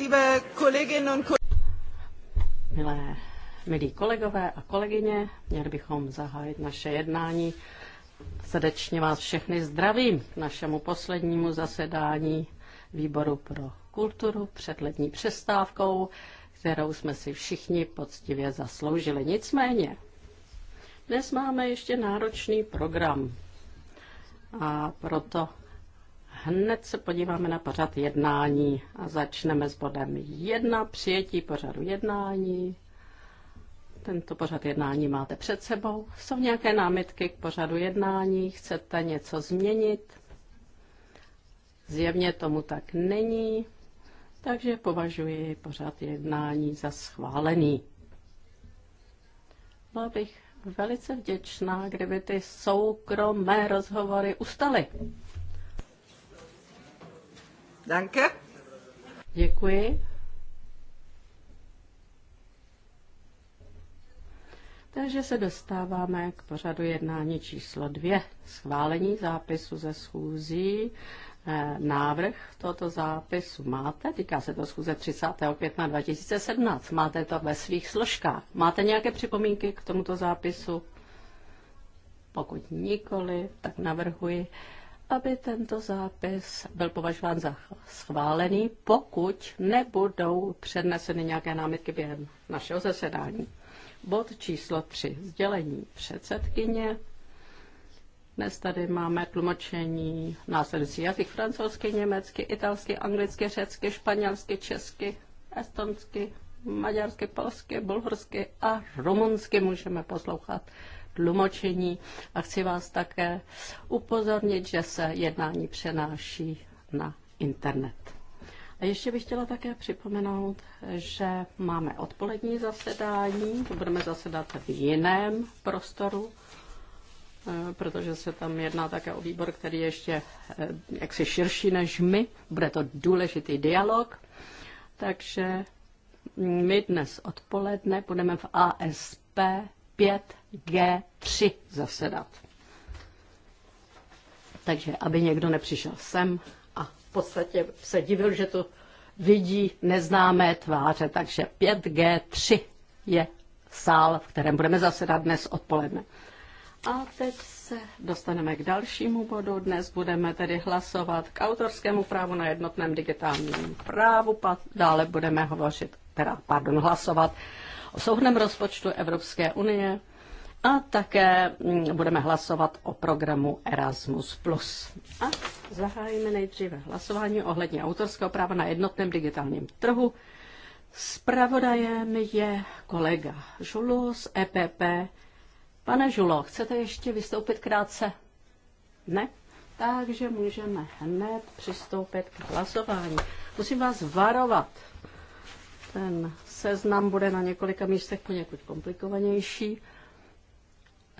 liebe Kolleginnen und Milé, milí kolegové a kolegyně, měli bychom zahájit naše jednání. Srdečně vás všechny zdravím k našemu poslednímu zasedání Výboru pro kulturu před letní přestávkou, kterou jsme si všichni poctivě zasloužili. Nicméně, dnes máme ještě náročný program a proto Hned se podíváme na pořad jednání a začneme s bodem 1, přijetí pořadu jednání. Tento pořad jednání máte před sebou. Jsou nějaké námitky k pořadu jednání? Chcete něco změnit? Zjevně tomu tak není, takže považuji pořad jednání za schválený. Byla bych velice vděčná, kdyby ty soukromé rozhovory ustaly. Danke. Děkuji. Takže se dostáváme k pořadu jednání číslo dvě. Schválení zápisu ze schůzí. Eh, návrh tohoto zápisu máte, týká se to schůze 30. května 2017. Máte to ve svých složkách. Máte nějaké připomínky k tomuto zápisu? Pokud nikoli, tak navrhuji, aby tento zápis byl považován za schválený, pokud nebudou předneseny nějaké námitky během našeho zasedání. Bod číslo 3. Sdělení předsedkyně. Dnes tady máme tlumočení následující jazyk francouzsky, německy, italsky, anglicky, řecky, španělsky, česky, estonsky, maďarsky, polsky, bulharsky a rumunsky můžeme poslouchat tlumočení a chci vás také upozornit, že se jednání přenáší na internet. A ještě bych chtěla také připomenout, že máme odpolední zasedání, budeme zasedat v jiném prostoru, eh, protože se tam jedná také o výbor, který je ještě eh, jaksi širší než my. Bude to důležitý dialog. Takže my dnes odpoledne budeme v ASP 5G3 zasedat. Takže aby někdo nepřišel sem a v podstatě se divil, že to vidí neznámé tváře. Takže 5G3 je sál, v kterém budeme zasedat dnes odpoledne. A teď se dostaneme k dalšímu bodu. Dnes budeme tedy hlasovat k autorskému právu na jednotném digitálním právu. Dále budeme hovořit, teda, pardon, hlasovat o souhrném rozpočtu Evropské unie a také mm, budeme hlasovat o programu Erasmus+. A zahájíme nejdříve hlasování ohledně autorského práva na jednotném digitálním trhu. Spravodajem je kolega Žulu z EPP. Pane Žulo, chcete ještě vystoupit krátce? Ne? Takže můžeme hned přistoupit k hlasování. Musím vás varovat. Ten Seznam bude na několika místech poněkud komplikovanější.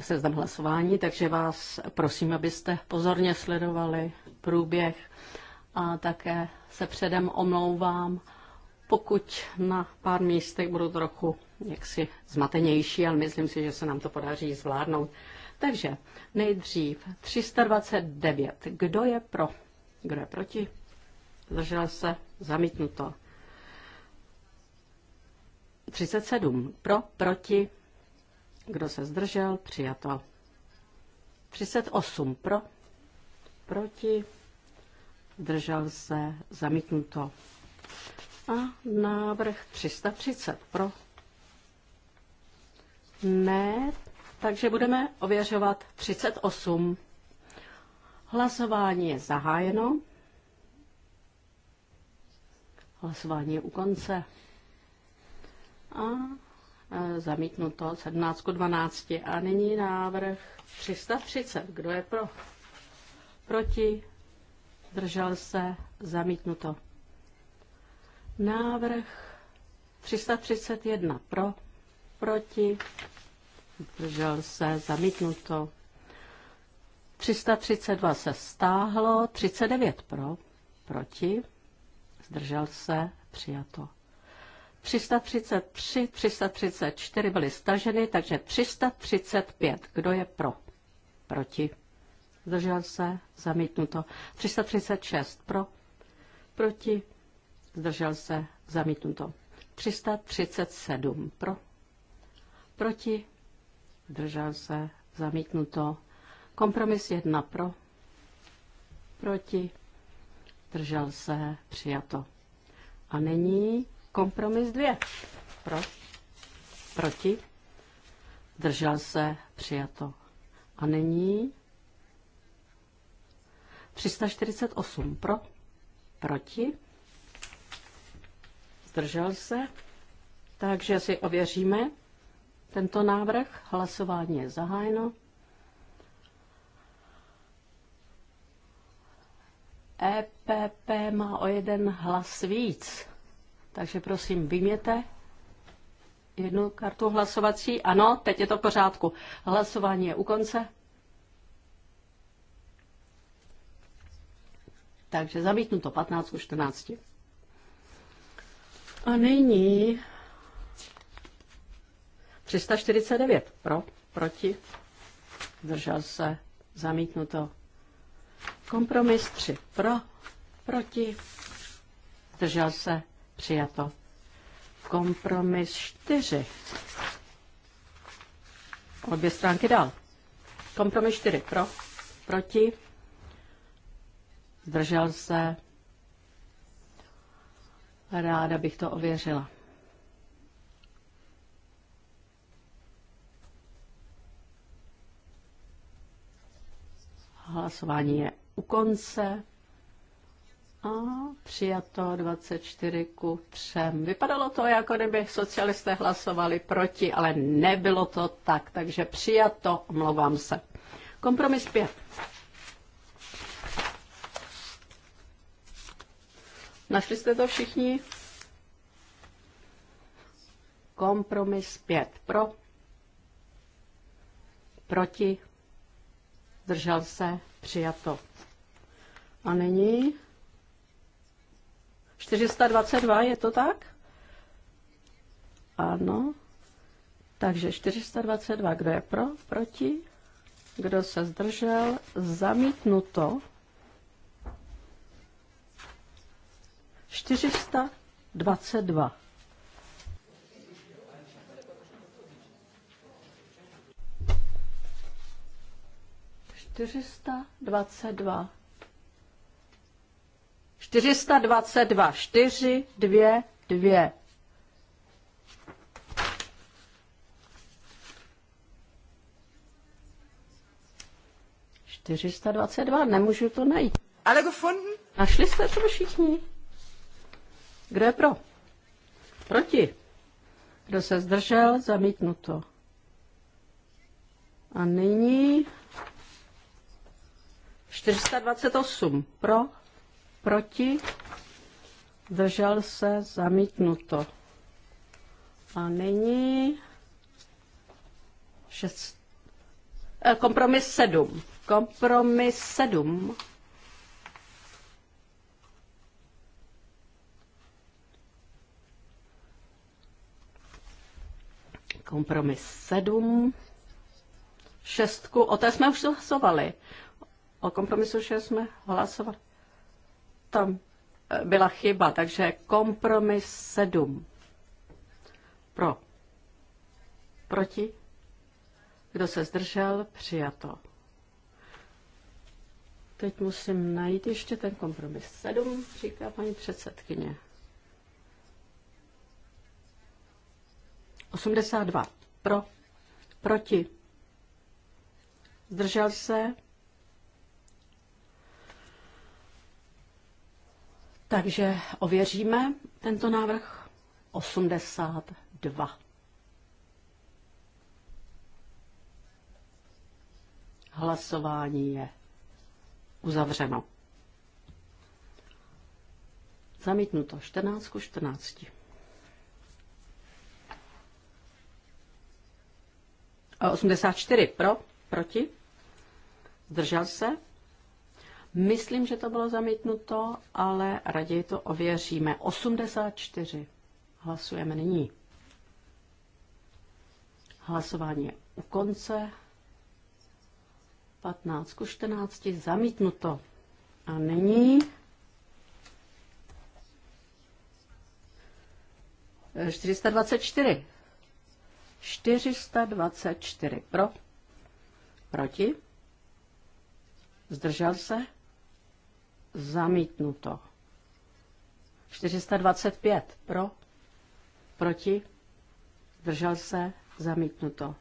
Seznam hlasování, takže vás prosím, abyste pozorně sledovali průběh a také se předem omlouvám, pokud na pár místech budu trochu jaksi zmatenější, ale myslím si, že se nám to podaří zvládnout. Takže nejdřív 329. Kdo je pro? Kdo je proti? Zdržel se? Zamítnuto. 37 pro, proti, kdo se zdržel, přijato. 38 pro, proti, držel se, zamítnuto. A návrh 330 pro. Ne, takže budeme ověřovat 38. Hlasování je zahájeno. Hlasování je u konce a e, zamítnuto 17 k 12. A nyní návrh 330. Kdo je pro? Proti? Držel se? Zamítnuto. Návrh 331 pro, proti, držel se, zamítnuto. 332 se stáhlo, 39 pro, proti, zdržel se, přijato. 333, 334 byly staženy, takže 335. Kdo je pro? Proti. Zdržel se? Zamítnuto. 336 pro. Proti. Zdržel se? Zamítnuto. 337 pro. Proti. Zdržel se? Zamítnuto. Kompromis 1 pro. Proti. Zdržel se? Přijato. A nyní Kompromis dvě Pro? Proti? Držel se? Přijato. A nyní 348 pro, proti, zdržel se, takže si ověříme tento návrh. Hlasování je zahájeno. EPP má o jeden hlas víc. Takže prosím, vyměte jednu kartu hlasovací. Ano, teď je to v pořádku. Hlasování je u konce. Takže zamítnu to 15 14. A nyní 349 pro, proti, Držel se, zamítnuto. Kompromis 3 pro, proti, Držel se, Přijato. Kompromis 4. Obě stránky dál. Kompromis 4. Pro. Proti. Zdržel se. Ráda bych to ověřila. Hlasování je u konce. A přijato 24 ku 3. Vypadalo to, jako kdyby socialisté hlasovali proti, ale nebylo to tak, takže přijato, omlouvám se. Kompromis 5. Našli jste to všichni? Kompromis 5 pro, proti, držel se, přijato. A nyní 422, je to tak? Ano. Takže 422, kdo je pro, proti? Kdo se zdržel? Zamítnuto. 422. Čtyřista dvacet dva. 422, 4, 2, 2. Čtyřista nemůžu to najít. Ale gefunden? Našli jste to všichni? Kdo je pro? Proti? Kdo se zdržel? Zamítnuto. A nyní 428 pro, Proti? Držel se? Zamítnuto. A nyní šest... Eh, kompromis 7. Kompromis 7. Kompromis 7. Šestku, o té jsme už hlasovali. O kompromisu 6 jsme hlasovali tam eh, byla chyba, takže kompromis 7. Pro. Proti? Kdo se zdržel? Přijato. Teď musím najít ještě ten kompromis 7, říká paní předsedkyně. 82. Pro. Proti. Zdržel se? Takže ověříme tento návrh 82. Hlasování je uzavřeno. Zamítnuto 14 ku 14. A 84 pro, proti, zdržel se, Myslím, že to bylo zamítnuto, ale raději to ověříme. 84. Hlasujeme nyní. Hlasování je u konce. 15 ku 14 zamítnuto. A nyní 424. 424 pro, proti, zdržel se, Zamítnuto. 425 pro, proti, držel se, zamítnuto.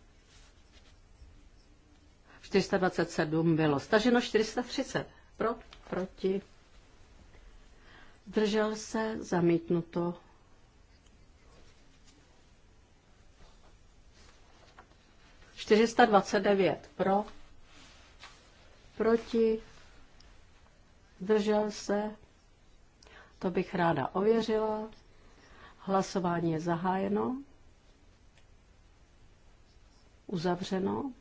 427 bylo staženo, 430 pro, proti, držel se, zamítnuto. 429 pro, proti, zdržel se, to bych ráda ověřila. Hlasování je zahájeno, uzavřeno.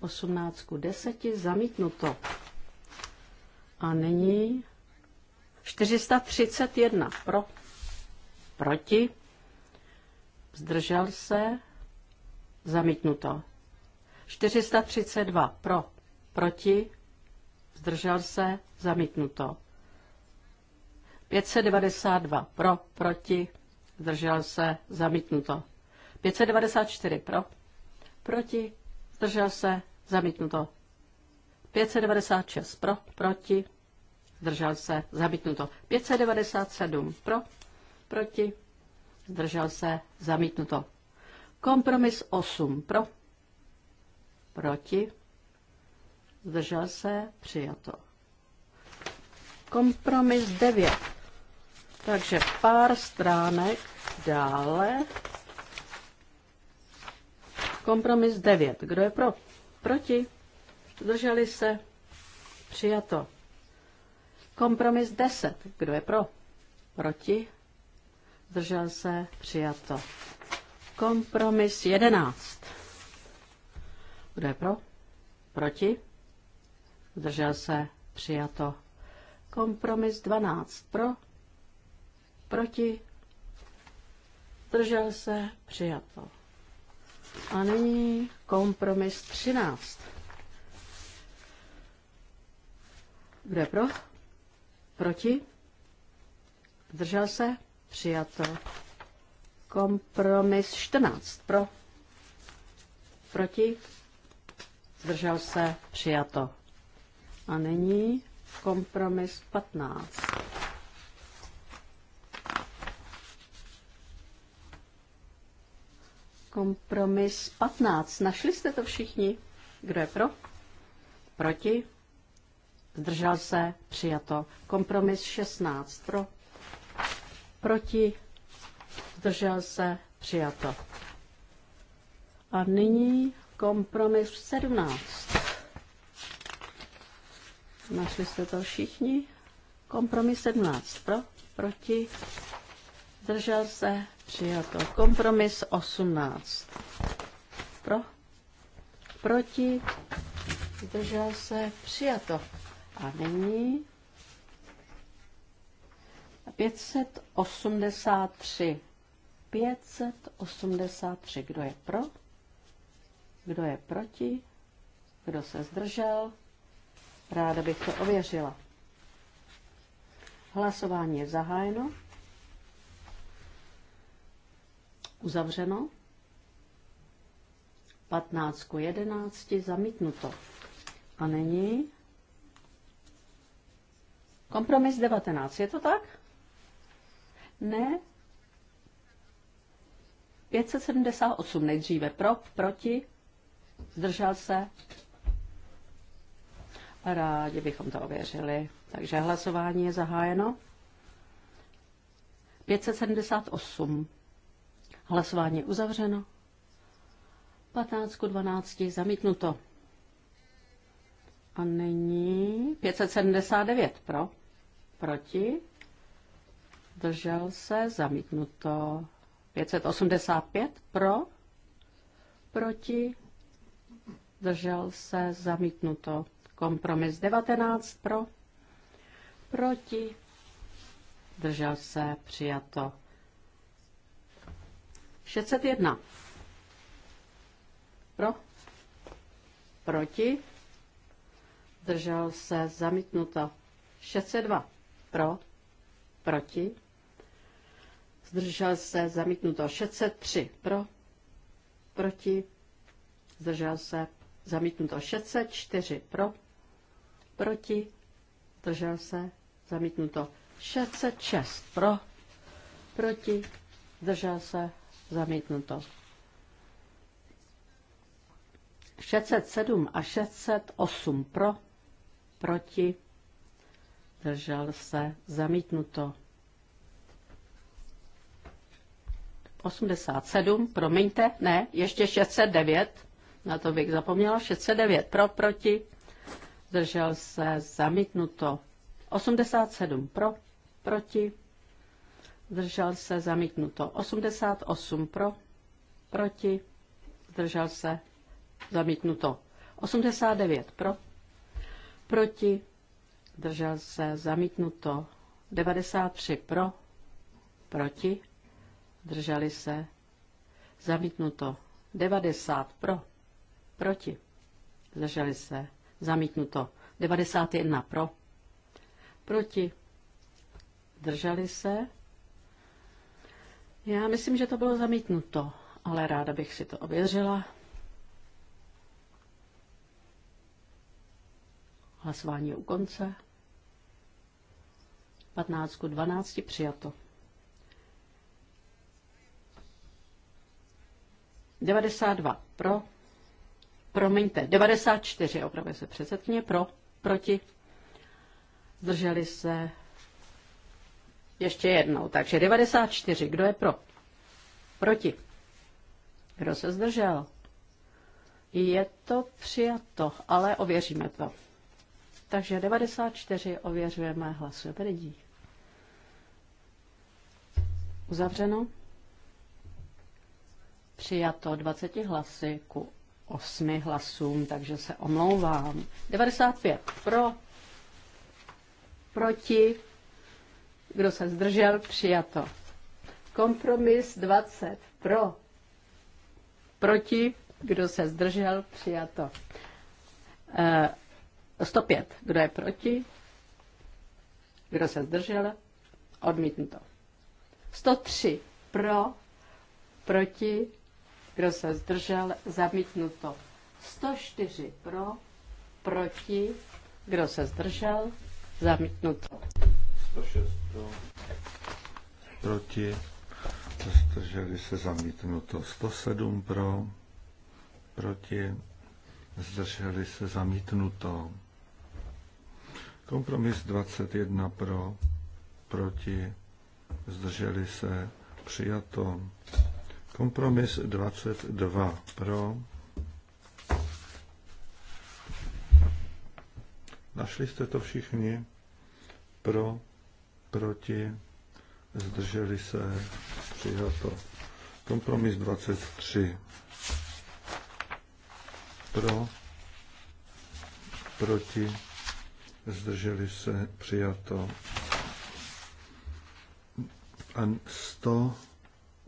18 k 10 zamítnuto. A nyní 431 pro, proti, zdržel se, zamítnuto. 432 pro, Proti? Zdržel se? Zamítnuto. 592 pro, proti, zdržel se, zamítnuto. 594 pro, proti, zdržel se, zamítnuto. 596 pro, proti, zdržel se, zamítnuto. 597 pro, proti, zdržel se, zamítnuto. Kompromis 8 pro, proti, zdržel se, přijato. Kompromis 9. Takže pár stránek dále. Kompromis 9. Kdo je pro? Proti? Zdrželi se? Přijato. Kompromis 10. Kdo je pro? Proti? Zdržel se? Přijato. Kompromis 11. Kdo je pro? Proti? zdržel se, přijato. Kompromis 12 pro, proti, zdržel se, přijato. A nyní kompromis 13. Kdo pro? Proti? Zdržel se? Přijato. Kompromis 14. Pro? Proti? Zdržel se? Přijato. A nyní kompromis 15. Kompromis 15. Našli jste to všichni? Kdo je pro? Proti? Zdržel se? Přijato. Kompromis 16. Pro? Proti? Zdržel se? Přijato. A nyní kompromis 17. Našli jste to všichni? Kompromis 17 pro, proti, zdržel se, přijato. Kompromis 18 pro, proti, zdržel se, přijato. A nyní 583. 583. Kdo je pro? Kdo je proti? Kdo se zdržel? Ráda bych to ověřila. Hlasování je zahájeno. Uzavřeno. 15 k 11 zamítnuto. A není kompromis 19, je to tak? Ne. 578 nejdříve pro, proti, zdržel se, Rádi bychom to ověřili. Takže hlasování je zahájeno. 578. Hlasování uzavřeno. 15 k 12 zamítnuto. A nyní 579 pro. Proti. Držel se zamítnuto. 585 pro. Proti. Držel se zamítnuto. Kompromis 19 pro, proti, držel se, přijato. 601 pro, proti, držel se, zamítnuto. 602 pro, proti, zdržel se, zamítnuto. 603 pro, proti, zdržel se, zamítnuto. 604 pro, proti, držel se, zamítnuto. 606 pro, proti, držel se, zamítnuto. 607 a 608 pro, proti, držel se, zamítnuto. 87, promiňte, ne, ještě 609, na to bych zapomněla, 609 pro, proti, zdržel se, zamítnuto. 87 pro, proti, zdržel se, zamítnuto. 88 pro, proti, zdržel se, zamítnuto. 89 pro, proti, zdržel se, zamítnuto. 93 pro, proti, zdrželi se, zamítnuto. 90 pro, proti, zdrželi se, Zamítnuto. 91 pro. Proti. Drželi se. Já myslím, že to bylo zamítnuto, ale ráda bych si to ověřila. Hlasování je u konce. 15 k 12 přijato. 92 pro, promiňte, 94, opravuje se předsedkyně, pro, proti, zdrželi se ještě jednou. Takže 94, kdo je pro? Proti. Kdo se zdržel? Je to přijato, ale ověříme to. Takže 94 ověřujeme, hlasujeme lidí. Uzavřeno. Přijato 20 hlasy ku osmi hlasům, takže se omlouvám. 95 pro, proti, kdo se zdržel, přijato. Kompromis 20 pro, proti, kdo se zdržel, přijato. E, eh, 105, kdo je proti, kdo se zdržel, odmítnuto. 103 pro, proti, kdo se zdržel, zamítnuto. 104 pro, proti, kdo se zdržel, zamítnuto. 106 pro, proti, zdrželi se zamítnuto. 107 pro, proti, zdrželi se zamítnuto. Kompromis 21 pro, proti, zdrželi se přijato. Kompromis 22 pro. Našli jste to všichni? Pro, proti, zdrželi se, přijato. Kompromis 23. Pro, proti, zdrželi se, přijato. A 100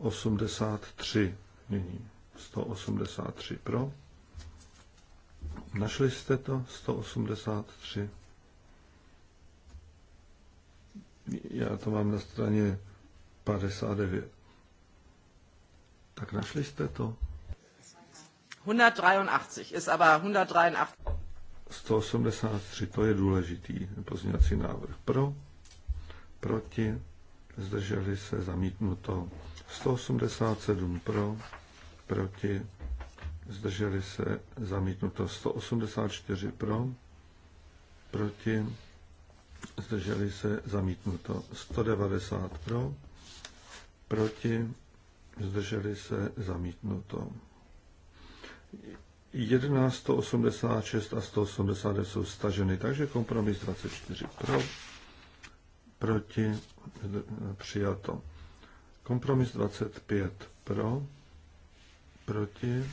183 nyní. 183 pro. Našli jste to? 183. Já to mám na straně 59. Tak našli jste to? 183, ist aber 183. 183, to je důležitý pozměňovací návrh. Pro, proti, zdrželi se zamítnuto. 187 pro, proti, zdrželi se zamítnuto. 184 pro, proti, zdrželi se zamítnuto. 190 pro, proti, zdrželi se zamítnuto. 11, 186 a 189 jsou staženy, takže kompromis 24 pro proti, přijato. Kompromis 25 pro, proti,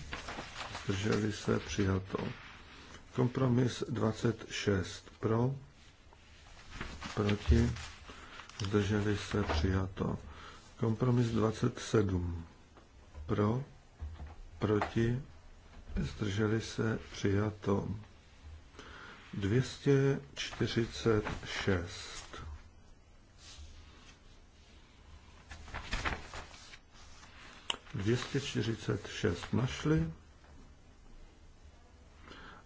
zdrželi se, přijato. Kompromis 26 pro, proti, zdrželi se, přijato. Kompromis 27 pro, proti, zdrželi se, přijato. 246 246 našli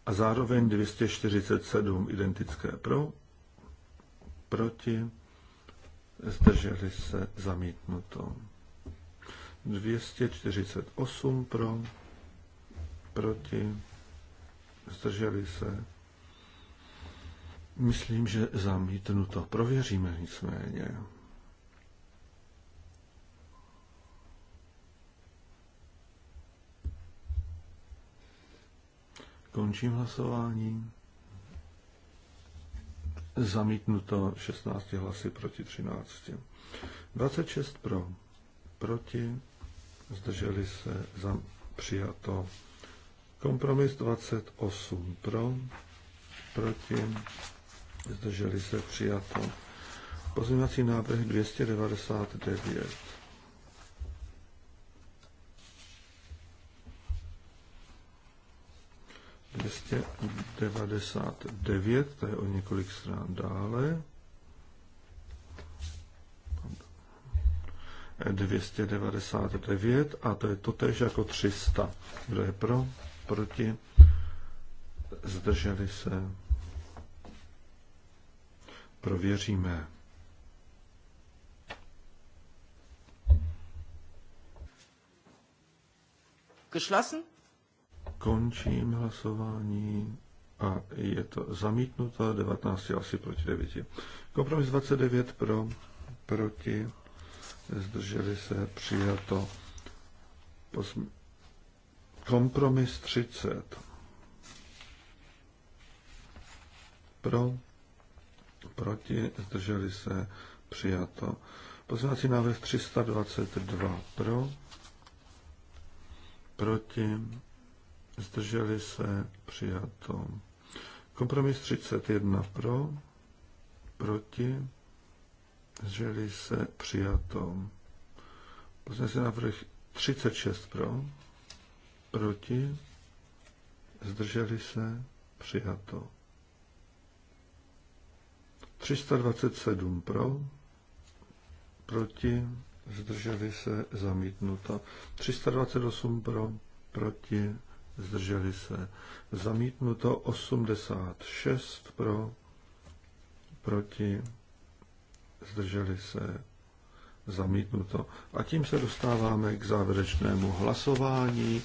a zároveň 247 identické pro, proti, zdrželi se zamítnuto. 248 pro, proti, zdrželi se. Myslím, že zamítnuto. Prověříme nicméně. Končím hlasování. Zamítnuto 16 hlasy proti 13. 26 pro, proti, zdrželi se, za, přijato. Kompromis 28 pro, proti, zdrželi se, přijato. Pozměňovací návrh 299 299, to je o několik stran dále. 299 a to je totéž jako 300. Kdo je pro? Proti? Zdrželi se? Prověříme. Geschlossen? Končím hlasování a je to zamítnuto 19 asi proti 9. Kompromis 29 pro, proti, zdrželi se, přijato. Kompromis 30 pro, proti, zdrželi se, přijato. Pozvací návrh 322 pro, proti, zdrželi se, přijato. Kompromis 31 pro, proti, zdrželi se, přijato. se návrh 36 pro, proti, zdrželi se, přijato. 327 pro, proti, zdrželi se, zamítnuto. 328 pro, proti, zdrželi se. Zamítnuto 86 pro, proti, zdrželi se, zamítnuto. A tím se dostáváme k závěrečnému hlasování.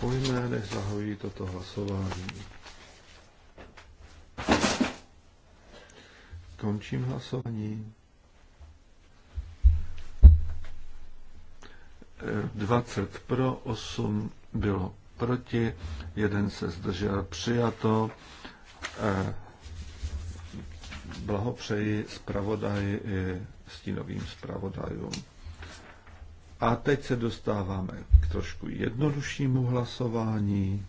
Po jménech zahojí toto hlasování. Končím hlasování. dvacet pro, osm bylo proti, jeden se zdržel přijato. E, blahopřeji zpravodaji i stínovým zpravodajům. A teď se dostáváme k trošku jednoduššímu hlasování.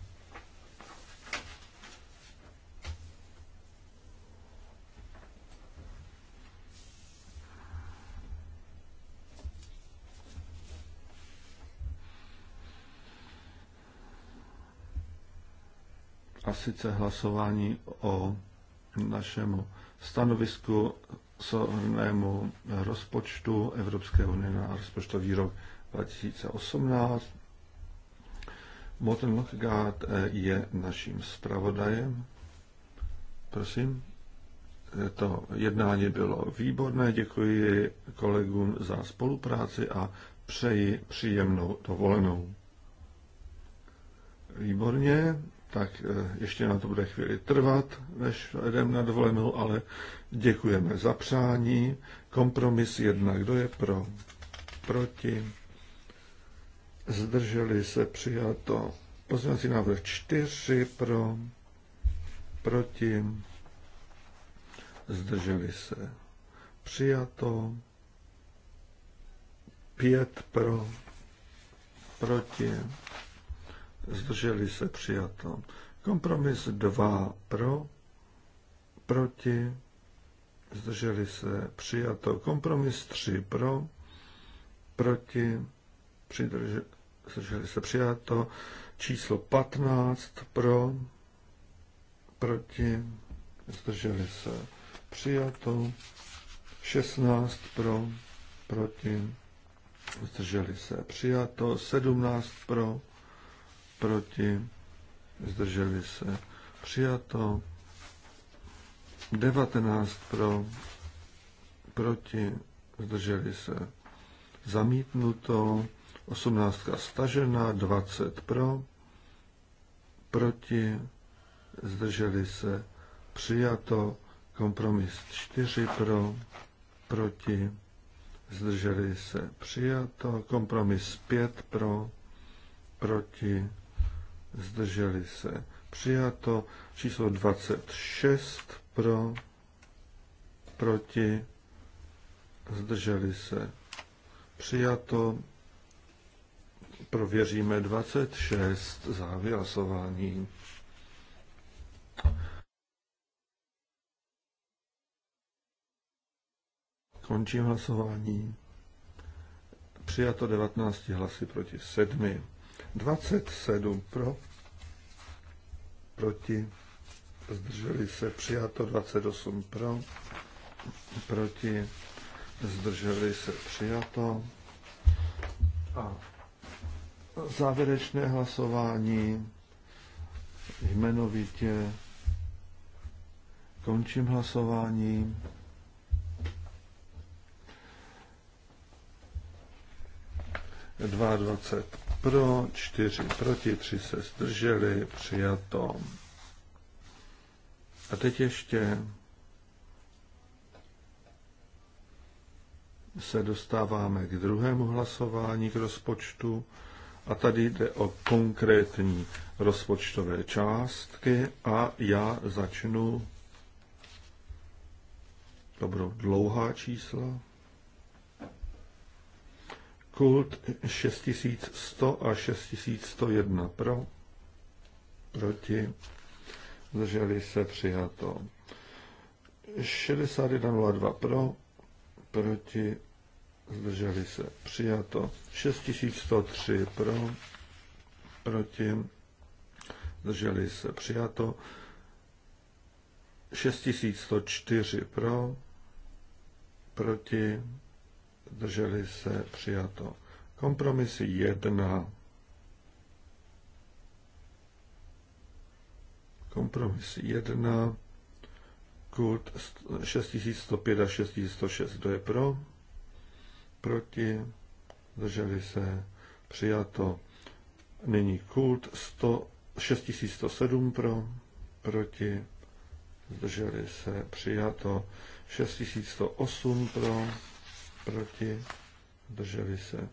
a sice hlasování o našemu stanovisku souhrnému rozpočtu Evropské unie na rozpočtový rok 2018. Morten Lockgard eh, je naším zpravodajem. Prosím. Eh, to jednání bylo výborné. Děkuji kolegům za spolupráci a přeji příjemnou dovolenou. Výborně, tak eh, ještě na to bude chvíli trvat, než jdem na dovolenou, ale děkujeme za přání. Kompromis jedna, kdo je pro, proti, zdrželi se přijato. Pozměňovací návrh čtyři pro, proti, zdrželi se přijato. Pět pro, proti, zdrželi se přijato. Kompromis 2 pro, proti, zdrželi se přijato. Kompromis 3 pro, proti, přidrž, zdrželi se přijato. Číslo 15 pro, proti, zdrželi se přijato. 16 pro, proti, zdrželi se přijato. 17 pro, proti, zdrželi se, přijato, 19 pro, proti, zdrželi se, zamítnuto, 18 stažena, 20 pro, proti, zdrželi se, přijato, kompromis 4 pro, proti, zdrželi se, přijato, kompromis 5 pro, proti, zdrželi se přijato, číslo 26 pro, proti, zdrželi se přijato, prověříme 26 závěr hlasování. Končím hlasování. Přijato 19 hlasy proti 7. 27 pro, proti, zdrželi se, přijato 28 pro, proti, zdrželi se, přijato. A závěrečné hlasování jmenovitě končím hlasování. Dva dvacet pro, 4 proti, 3 se zdrželi, přijato. A teď ještě se dostáváme k druhému hlasování k rozpočtu a tady jde o konkrétní rozpočtové částky a já začnu to budou dlouhá čísla Kult 6100 a 6101 pro, proti, zdrželi se přijato. 6102 pro, proti, zdrželi se přijato. 6103 pro, proti, zdrželi se přijato. 6104 pro, proti, drželi se, přijato. Kompromis 1. Kompromis 1. Kult 6105 a 6106. Kdo je pro? Proti? Drželi se? Přijato. Nyní kult 6107 pro? Proti? Zdrželi se? Přijato. 6108 pro? proti, drželi se.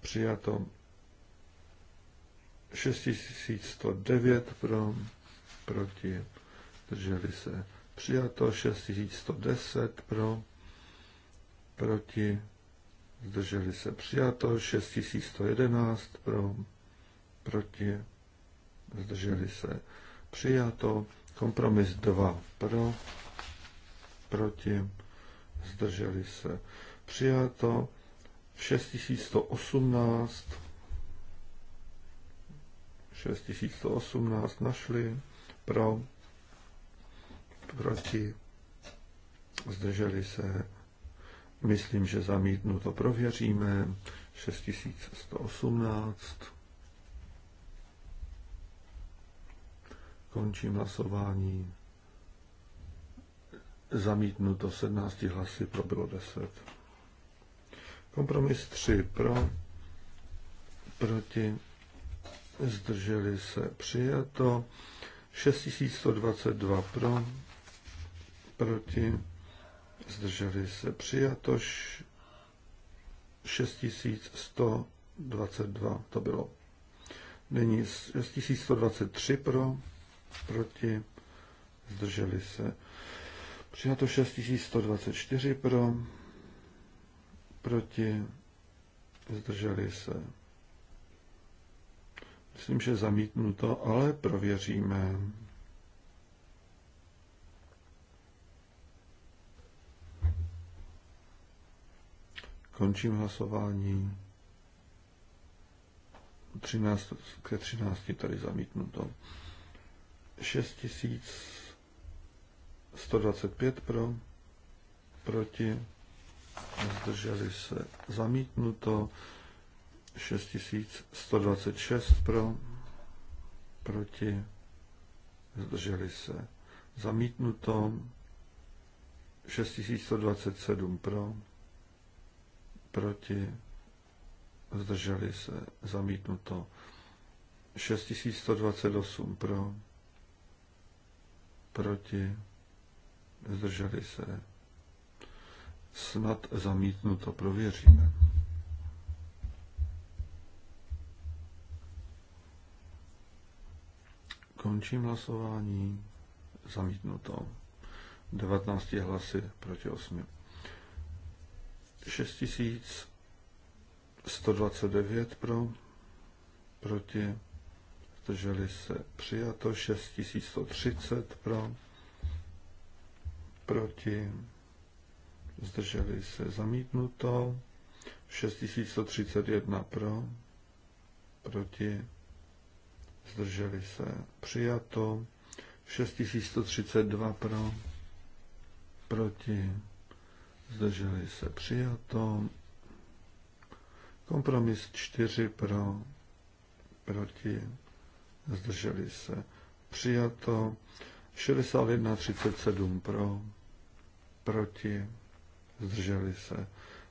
Přijato 6109 pro, proti, drželi se. Přijato 6110 pro, proti, zdrželi se. Přijato 6111 pro, proti, zdrželi se. Přijato kompromis 2 pro, proti, zdrželi se přijato, 6118, 6118 našli pro, proti, zdrželi se, myslím, že zamítnu to prověříme, 6118. Končím hlasování zamítnuto 17 hlasy, pro bylo 10. Kompromis 3 pro, proti, zdrželi se, přijato 6122 pro, proti, zdrželi se, přijato 6122, to bylo. Nyní 6123 pro, proti, zdrželi se, Přijato 6124 pro, proti, zdrželi se. Myslím, že zamítnuto, ale prověříme. Končím hlasování. 13, ke 13 tady zamítnuto. 6000 125 pro, proti, zdrželi se zamítnuto, 6126 pro, proti, zdrželi se zamítnuto, 6127 pro, proti, zdrželi se zamítnuto, 6128 pro, proti, zdrželi se. Snad zamítnuto, prověříme. Končím hlasování. Zamítnuto. 19 hlasy proti 8. 6129 pro, proti, zdrželi se přijato, 6130 pro, proti, zdrželi se zamítnuto, 6131 pro, proti, zdrželi se přijato, 6132 pro, proti, zdrželi se přijato, kompromis 4 pro, proti, zdrželi se přijato, 6137 pro, proti, zdrželi se.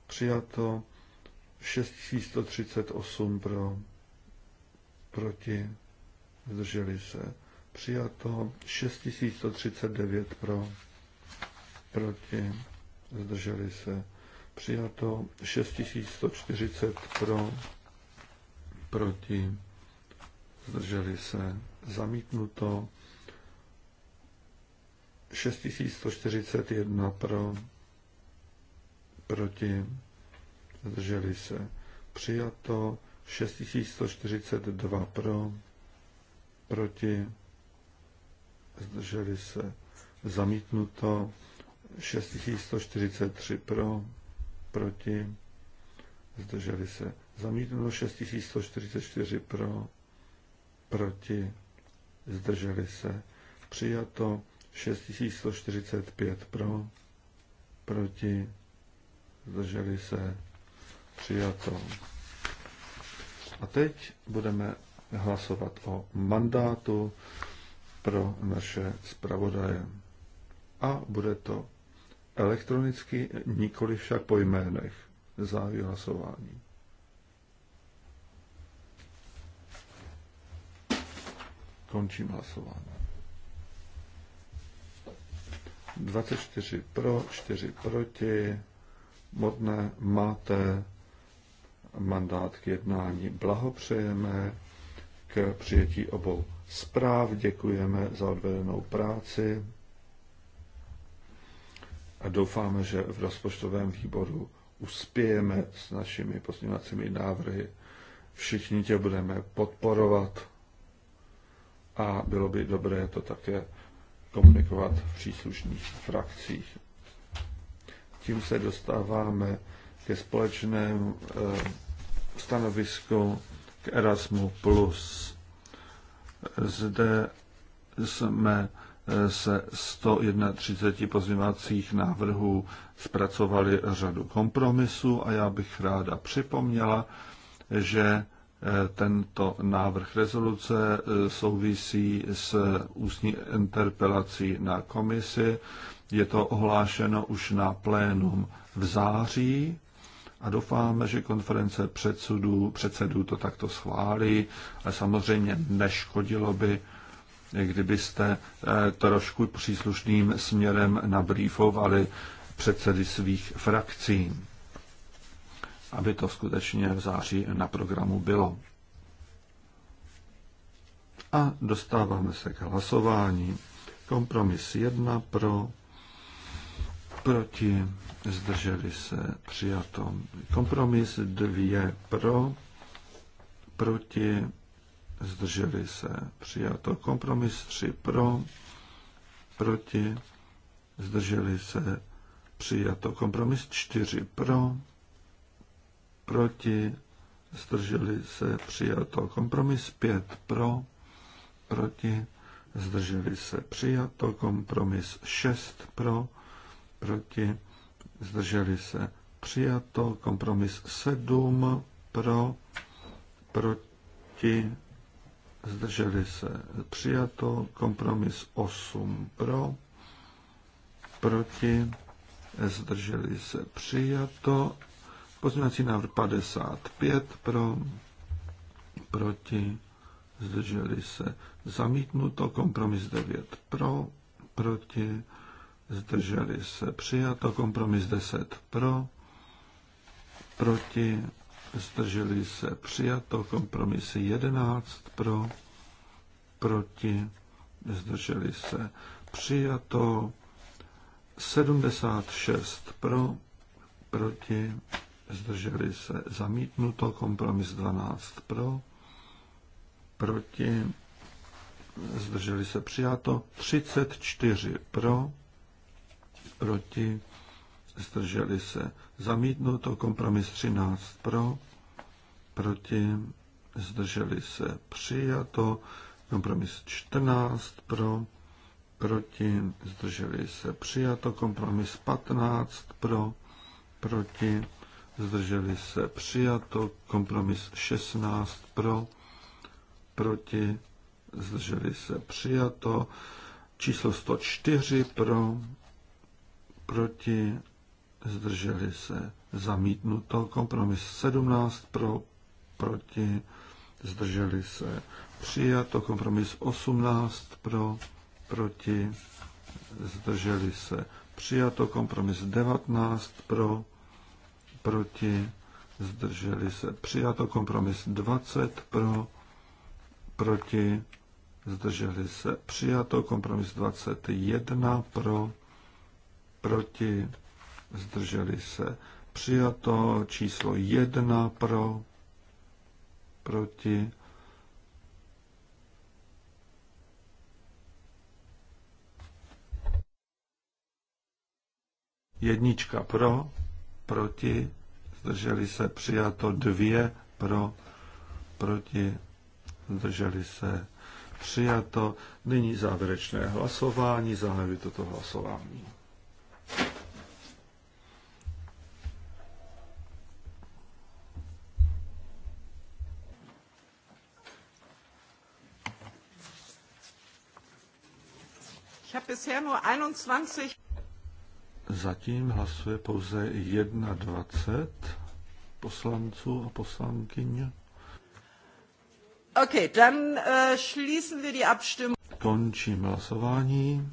Přijato 6138 pro, proti, zdrželi se. Přijato 6139 pro, proti, zdrželi se. Přijato 6140 pro, proti, zdrželi se. Zamítnuto 6141 pro, proti, zdrželi se. Přijato 6142 pro, proti, zdrželi se. Zamítnuto 6143 pro, proti, zdrželi se. Zamítnuto 6144 pro, proti, zdrželi se. Přijato 6145 pro, proti, zdrželi se, přijato. A teď budeme hlasovat o mandátu pro naše zpravodaje. A bude to elektronicky, nikoli však po jménech. Závěr hlasování. Končím hlasování. 24 pro, 4 proti. Modné máte mandát k jednání. Blahopřejeme k přijetí obou zpráv, děkujeme za odvedenou práci a doufáme, že v rozpočtovém výboru uspějeme s našimi pozměňovacími návrhy. Všichni tě budeme podporovat a bylo by dobré to také komunikovat v příslušných frakcích. Tím se dostáváme ke společnému eh, stanovisku k Erasmu+. Zde jsme eh, se 131 pozměvacích návrhů zpracovali řadu kompromisů a já bych ráda připomněla, že tento návrh rezoluce eh, souvisí s ústní interpelací na komisi. Je to ohlášeno už na plénum v září a doufáme, že konference předsudů, předsedů to takto schválí, ale samozřejmě neškodilo by, kdybyste eh, trošku příslušným směrem nabrýfovali předsedy svých frakcí aby to skutečně v září na programu bylo. A dostáváme se k hlasování. Kompromis 1 pro, proti, zdrželi se, přijato. Kompromis 2 pro, proti, zdrželi se, přijato. Kompromis 3 pro, proti, zdrželi se, přijato. Kompromis 4 pro, proti, zdrželi se přijato. Kompromis 5 pro, proti, zdrželi se přijato. Kompromis 6 pro, proti, zdrželi se přijato. Kompromis 7 pro, proti, zdrželi se přijato. Kompromis 8 pro, proti, zdrželi se přijato Pozměňovací návrh 55 pro, proti, zdrželi se. Zamítnuto kompromis 9 pro, proti, zdrželi se. Přijato kompromis 10 pro, proti, zdrželi se. Přijato kompromis 11 pro, proti, zdrželi se. Přijato 76 pro, proti, zdrželi se zamítnuto, kompromis 12 pro, proti, zdrželi se přijato, 34 pro, proti, zdrželi se zamítnuto, kompromis 13 pro, proti, zdrželi se přijato, kompromis 14 pro, proti, zdrželi se přijato, kompromis 15 pro, proti, zdrželi se přijato, kompromis 16 pro, proti, zdrželi se přijato, číslo 104 pro, proti, zdrželi se zamítnuto, kompromis 17 pro, proti, zdrželi se přijato, kompromis 18 pro, proti, zdrželi se přijato, kompromis 19 pro, proti, zdrželi se přijato. Kompromis 20 pro, proti, zdrželi se přijato. Kompromis 21 pro, proti, zdrželi se přijato. Číslo 1 pro, proti, jednička pro, proti, zdrželi se přijato dvě pro, proti, zdrželi se přijato. Nyní závěrečné hlasování, zahajuji toto hlasování. Ich habe bisher nur 21 Zatím hlasuje pouze 21 poslanců a poslankyň. Okay, dann uh, schließen wir die Abstimmung. Končím hlasování.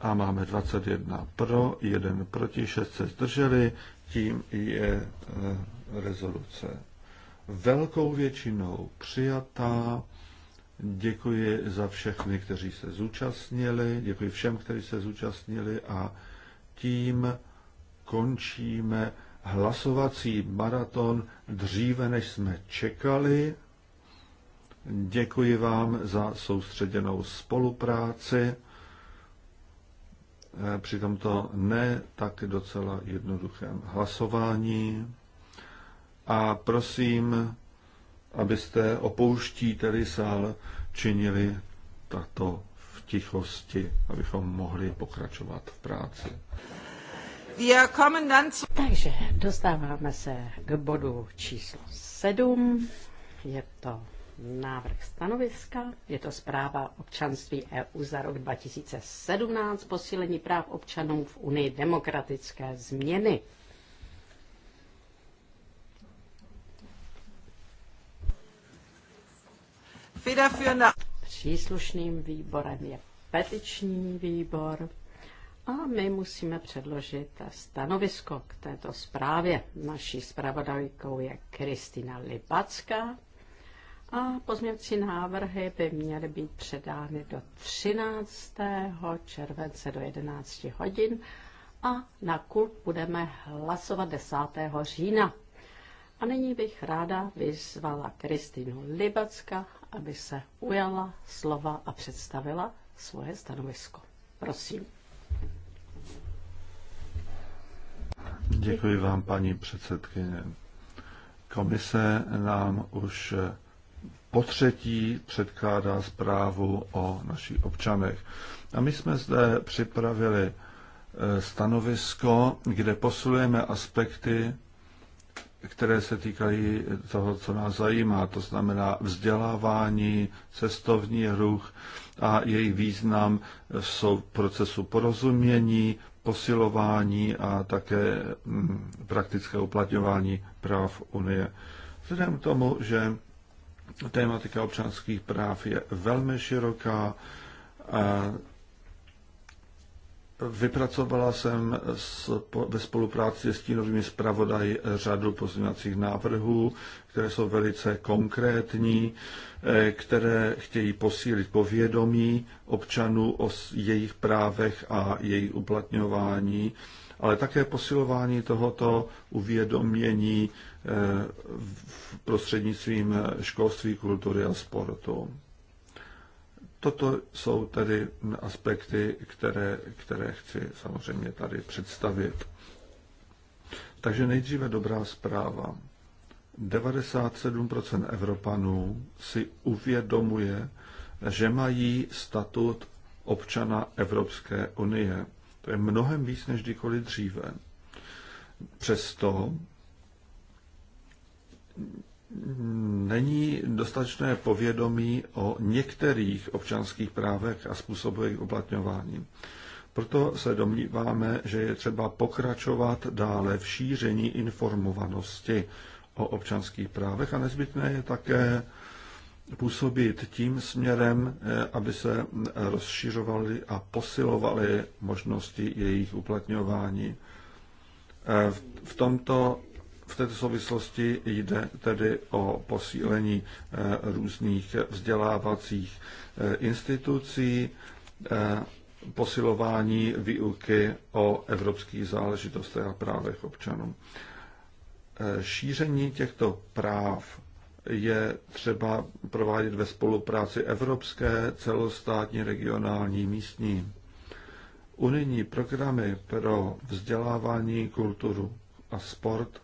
A máme 21 pro, 1 proti, 6 se zdrželi. Tím je uh, rezoluce velkou většinou přijatá. Děkuji za všechny, kteří se zúčastnili, děkuji všem, kteří se zúčastnili a tím končíme hlasovací maraton dříve, než jsme čekali. Děkuji vám za soustředěnou spolupráci eh, při tomto ne tak docela jednoduchém hlasování. A prosím, abyste opouští opouštíteli sál činili tato v tichosti, abychom mohli pokračovat v práci. Takže dostáváme se k bodu číslo 7. Je to návrh stanoviska, je to zpráva občanství EU za rok 2017, posílení práv občanů v Unii demokratické změny. Příslušným výborem je petiční výbor a my musíme předložit stanovisko k této zprávě. Naší zpravodajkou je Kristina Libacka a pozměvci návrhy by měly být předány do 13. července do 11 hodin a na kult budeme hlasovat 10. října. A nyní bych ráda vyzvala Kristinu Libacka, aby se ujala slova a představila svoje stanovisko. Prosím. Děkuji vám, paní předsedkyně. Komise nám už po třetí předkládá zprávu o našich občanech. A my jsme zde připravili eh, stanovisko, kde posilujeme aspekty které se týkají toho, co nás zajímá, to znamená vzdělávání, cestovní ruch a její význam jsou v procesu porozumění, posilování a také mm, praktické uplatňování práv Unie. Vzhledem k tomu, že tématika občanských práv je velmi široká, Vypracovala jsem ve spolupráci s tínovými zpravodaji řadu pozměňovacích návrhů, které jsou velice konkrétní, eh, které chtějí posílit povědomí občanů o jejich právech a jejich uplatňování, ale také posilování tohoto uvědomění eh, prostřednictvím školství, kultury a sportu toto jsou tedy aspekty, které, které chci samozřejmě tady představit. Takže nejdříve dobrá zpráva. 97% Evropanů si uvědomuje, že mají statut občana Evropské unie. To je mnohem víc než kdykoliv dříve. Přesto není dostatečné povědomí o některých občanských právech a způsobu jejich uplatňování. Proto se domníváme, že je třeba pokračovat dále v šíření informovanosti o občanských právech a nezbytné je také působit tím směrem, eh, aby se rozšiřovaly a posilovaly možnosti jejich uplatňování. Eh, v tomto v této souvislosti jde tedy o posílení eh, různých vzdělávacích eh, institucí, eh, posilování výuky o evropských záležitostech a právech občanů. Šíření těchto práv je třeba provádět ve spolupráci evropské, celostátní, regionální, místní. Unijní programy pro vzdělávání, kulturu a sport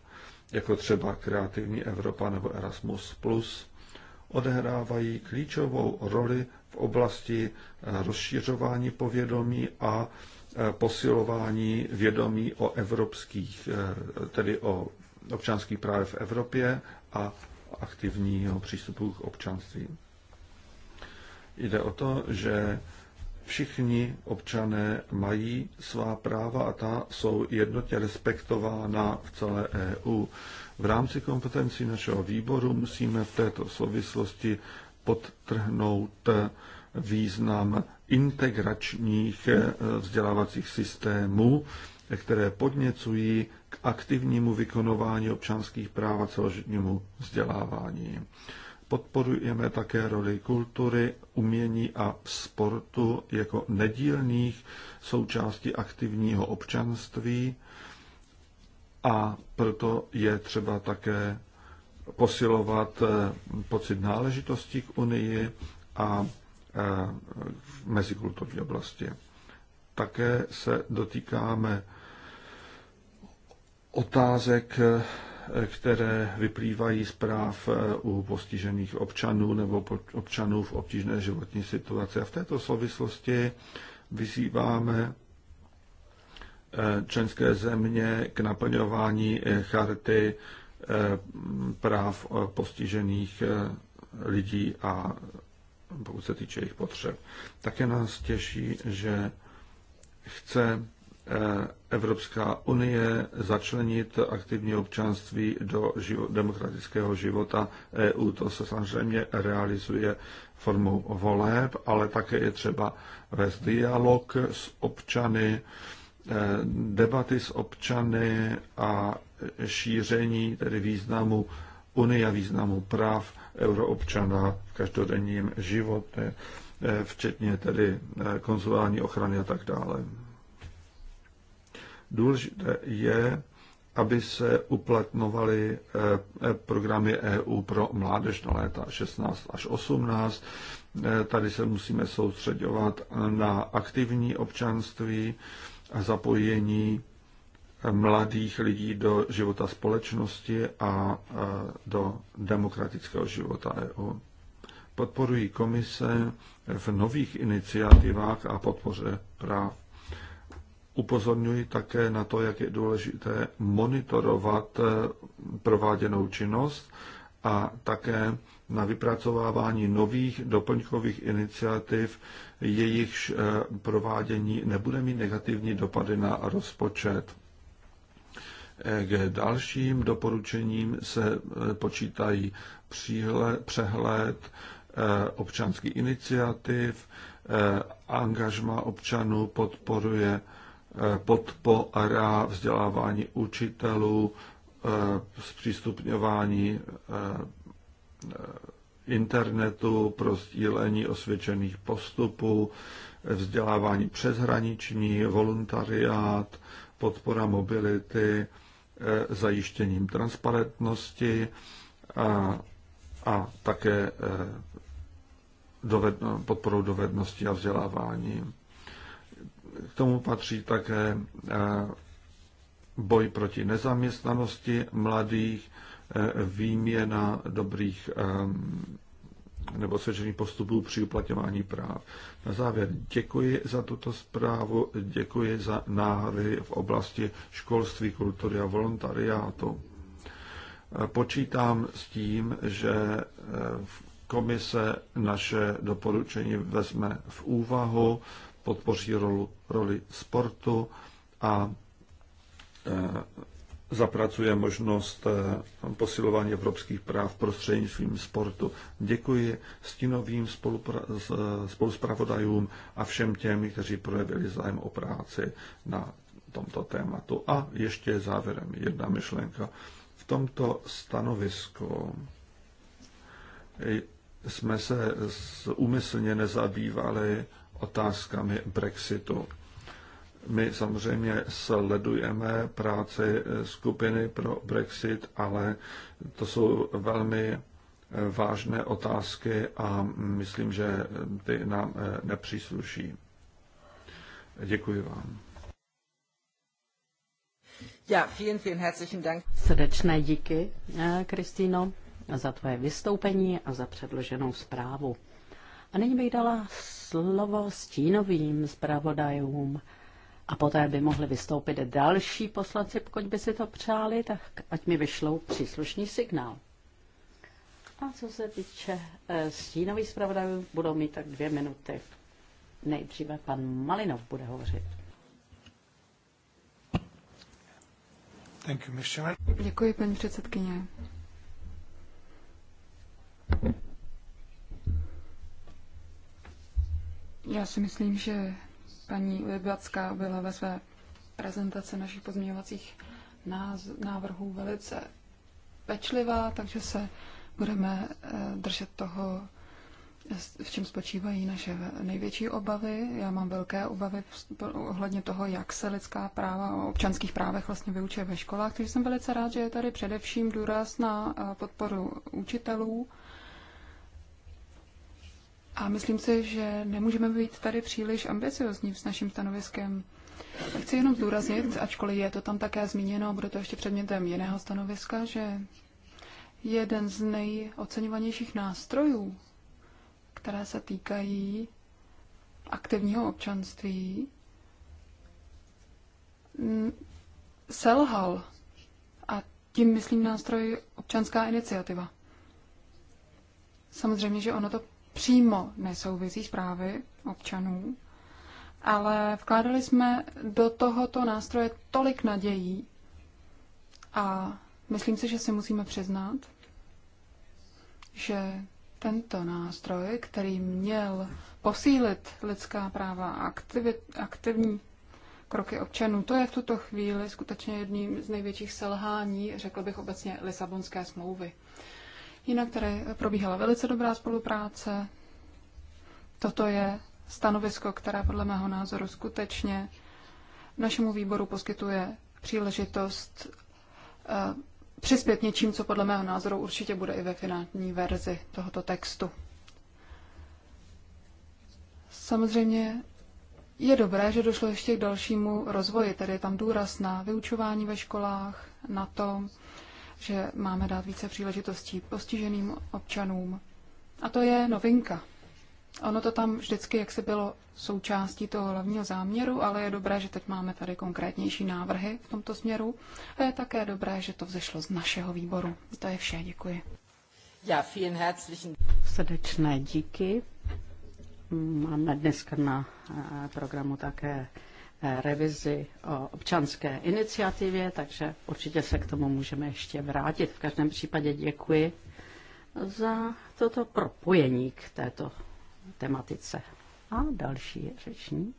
jako třeba Kreativní Evropa nebo Erasmus+, odehrávají klíčovou roli v oblasti eh, rozšířování povědomí a eh, posilování vědomí o evropských, eh, tedy o občanských právech v Evropě a aktivního přístupu k občanství. Jde o to, že všichni občané mají svá práva a ta jsou jednotně respektována v celé EU. V rámci kompetencí našeho výboru musíme v této souvislosti podtrhnout význam integračních eh, vzdělávacích systémů, které podněcují k aktivnímu vykonování občanských práv a celoživotnímu vzdělávání. Podporujeme také roli kultury, umění a sportu jako nedílných součástí aktivního občanství a proto je třeba také posilovat eh, pocit náležitosti k Unii a eh, v mezikulturní oblasti. Také se dotýkáme otázek eh, které vyplývají z práv eh, u postižených občanů nebo občanů v obtížné životní situaci. A v této souvislosti vyzýváme eh, členské země k naplňování eh, charty práv postižených lidí a pokud se týče jejich potřeb. Také nás těší, že chce Evropská unie začlenit aktivní občanství do živo- demokratického života EU. To se samozřejmě realizuje formou voleb, ale také je třeba vést dialog s občany, eh, debaty s občany a šíření tedy významu unie a významu práv euroobčana v každodenním životě, eh, včetně tedy eh, konzulární ochrany a tak dále. Důležité je, aby se uplatňovaly eh, eh, programy EU pro mládež na léta 16 až 18. Eh, tady se musíme soustředovat na aktivní občanství a zapojení mladých lidí do života společnosti a do demokratického života EU. Podporují komise v nových iniciativách a podpoře práv Upozorňuji také na to, jak je důležité monitorovat eh, prováděnou činnost a také na vypracovávání nových doplňkových iniciativ, jejichž eh, provádění nebude mít negativní dopady na rozpočet. Eh, k dalším doporučením se počítají přehled občanských iniciativ, angažma občanů podporuje podpora vzdělávání učitelů, eh, zpřístupňování eh, internetu pro sdílení osvědčených postupů, vzdělávání přeshraniční, voluntariát, podpora mobility, eh, zajištěním transparentnosti a, a také dovedno, podporou dovedností a vzdělávání. K tomu patří také eh, boj proti nezaměstnanosti mladých, eh, výměna dobrých eh, nebo osvědčených postupů při uplatňování práv. Na závěr děkuji za tuto zprávu, děkuji za náhry v oblasti školství, kultury a volontariátu. Počítám s tím, že komise naše doporučení vezme v úvahu podpoří rolu, roli sportu a e, zapracuje možnost e, posilování evropských práv prostřednictvím sportu. Děkuji stínovým spoluzpravodajům e, a všem těm, kteří projevili zájem o práci na tomto tématu. A ještě závěrem jedna myšlenka. V tomto stanovisku jsme se úmyslně nezabývali otázkami Brexitu. My samozřejmě sledujeme práci skupiny pro Brexit, ale to jsou velmi vážné otázky a myslím, že ty nám eh, nepřísluší. Děkuji vám. Ja, vielen, vielen herzlichen Dank. Srdečné díky, eh, Kristýno, za tvoje vystoupení a za předloženou zprávu. A nyní bych dala slovo stínovým zpravodajům. A poté by mohli vystoupit další poslanci, pokud by si to přáli, tak ať mi vyšlou příslušný signál. A co se týče eh, stínových zpravodajů, budou mít tak dvě minuty. Nejdříve pan Malinov bude hovořit. Thank you, Děkuji, paní předsedkyně. Já si myslím, že paní Libacká byla ve své prezentaci našich pozměňovacích návrhů velice pečlivá, takže se budeme eh, držet toho, v čem spočívají naše největší obavy. Já mám velké obavy ohledně toho, jak se lidská práva o občanských právech vlastně vyučuje ve školách, takže jsem velice rád, že je tady především důraz na eh, podporu učitelů a myslím si, že nemůžeme být tady příliš ambiciozní s naším stanoviskem. Chci jenom zdůraznit, ačkoliv je to tam také zmíněno, bude to ještě předmětem jiného stanoviska, že jeden z nejoceňovanějších nástrojů, které se týkají aktivního občanství, selhal. A tím myslím nástroj občanská iniciativa. Samozřejmě, že ono to přímo nesouvisí s právy občanů, ale vkládali jsme do tohoto nástroje tolik nadějí a myslím si, že si musíme přiznat, že tento nástroj, který měl posílit lidská práva a aktivit, aktivní kroky občanů, to je v tuto chvíli skutečně jedním z největších selhání, řekl bych obecně, Lisabonské smlouvy. Jinak tady probíhala velice dobrá spolupráce. Toto je stanovisko, které podle mého názoru skutečně našemu výboru poskytuje příležitost eh, přispět něčím, co podle mého názoru určitě bude i ve finální verzi tohoto textu. Samozřejmě je dobré, že došlo ještě k dalšímu rozvoji, tedy je tam důraz na vyučování ve školách, na to, že máme dát více příležitostí postiženým občanům. A to je novinka. Ono to tam vždycky jaksi bylo součástí toho hlavního záměru, ale je dobré, že teď máme tady konkrétnější návrhy v tomto směru. A je také dobré, že to vzešlo z našeho výboru. To je vše, děkuji. Ja, vielen herzlichen. Srdečné díky. Máme dneska na eh, programu také revizi o občanské iniciativě, takže určitě se k tomu můžeme ještě vrátit. V každém případě děkuji za toto propojení k této tematice. A další řeční.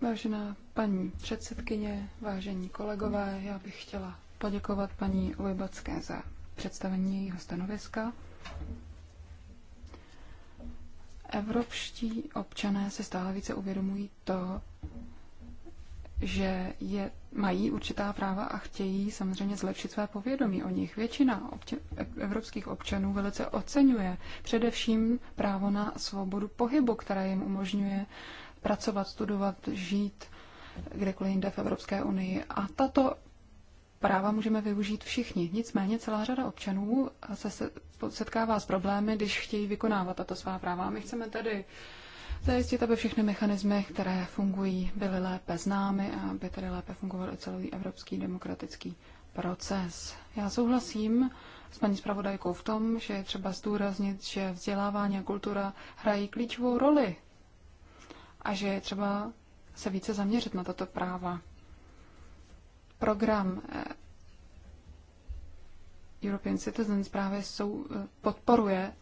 Vážená paní předsedkyně, vážení kolegové, já bych chtěla poděkovat paní Ujbacké za představení jejího stanoviska Evropští občané se stále více uvědomují to, že je, mají určitá práva a chtějí samozřejmě zlepšit své povědomí o nich. Většina obča, evropských občanů velice oceňuje především právo na svobodu pohybu, které jim umožňuje pracovat, studovat, žít kdekoliv jinde v Evropské unii. A tato práva můžeme využít všichni. Nicméně celá řada občanů se setkává s problémy, když chtějí vykonávat tato svá práva. My chceme tady zajistit, aby všechny mechanismy, které fungují, byly lépe známy a aby tedy lépe fungoval i celý evropský demokratický proces. Já souhlasím s paní zpravodajkou v tom, že je třeba zdůraznit, že vzdělávání a kultura hrají klíčovou roli a že je třeba se více zaměřit na tato práva program eh, European Citizens právě jsou, eh, podporuje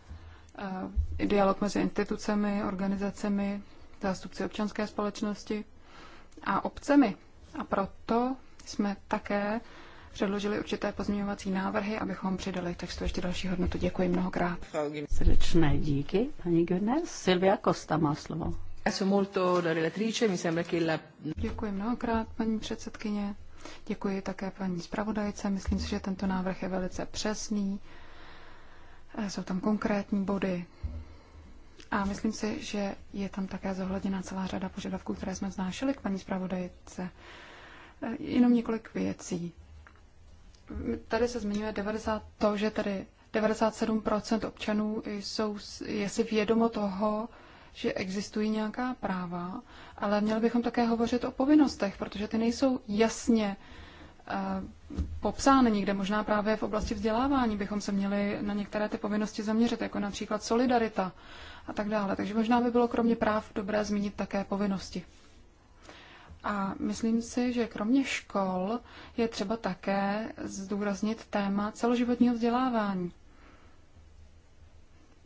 eh, dialog mezi institucemi, organizacemi, zástupci občanské společnosti a obcemi. A proto jsme také předložili určité pozměňovací návrhy, abychom přidali textu ještě další hodnotu. Děkuji mnohokrát. Srdečné díky, paní Gönner. Silvia Kosta má slovo. Děkuji mnohokrát, paní předsedkyně. Děkuji také paní zpravodajce. Myslím si, že tento návrh je velice přesný. Eh, jsou tam konkrétní body. A myslím si, že je tam také zohledněna celá řada požadavků, které jsme vznášeli k paní zpravodajce. Eh, jenom několik věcí. Tady se zmiňuje 90, to, že tady 97% občanů jsou, je si vědomo toho, že existují nějaká práva, ale měli bychom také hovořit o povinnostech, protože ty nejsou jasně eh, popsány někde. Možná právě v oblasti vzdělávání bychom se měli na některé ty povinnosti zaměřit, jako například solidarita a tak dále. Takže možná by bylo kromě práv dobré zmínit také povinnosti. A myslím si, že kromě škol je třeba také zdůraznit téma celoživotního vzdělávání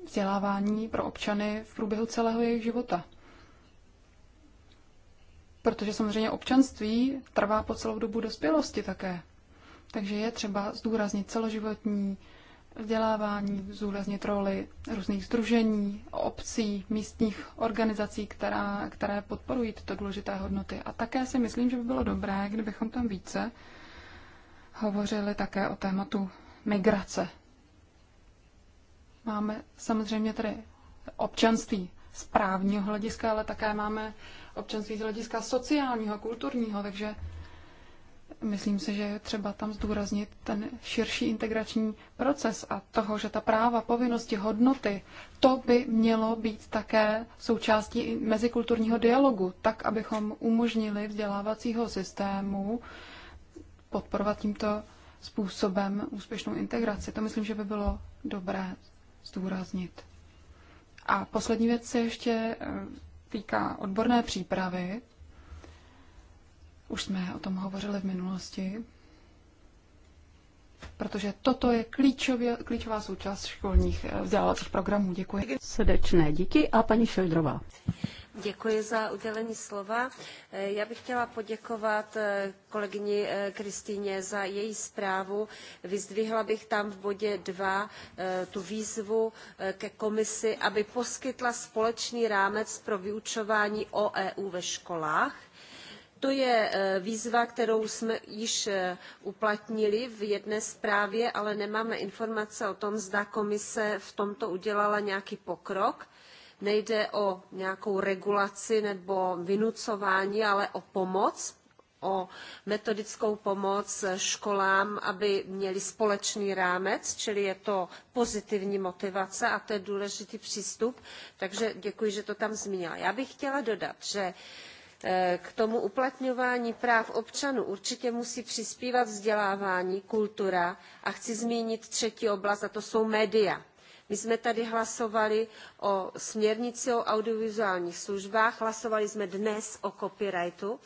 vzdělávání pro občany v průběhu celého jejich života. Protože samozřejmě občanství trvá po celou dobu dospělosti také. Takže je třeba zdůraznit celoživotní vzdělávání, zdůraznit roli různých združení, obcí, místních organizací, která, které podporují tyto důležité hodnoty. A také si myslím, že by bylo dobré, kdybychom tam více hovořili také o tématu migrace. Máme samozřejmě tedy občanství z právního hlediska, ale také máme občanství z hlediska sociálního, kulturního, takže myslím si, že je třeba tam zdůraznit ten širší integrační proces a toho, že ta práva, povinnosti, hodnoty, to by mělo být také součástí mezikulturního dialogu, tak, abychom umožnili vzdělávacího systému podporovat tímto způsobem úspěšnou integraci. To myslím, že by bylo dobré zdůraznit. A poslední věc se ještě eh, týká odborné přípravy. Už jsme o tom hovořili v minulosti, protože toto je klíčově, klíčová součást školních eh, vzdělávacích programů. Děkuji. Srdečné díky a paní Šeldrová. Děkuji za udělení slova. Eh, já bych chtěla poděkovat eh, kolegyni eh, Kristýně za její zprávu. Vyzdvihla bych tam v bodě 2 tu výzvu ke komisi, aby poskytla společný rámec pro vyučování o EU ve školách. To je výzva, kterou jsme již uplatnili v jedné zprávě, ale nemáme informace o tom, zda komise v tomto udělala nějaký pokrok Nejde o nějakou regulaci nebo vynucování, ale o pomoc, o metodickou pomoc školám, aby měli společný rámec, čili je to pozitivní motivace a to je důležitý přístup. Takže děkuji, že to tam zmínila. Já bych chtěla dodat, že eh, k tomu uplatňování práv občanů určitě musí přispívat vzdělávání, kultura a chci zmínit třetí oblast a to jsou média my jsme tady hlasovali o směrnici o audiovizuálních službách, hlasovali jsme dnes o copyrightu.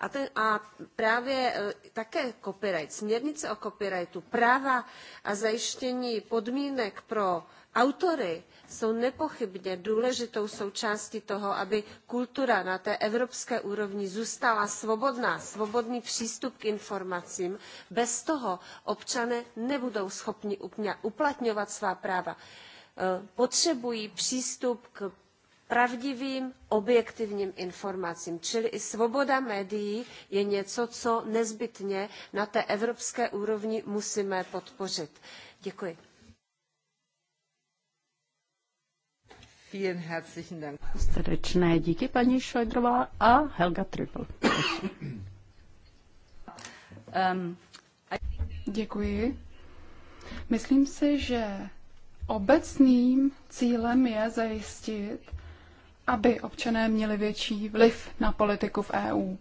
A, ten, a právě e, také copyright, směrnice o copyrightu, práva a zajištění podmínek pro Autory jsou nepochybně důležitou součástí toho, aby kultura na té evropské úrovni zůstala svobodná, svobodný přístup k informacím. Bez toho občané nebudou schopni uplatňovat svá práva. E, potřebují přístup k pravdivým, objektivním informacím. Čili i svoboda médií je něco, co nezbytně na té evropské úrovni musíme podpořit. Děkuji. Srdečné díky, paní Šojdrová a Helga um, Děkuji. Myslím si, že obecným cílem je zajistit, aby občané měli větší vliv na politiku v EU.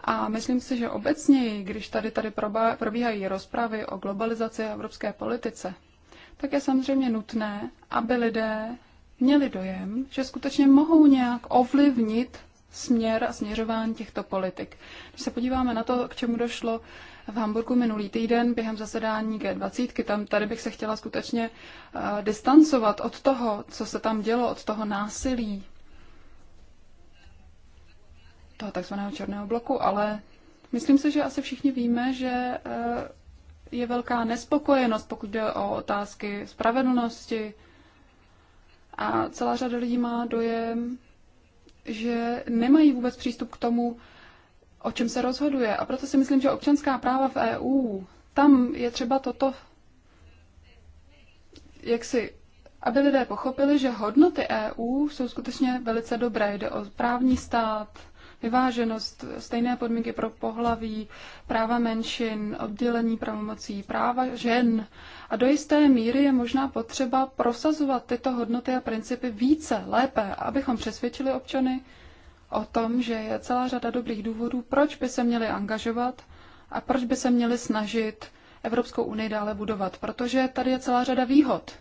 A myslím si, že obecně, když tady tady probíhají rozpravy o globalizaci a evropské politice, tak je samozřejmě nutné, aby lidé měli dojem, že skutečně mohou nějak ovlivnit směr a směřování těchto politik. Když se podíváme na to, k čemu došlo v Hamburgu minulý týden během zasedání G20, tam tady bych se chtěla skutečně uh, distancovat od toho, co se tam dělo, od toho násilí, toho takzvaného černého bloku, ale myslím si, že asi všichni víme, že uh, je velká nespokojenost, pokud jde o otázky spravedlnosti, a celá řada lidí má dojem, že nemají vůbec přístup k tomu, o čem se rozhoduje. A proto si myslím, že občanská práva v EU, tam je třeba toto, jak si, aby lidé pochopili, že hodnoty EU jsou skutečně velice dobré. Jde o právní stát, vyváženost, stejné podmínky pro pohlaví, práva menšin, oddělení pravomocí, práva žen. A do jisté míry je možná potřeba prosazovat tyto hodnoty a principy více, lépe, abychom přesvědčili občany o tom, že je celá řada dobrých důvodů, proč by se měli angažovat a proč by se měli snažit Evropskou unii dále budovat, protože tady je celá řada výhod,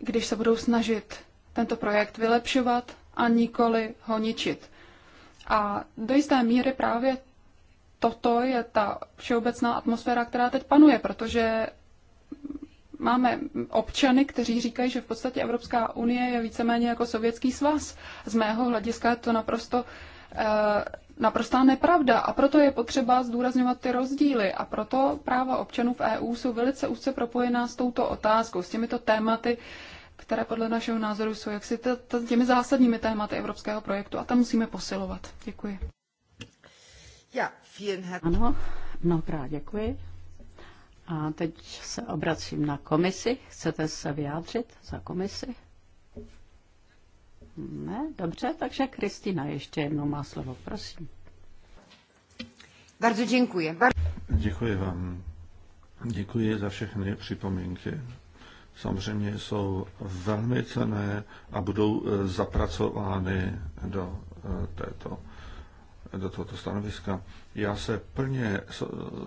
když se budou snažit tento projekt vylepšovat a nikoli ho ničit. A do jisté míry právě toto je ta všeobecná atmosféra, která teď panuje, protože máme občany, kteří říkají, že v podstatě Evropská unie je víceméně jako sovětský svaz. Z mého hlediska je to naprosto eh, naprostá nepravda a proto je potřeba zdůrazňovat ty rozdíly a proto práva občanů v EU jsou velice úzce propojená s touto otázkou, s těmito tématy které podle našeho názoru jsou jaksi těmi zásadními tématy evropského projektu a tam musíme posilovat. Děkuji. Ja, ano, mnohokrát děkuji. A teď se obracím na komisi. Chcete se vyjádřit za komisi? Ne, dobře, takže Kristina ještě jednou má slovo, prosím. Bardzo děkuji. Děkuji vám. Děkuji za všechny připomínky samozřejmě jsou velmi cené a budou eh, zapracovány do eh, této do tohoto stanoviska. Já se plně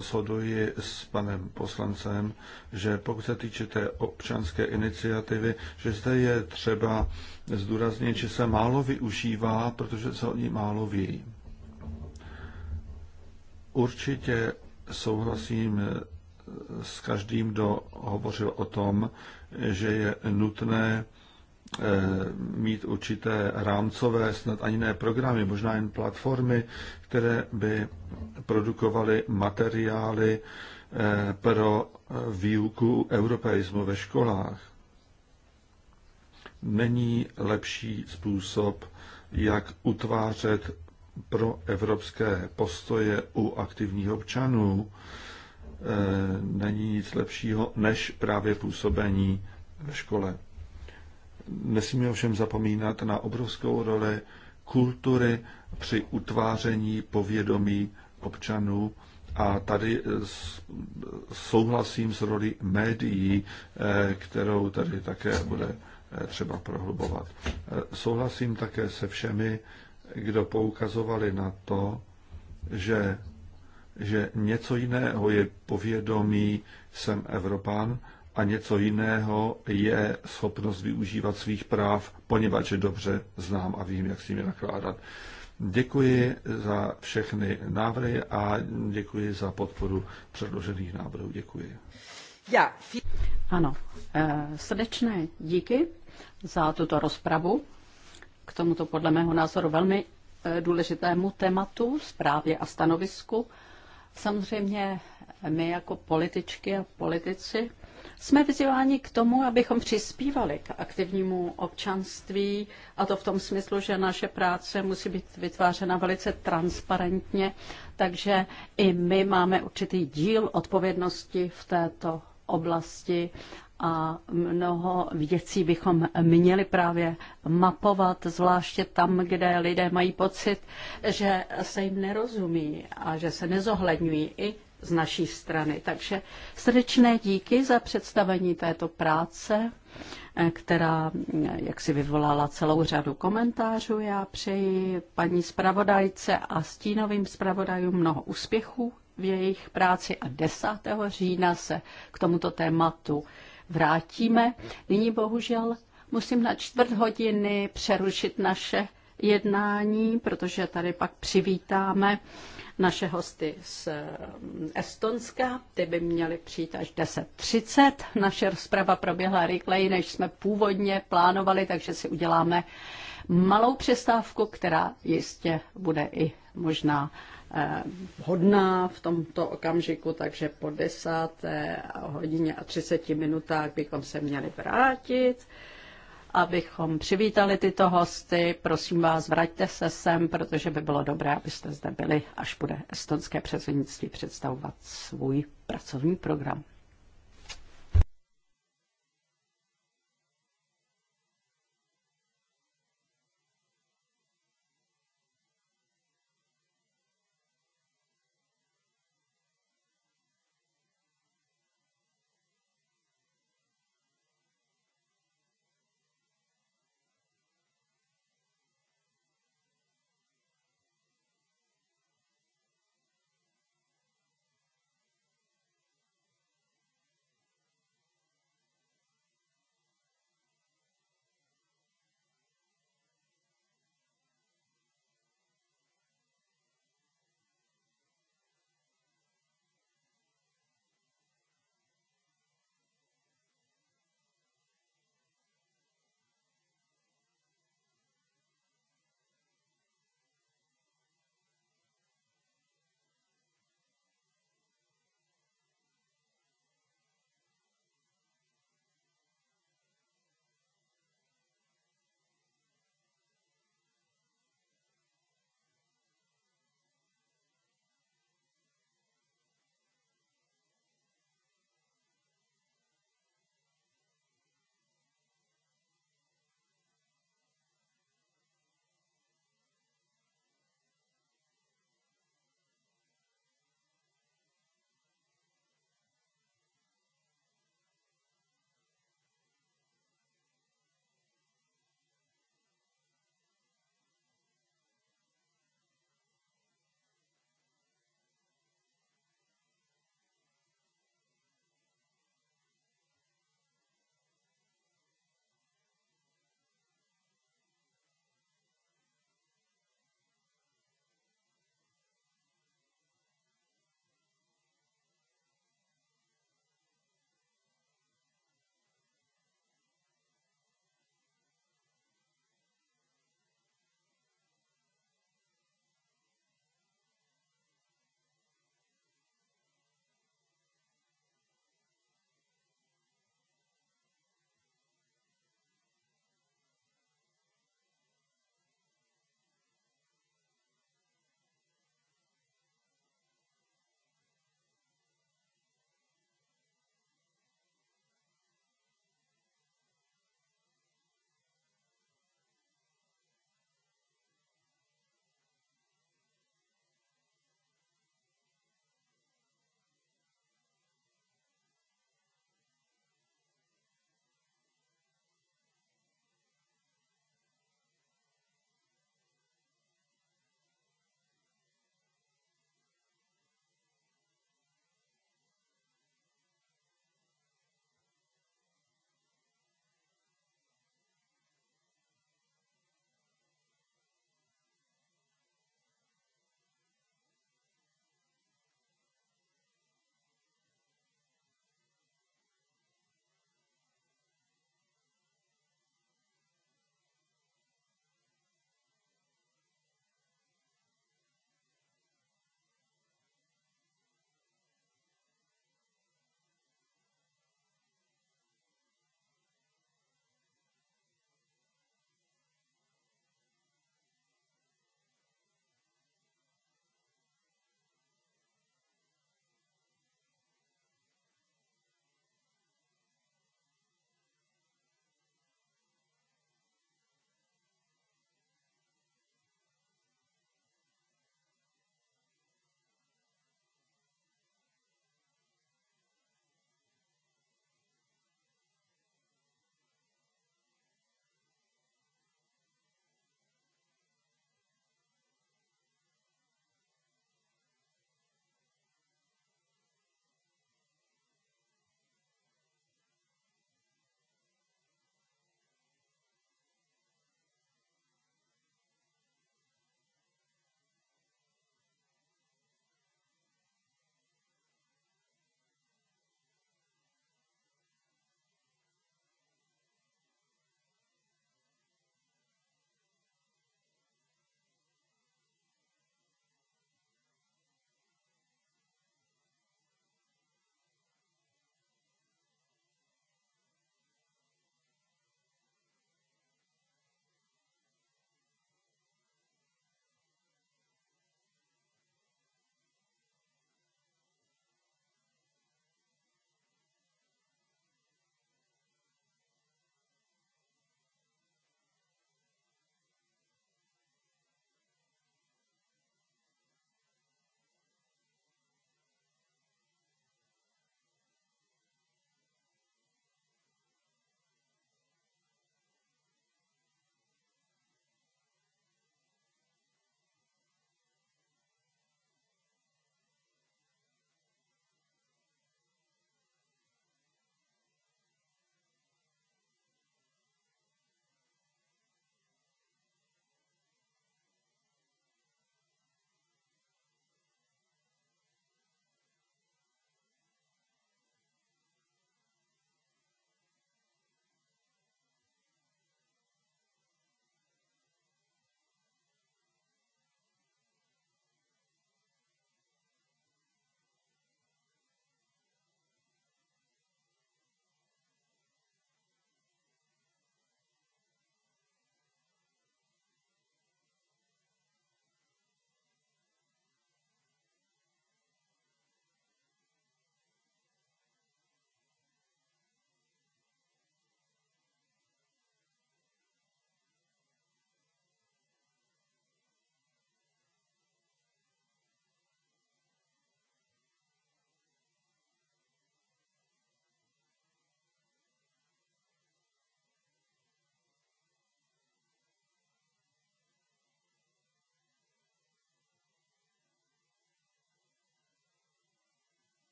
shoduji s panem poslancem, že pokud se týče té občanské iniciativy, že zde je třeba zdůraznit, že se málo využívá, protože se o ní málo ví. Určitě souhlasím eh, s každým, kdo hovořil o tom, že je nutné eh, mít určité rámcové, snad ani ne programy, možná jen platformy, které by produkovaly materiály eh, pro výuku europeismu ve školách. Není lepší způsob, jak utvářet pro evropské postoje u aktivních občanů, Eh, není nic lepšího než právě působení ve škole. Nesmíme ovšem zapomínat na obrovskou roli kultury při utváření povědomí občanů a tady souhlasím s roli médií, eh, kterou tady také bude eh, třeba prohlubovat. Souhlasím také se všemi, kdo poukazovali na to, že že něco jiného je povědomí jsem Evropan a něco jiného je schopnost využívat svých práv, poněvadž je dobře znám a vím, jak s nimi nakládat. Děkuji za všechny návrhy a děkuji za podporu předložených návrhů. Děkuji. Já. Ano, eh, srdečné díky za tuto rozpravu k tomuto podle mého názoru velmi eh, důležitému tématu, zprávě a stanovisku. Samozřejmě my jako političky a politici jsme vyzýváni k tomu, abychom přispívali k aktivnímu občanství a to v tom smyslu, že naše práce musí být vytvářena velice transparentně, takže i my máme určitý díl odpovědnosti v této oblasti a mnoho věcí bychom měli právě mapovat, zvláště tam, kde lidé mají pocit, že se jim nerozumí a že se nezohledňují i z naší strany. Takže srdečné díky za představení této práce, která jak si vyvolala celou řadu komentářů. Já přeji paní zpravodajce a stínovým zpravodajům mnoho úspěchů v jejich práci a 10. října se k tomuto tématu vrátíme. Nyní bohužel musím na čtvrt hodiny přerušit naše jednání, protože tady pak přivítáme naše hosty z mm, Estonska. Ty by měly přijít až 10.30. Naše rozprava proběhla rychleji, než jsme původně plánovali, takže si uděláme malou přestávku, která jistě bude i možná Eh, hodná v tomto okamžiku, takže po desáté hodině a 30 minutách bychom se měli vrátit, abychom přivítali tyto hosty. Prosím vás, vraťte se sem, protože by bylo dobré, abyste zde byli, až bude estonské předsednictví představovat svůj pracovní program.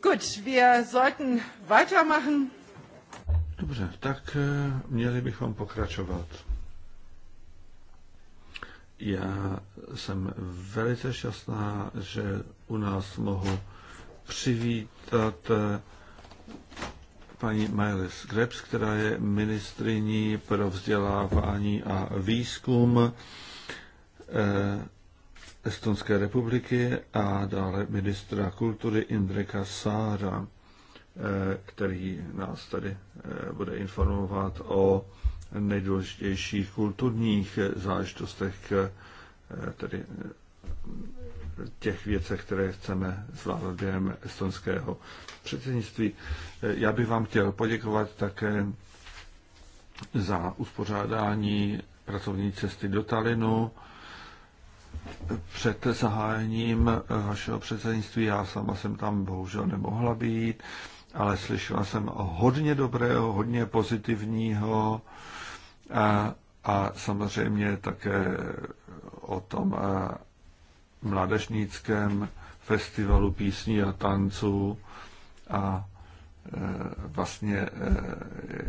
Gut, wir sollten weitermachen. Dobře, tak eh, měli bychom pokračovat. Já jsem velice šťastná, že u nás mohu přivítat eh, paní Miles Grebs, která je ministriní pro vzdělávání a výzkum eh, Estonské republiky a dále ministra kultury Indreka Sára, eh, který nás tady eh, bude informovat o nejdůležitějších kulturních zážitostech, eh, tedy těch věcech, které chceme zvládat během estonského předsednictví. Já bych vám chtěl poděkovat také za uspořádání pracovní cesty do Talinu, před zahájením eh, vašeho předsednictví. Já sama jsem tam bohužel nemohla být, ale slyšela jsem hodně dobrého, hodně pozitivního a, eh, a samozřejmě také o tom eh, mládežnickém festivalu písní a tanců a vlastně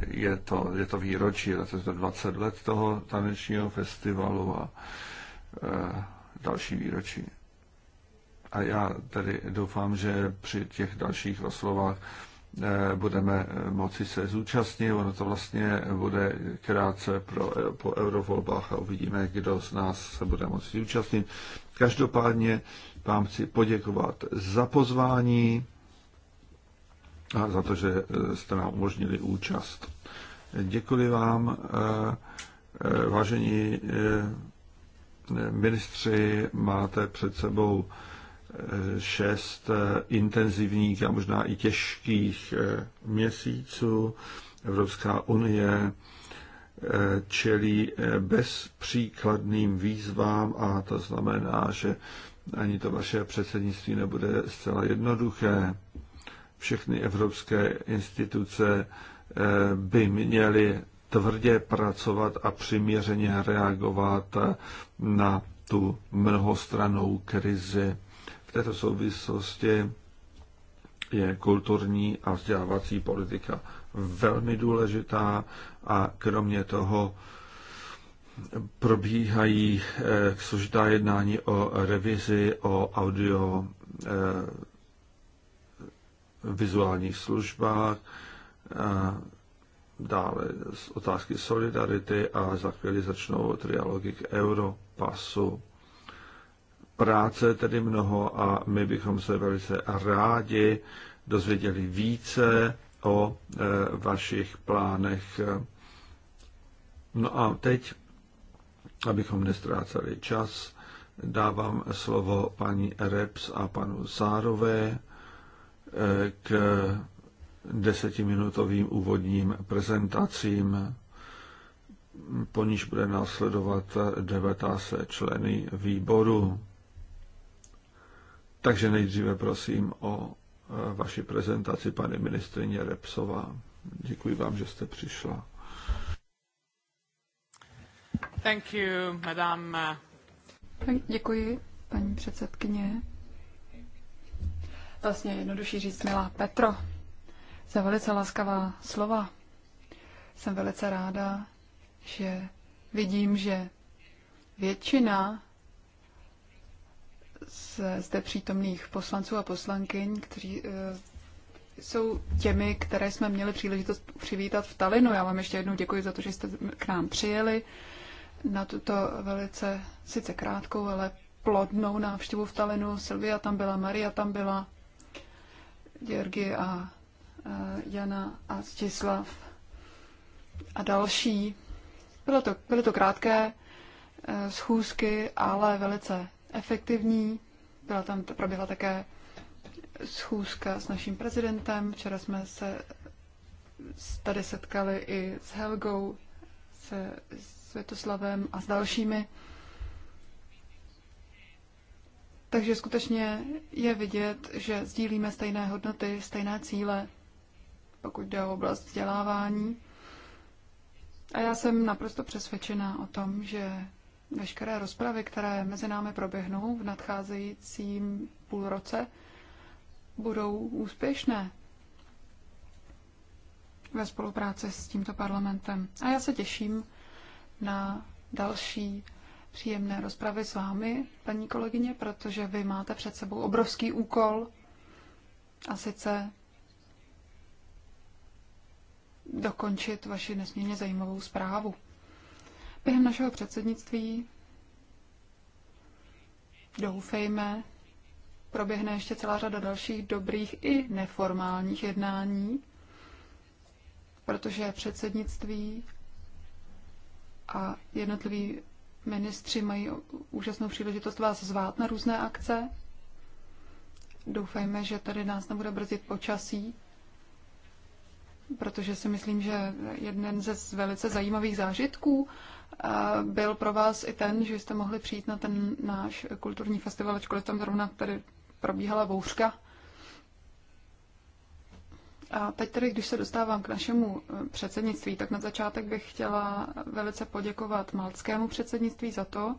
je to, je to výročí, je to 20 let toho tanečního festivalu a další výročí. A já tedy doufám, že při těch dalších oslovách eh, budeme eh, moci se zúčastnit. Ono to vlastně bude krátce pro, eh, po eurovolbách a uvidíme, kdo z nás se bude moci zúčastnit. Každopádně vám chci poděkovat za pozvání a za to, že jste nám umožnili účast. Děkuji vám, vážení ministři, máte před sebou eh, šest eh, intenzivních a možná i těžkých eh, měsíců. Evropská unie čelí bezpříkladným výzvám a to znamená, že ani to vaše předsednictví nebude zcela jednoduché. Všechny evropské instituce by měly tvrdě pracovat a přiměřeně reagovat na tu mnohostranou krizi. V této souvislosti je kulturní a vzdělávací politika velmi důležitá a kromě toho probíhají eh, složitá jednání o revizi, o audio eh, vizuálních službách, dále z otázky solidarity a za chvíli začnou trialogy k Europasu. Práce tedy mnoho a my bychom se velice rádi dozvěděli více o e, vašich plánech. No a teď, abychom nestráceli čas, dávám slovo paní Reps a panu Sárové e, k desetiminutovým úvodním prezentacím, po níž bude následovat 19 členy výboru. Takže nejdříve prosím o e, vaši prezentaci, paní ministrině Repsová. Děkuji vám, že jste přišla. Thank you, madam. Děkuji, paní předsedkyně. Vlastně jednodušší říct, milá Petro za velice laskavá slova. Jsem velice ráda, že vidím, že většina z zde přítomných poslanců a poslankyň, kteří eh, jsou těmi, které jsme měli příležitost přivítat v Talinu. Já vám ještě jednou děkuji za to, že jste k nám přijeli na tuto velice sice krátkou, ale plodnou návštěvu v Talinu. Silvia tam byla, Maria tam byla, Georgi a Eh, Jana a Stislav a další. Bylo to, byly to krátké eh, schůzky, ale velice efektivní. Byla tam, proběhla také schůzka s naším prezidentem. Včera jsme se tady setkali i s Helgou, se Světoslavem a s dalšími. Takže skutečně je vidět, že sdílíme stejné hodnoty, stejné cíle pokud jde o oblast vzdělávání. A já jsem naprosto přesvědčená o tom, že veškeré rozpravy, které mezi námi proběhnou v nadcházejícím půlroce, budou úspěšné ve spolupráci s tímto parlamentem. A já se těším na další příjemné rozpravy s vámi, paní kolegyně, protože vy máte před sebou obrovský úkol a sice dokončit vaši nesmírně zajímavou zprávu. Během našeho předsednictví doufejme, proběhne ještě celá řada dalších dobrých i neformálních jednání, protože předsednictví a jednotliví ministři mají úžasnou příležitost vás zvát na různé akce. Doufejme, že tady nás nebude brzdit počasí, protože si myslím, že jeden ze velice zajímavých zážitků eh, byl pro vás i ten, že jste mohli přijít na ten náš kulturní festival, ačkoliv tam zrovna tady probíhala bouřka. A teď tedy, když se dostávám k našemu eh, předsednictví, tak na začátek bych chtěla velice poděkovat maltskému předsednictví za to,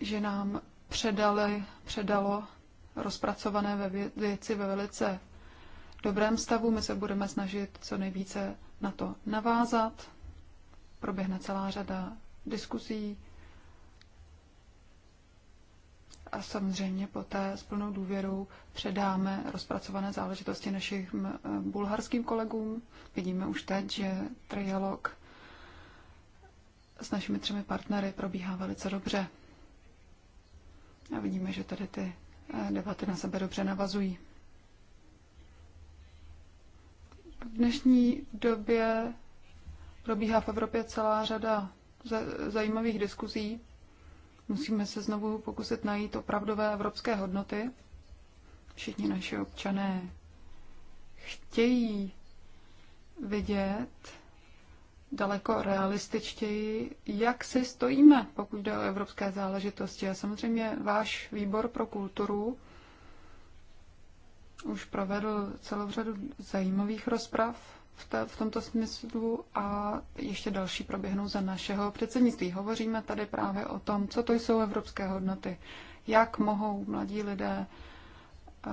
že nám předali, předalo rozpracované ve věci ve velice dobrém stavu. My se budeme snažit co nejvíce na to navázat. Proběhne celá řada diskuzí a samozřejmě poté s plnou důvěrou předáme rozpracované záležitosti našim eh, bulharským kolegům. Vidíme už teď, že trialog s našimi třemi partnery probíhá velice dobře. A vidíme, že tady ty eh, debaty na sebe dobře navazují. V dnešní době probíhá v Evropě celá řada zajímavých diskuzí. Musíme se znovu pokusit najít opravdové evropské hodnoty. Všichni naši občané chtějí vidět daleko realističtěji, jak si stojíme, pokud jde o evropské záležitosti. A samozřejmě váš výbor pro kulturu už provedl celou řadu zajímavých rozprav v, te, v tomto smyslu a ještě další proběhnou za našeho předsednictví. Hovoříme tady právě o tom, co to jsou evropské hodnoty, jak mohou mladí lidé eh,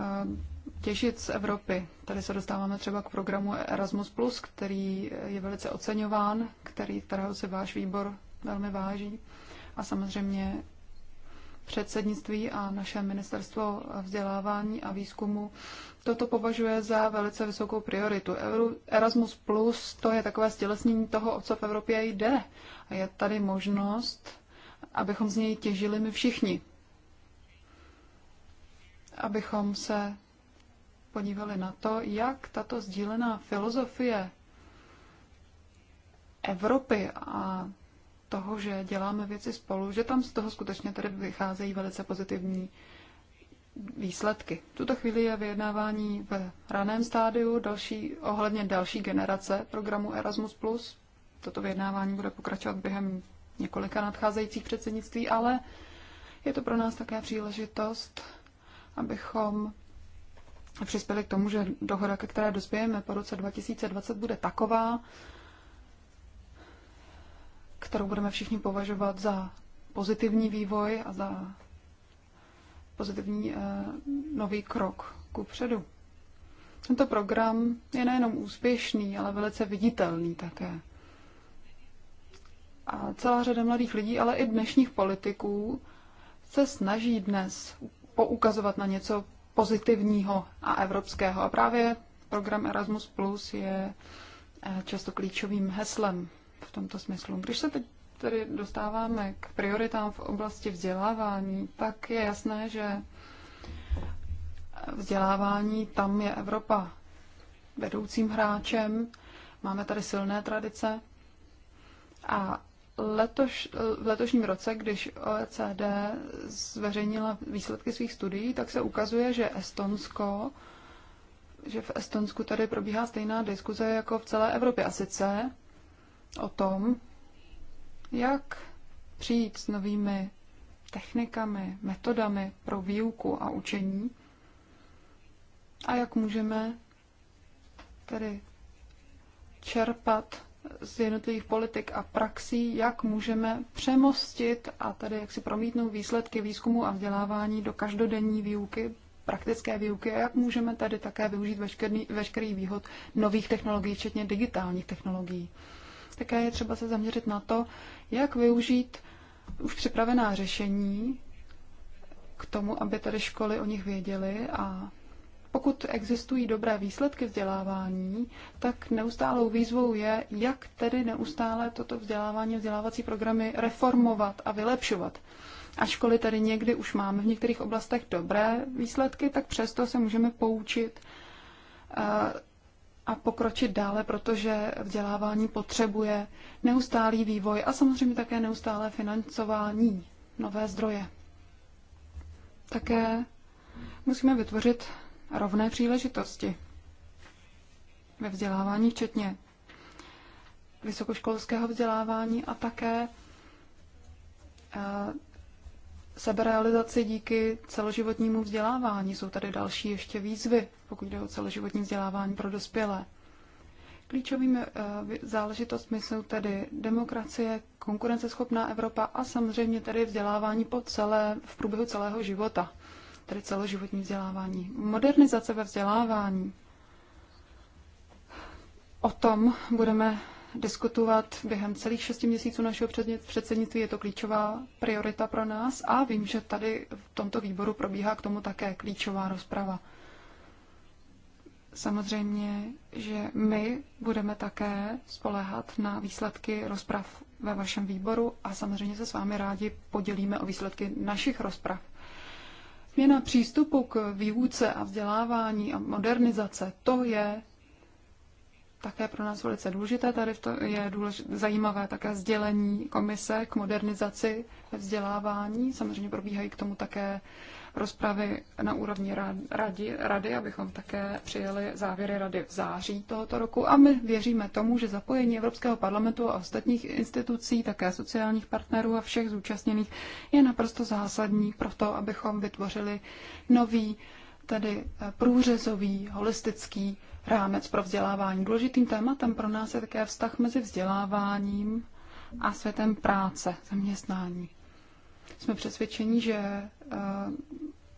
těžit z Evropy. Tady se dostáváme třeba k programu Erasmus+, který je velice oceňován, který, kterého se váš výbor velmi váží. A samozřejmě předsednictví a naše ministerstvo vzdělávání a výzkumu toto považuje za velice vysokou prioritu. Erasmus Plus to je takové stělesnění toho, o co v Evropě jde. A je tady možnost, abychom z něj těžili my všichni. Abychom se podívali na to, jak tato sdílená filozofie Evropy a toho, že děláme věci spolu, že tam z toho skutečně tady vycházejí velice pozitivní výsledky. V tuto chvíli je vyjednávání v raném stádiu další, ohledně další generace programu Erasmus+. Toto vyjednávání bude pokračovat během několika nadcházejících předsednictví, ale je to pro nás také příležitost, abychom přispěli k tomu, že dohoda, ke které dospějeme po roce 2020, bude taková, kterou budeme všichni považovat za pozitivní vývoj a za pozitivní eh, nový krok ku předu. Tento program je nejenom úspěšný, ale velice viditelný také. A celá řada mladých lidí, ale i dnešních politiků se snaží dnes poukazovat na něco pozitivního a evropského. A právě program Erasmus Plus je eh, často klíčovým heslem v tomto smyslu. Když se teď tedy dostáváme k prioritám v oblasti vzdělávání, tak je jasné, že vzdělávání tam je Evropa vedoucím hráčem. Máme tady silné tradice. A letoš, v letošním roce, když OECD zveřejnila výsledky svých studií, tak se ukazuje, že Estonsko že v Estonsku tady probíhá stejná diskuze jako v celé Evropě. A sice o tom, jak přijít s novými technikami, metodami pro výuku a učení a jak můžeme tedy čerpat z jednotlivých politik a praxí, jak můžeme přemostit a tady jak si promítnout výsledky výzkumu a vzdělávání do každodenní výuky, praktické výuky a jak můžeme tady také využít veškerý, veškerý výhod nových technologií, včetně digitálních technologií také je třeba se zaměřit na to, jak využít už připravená řešení k tomu, aby tady školy o nich věděly a pokud existují dobré výsledky vzdělávání, tak neustálou výzvou je, jak tedy neustále toto vzdělávání, vzdělávací programy reformovat a vylepšovat. A školy tady někdy už máme v některých oblastech dobré výsledky, tak přesto se můžeme poučit eh, a pokročit dále, protože vzdělávání potřebuje neustálý vývoj a samozřejmě také neustálé financování, nové zdroje. Také musíme vytvořit rovné příležitosti ve vzdělávání, včetně vysokoškolského vzdělávání a také eh, seberealizaci díky celoživotnímu vzdělávání. Jsou tady další ještě výzvy, pokud jde o celoživotní vzdělávání pro dospělé. Klíčovými eh, záležitostmi jsou tedy demokracie, konkurenceschopná Evropa a samozřejmě tedy vzdělávání po celé, v průběhu celého života, tedy celoživotní vzdělávání. Modernizace ve vzdělávání. O tom budeme diskutovat během celých šesti měsíců našeho předsednictví. Je to klíčová priorita pro nás a vím, že tady v tomto výboru probíhá k tomu také klíčová rozprava. Samozřejmě, že my budeme také spolehat na výsledky rozprav ve vašem výboru a samozřejmě se s vámi rádi podělíme o výsledky našich rozprav. Změna přístupu k výuce a vzdělávání a modernizace, to je také pro nás velice důležité. Tady je důležité, zajímavé také sdělení komise k modernizaci vzdělávání. Samozřejmě probíhají k tomu také rozpravy na úrovni rady, rady, abychom také přijeli závěry rady v září tohoto roku. A my věříme tomu, že zapojení Evropského parlamentu a ostatních institucí, také sociálních partnerů a všech zúčastněných je naprosto zásadní pro to, abychom vytvořili nový, tedy eh, průřezový, holistický rámec pro vzdělávání. Důležitým tématem pro nás je také vztah mezi vzděláváním a světem práce, zaměstnání. Jsme přesvědčeni, že eh,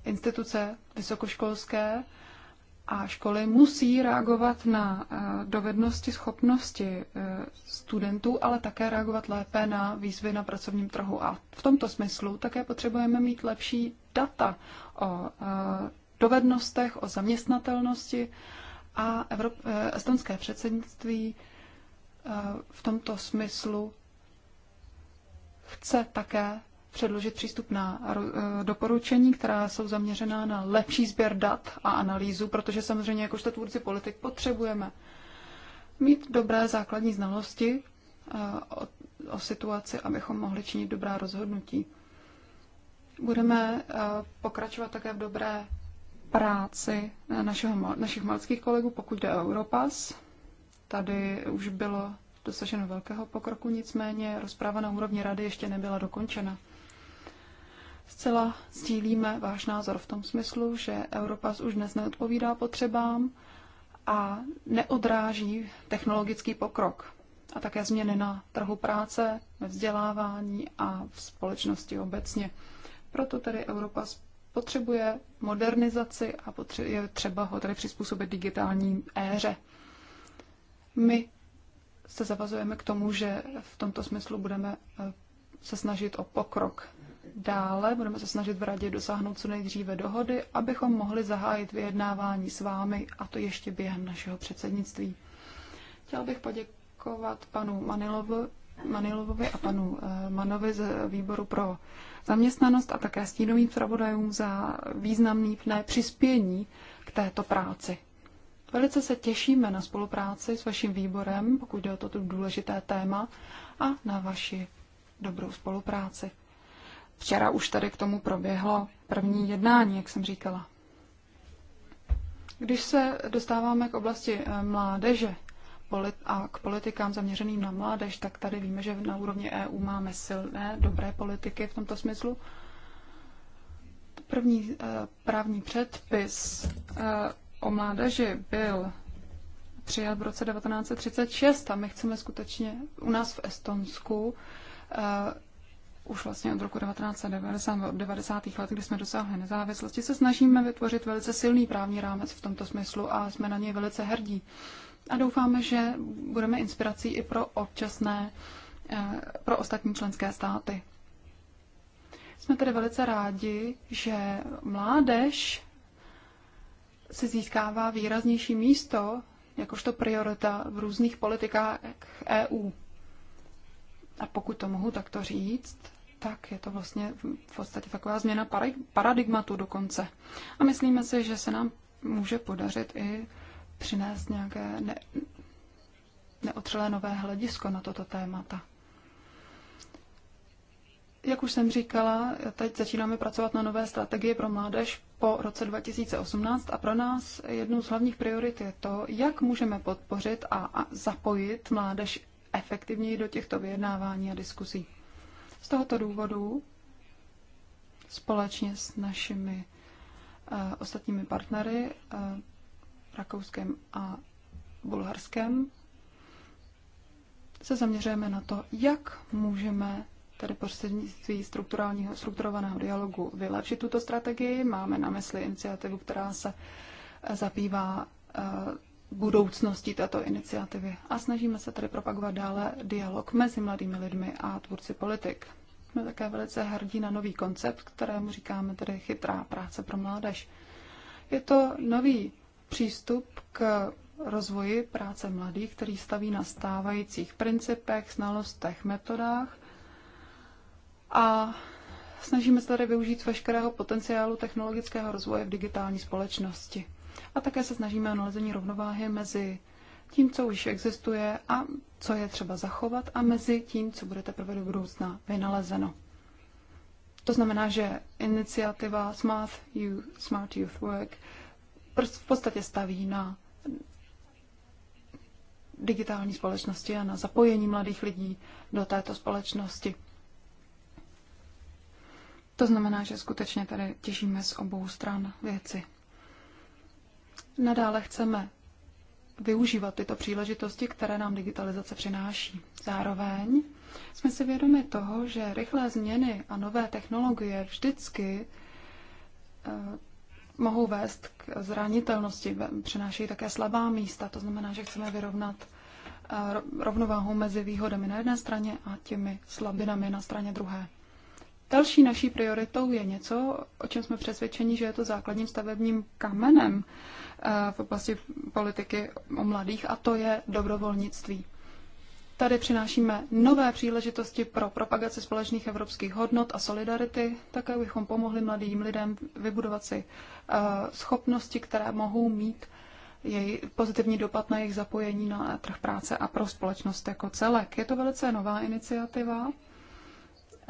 instituce vysokoškolské a školy musí reagovat na eh, dovednosti, schopnosti eh, studentů, ale také reagovat lépe na výzvy na pracovním trhu. A v tomto smyslu také potřebujeme mít lepší data o dovednostech, o zaměstnatelnosti a Evrop- eh, estonské předsednictví eh, v tomto smyslu chce také předložit přístupná eh, doporučení, která jsou zaměřená na lepší sběr dat a analýzu, protože samozřejmě jakožto tvůrci politik potřebujeme mít dobré základní znalosti o, o situaci, abychom mohli činit dobrá rozhodnutí. Budeme pokračovat také v dobré práci eh, našeho, našich malckých kolegů, pokud jde o Europas. Tady už bylo dosaženo velkého pokroku, nicméně rozpráva na úrovni rady ještě nebyla dokončena. Zcela sdílíme váš názor v tom smyslu, že Europas už dnes neodpovídá potřebám a neodráží technologický pokrok a také změny na trhu práce, ve vzdělávání a v společnosti obecně. Proto tedy Europas potřebuje modernizaci a je třeba ho tady přizpůsobit digitální éře. My se zavazujeme k tomu, že v tomto smyslu budeme eh, se snažit o pokrok. Dále budeme se snažit v radě dosáhnout co nejdříve dohody, abychom mohli zahájit vyjednávání s vámi, a to ještě během našeho předsednictví. Chtěl bych poděkovat panu Manilovu, Manilovovi a panu eh, Manovi z výboru pro zaměstnanost a také stínovým zpravodajům za významný přispění k této práci. Velice se těšíme na spolupráci s vaším výborem, pokud jde o toto důležité téma, a na vaši dobrou spolupráci. Včera už tady k tomu proběhlo první jednání, jak jsem říkala. Když se dostáváme k oblasti eh, mládeže, polit- a k politikám zaměřeným na mládež, tak tady víme, že na úrovni EU máme silné, dobré politiky v tomto smyslu. První eh, právní předpis eh, o mládeži byl přijat v roce 1936 a my chceme skutečně u nás v Estonsku eh, už vlastně od roku 1990, od 90. let, kdy jsme dosáhli nezávislosti, se snažíme vytvořit velice silný právní rámec v tomto smyslu a jsme na něj velice hrdí a doufáme, že budeme inspirací i pro občasné, eh, pro ostatní členské státy. Jsme tedy velice rádi, že mládež si získává výraznější místo jakožto priorita v různých politikách EU. A pokud to mohu takto říct, tak je to vlastně v podstatě taková změna paradigmatu dokonce. A myslíme si, že se nám může podařit i přinést nějaké ne, neotřelé nové hledisko na toto témata. Jak už jsem říkala, teď začínáme pracovat na nové strategii pro mládež po roce 2018 a pro nás jednou z hlavních priorit je to, jak můžeme podpořit a zapojit mládež efektivněji do těchto vyjednávání a diskusí. Z tohoto důvodu společně s našimi eh, ostatními partnery eh, rakouském a bulharském se zaměřujeme na to, jak můžeme tedy prostřednictví strukturálního, strukturovaného dialogu vylepšit tuto strategii. Máme na mysli iniciativu, která se eh, zabývá eh, budoucností této iniciativy a snažíme se tedy propagovat dále dialog mezi mladými lidmi a tvůrci politik. Jsme také velice hrdí na nový koncept, kterému říkáme tedy chytrá práce pro mládež. Je to nový přístup k rozvoji práce mladých, který staví na stávajících principech, znalostech, metodách a snažíme se tady využít veškerého potenciálu technologického rozvoje v digitální společnosti. A také se snažíme o nalezení rovnováhy mezi tím, co už existuje a co je třeba zachovat a mezi tím, co bude teprve do budoucna vynalezeno. To znamená, že iniciativa Smart Youth, Smart Youth Work v podstatě staví na digitální společnosti a na zapojení mladých lidí do této společnosti. To znamená, že skutečně tady těžíme z obou stran věci. Nadále chceme využívat tyto příležitosti, které nám digitalizace přináší. Zároveň jsme si vědomi toho, že rychlé změny a nové technologie vždycky eh, mohou vést k zranitelnosti, přinášejí také slabá místa, to znamená, že chceme vyrovnat eh, rovnováhu mezi výhodami na jedné straně a těmi slabinami na straně druhé. Další naší prioritou je něco, o čem jsme přesvědčeni, že je to základním stavebním kamenem eh, v oblasti politiky o mladých, a to je dobrovolnictví. Tady přinášíme nové příležitosti pro propagaci společných evropských hodnot a solidarity, tak abychom pomohli mladým lidem vybudovat si eh, schopnosti, které mohou mít její pozitivní dopad na jejich zapojení na trh práce a pro společnost jako celek. Je to velice nová iniciativa.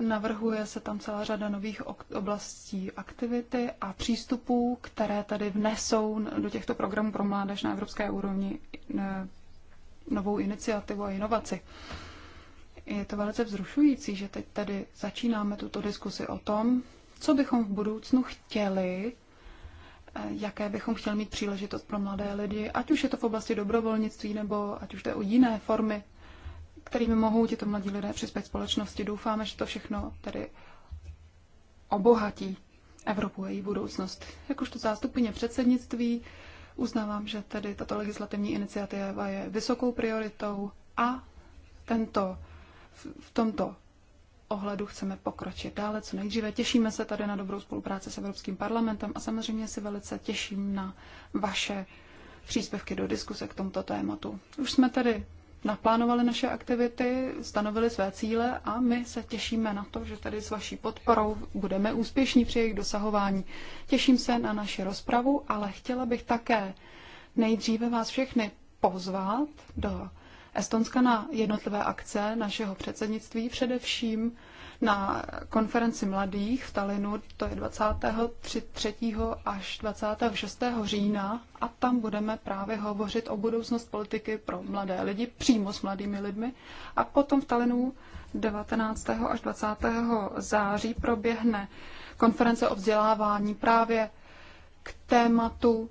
Navrhuje se tam celá řada nových oblastí aktivity a přístupů, které tady vnesou do těchto programů pro mládež na evropské úrovni eh, novou iniciativu a inovaci. Je to velice vzrušující, že teď tady začínáme tuto diskusi o tom, co bychom v budoucnu chtěli, eh, jaké bychom chtěli mít příležitost pro mladé lidi, ať už je to v oblasti dobrovolnictví nebo ať už jde o jiné formy, kterými mohou tyto mladí lidé přispět společnosti. Doufáme, že to všechno tedy obohatí Evropu a její budoucnost. Jakožto zástupně předsednictví Uznávám, že tedy tato legislativní iniciativa je vysokou prioritou a tento, v tomto ohledu chceme pokročit dále co nejdříve. Těšíme se tady na dobrou spolupráci s Evropským parlamentem a samozřejmě si velice těším na vaše příspěvky do diskuse k tomuto tématu. Už jsme tedy naplánovali naše aktivity, stanovili své cíle a my se těšíme na to, že tady s vaší podporou budeme úspěšní při jejich dosahování. Těším se na naši rozpravu, ale chtěla bych také nejdříve vás všechny pozvat do Estonska na jednotlivé akce našeho předsednictví, především na konferenci mladých v Talinu, to je 23. až 26. října a tam budeme právě hovořit o budoucnost politiky pro mladé lidi, přímo s mladými lidmi. A potom v Talinu 19. až 20. září proběhne konference o vzdělávání právě k tématu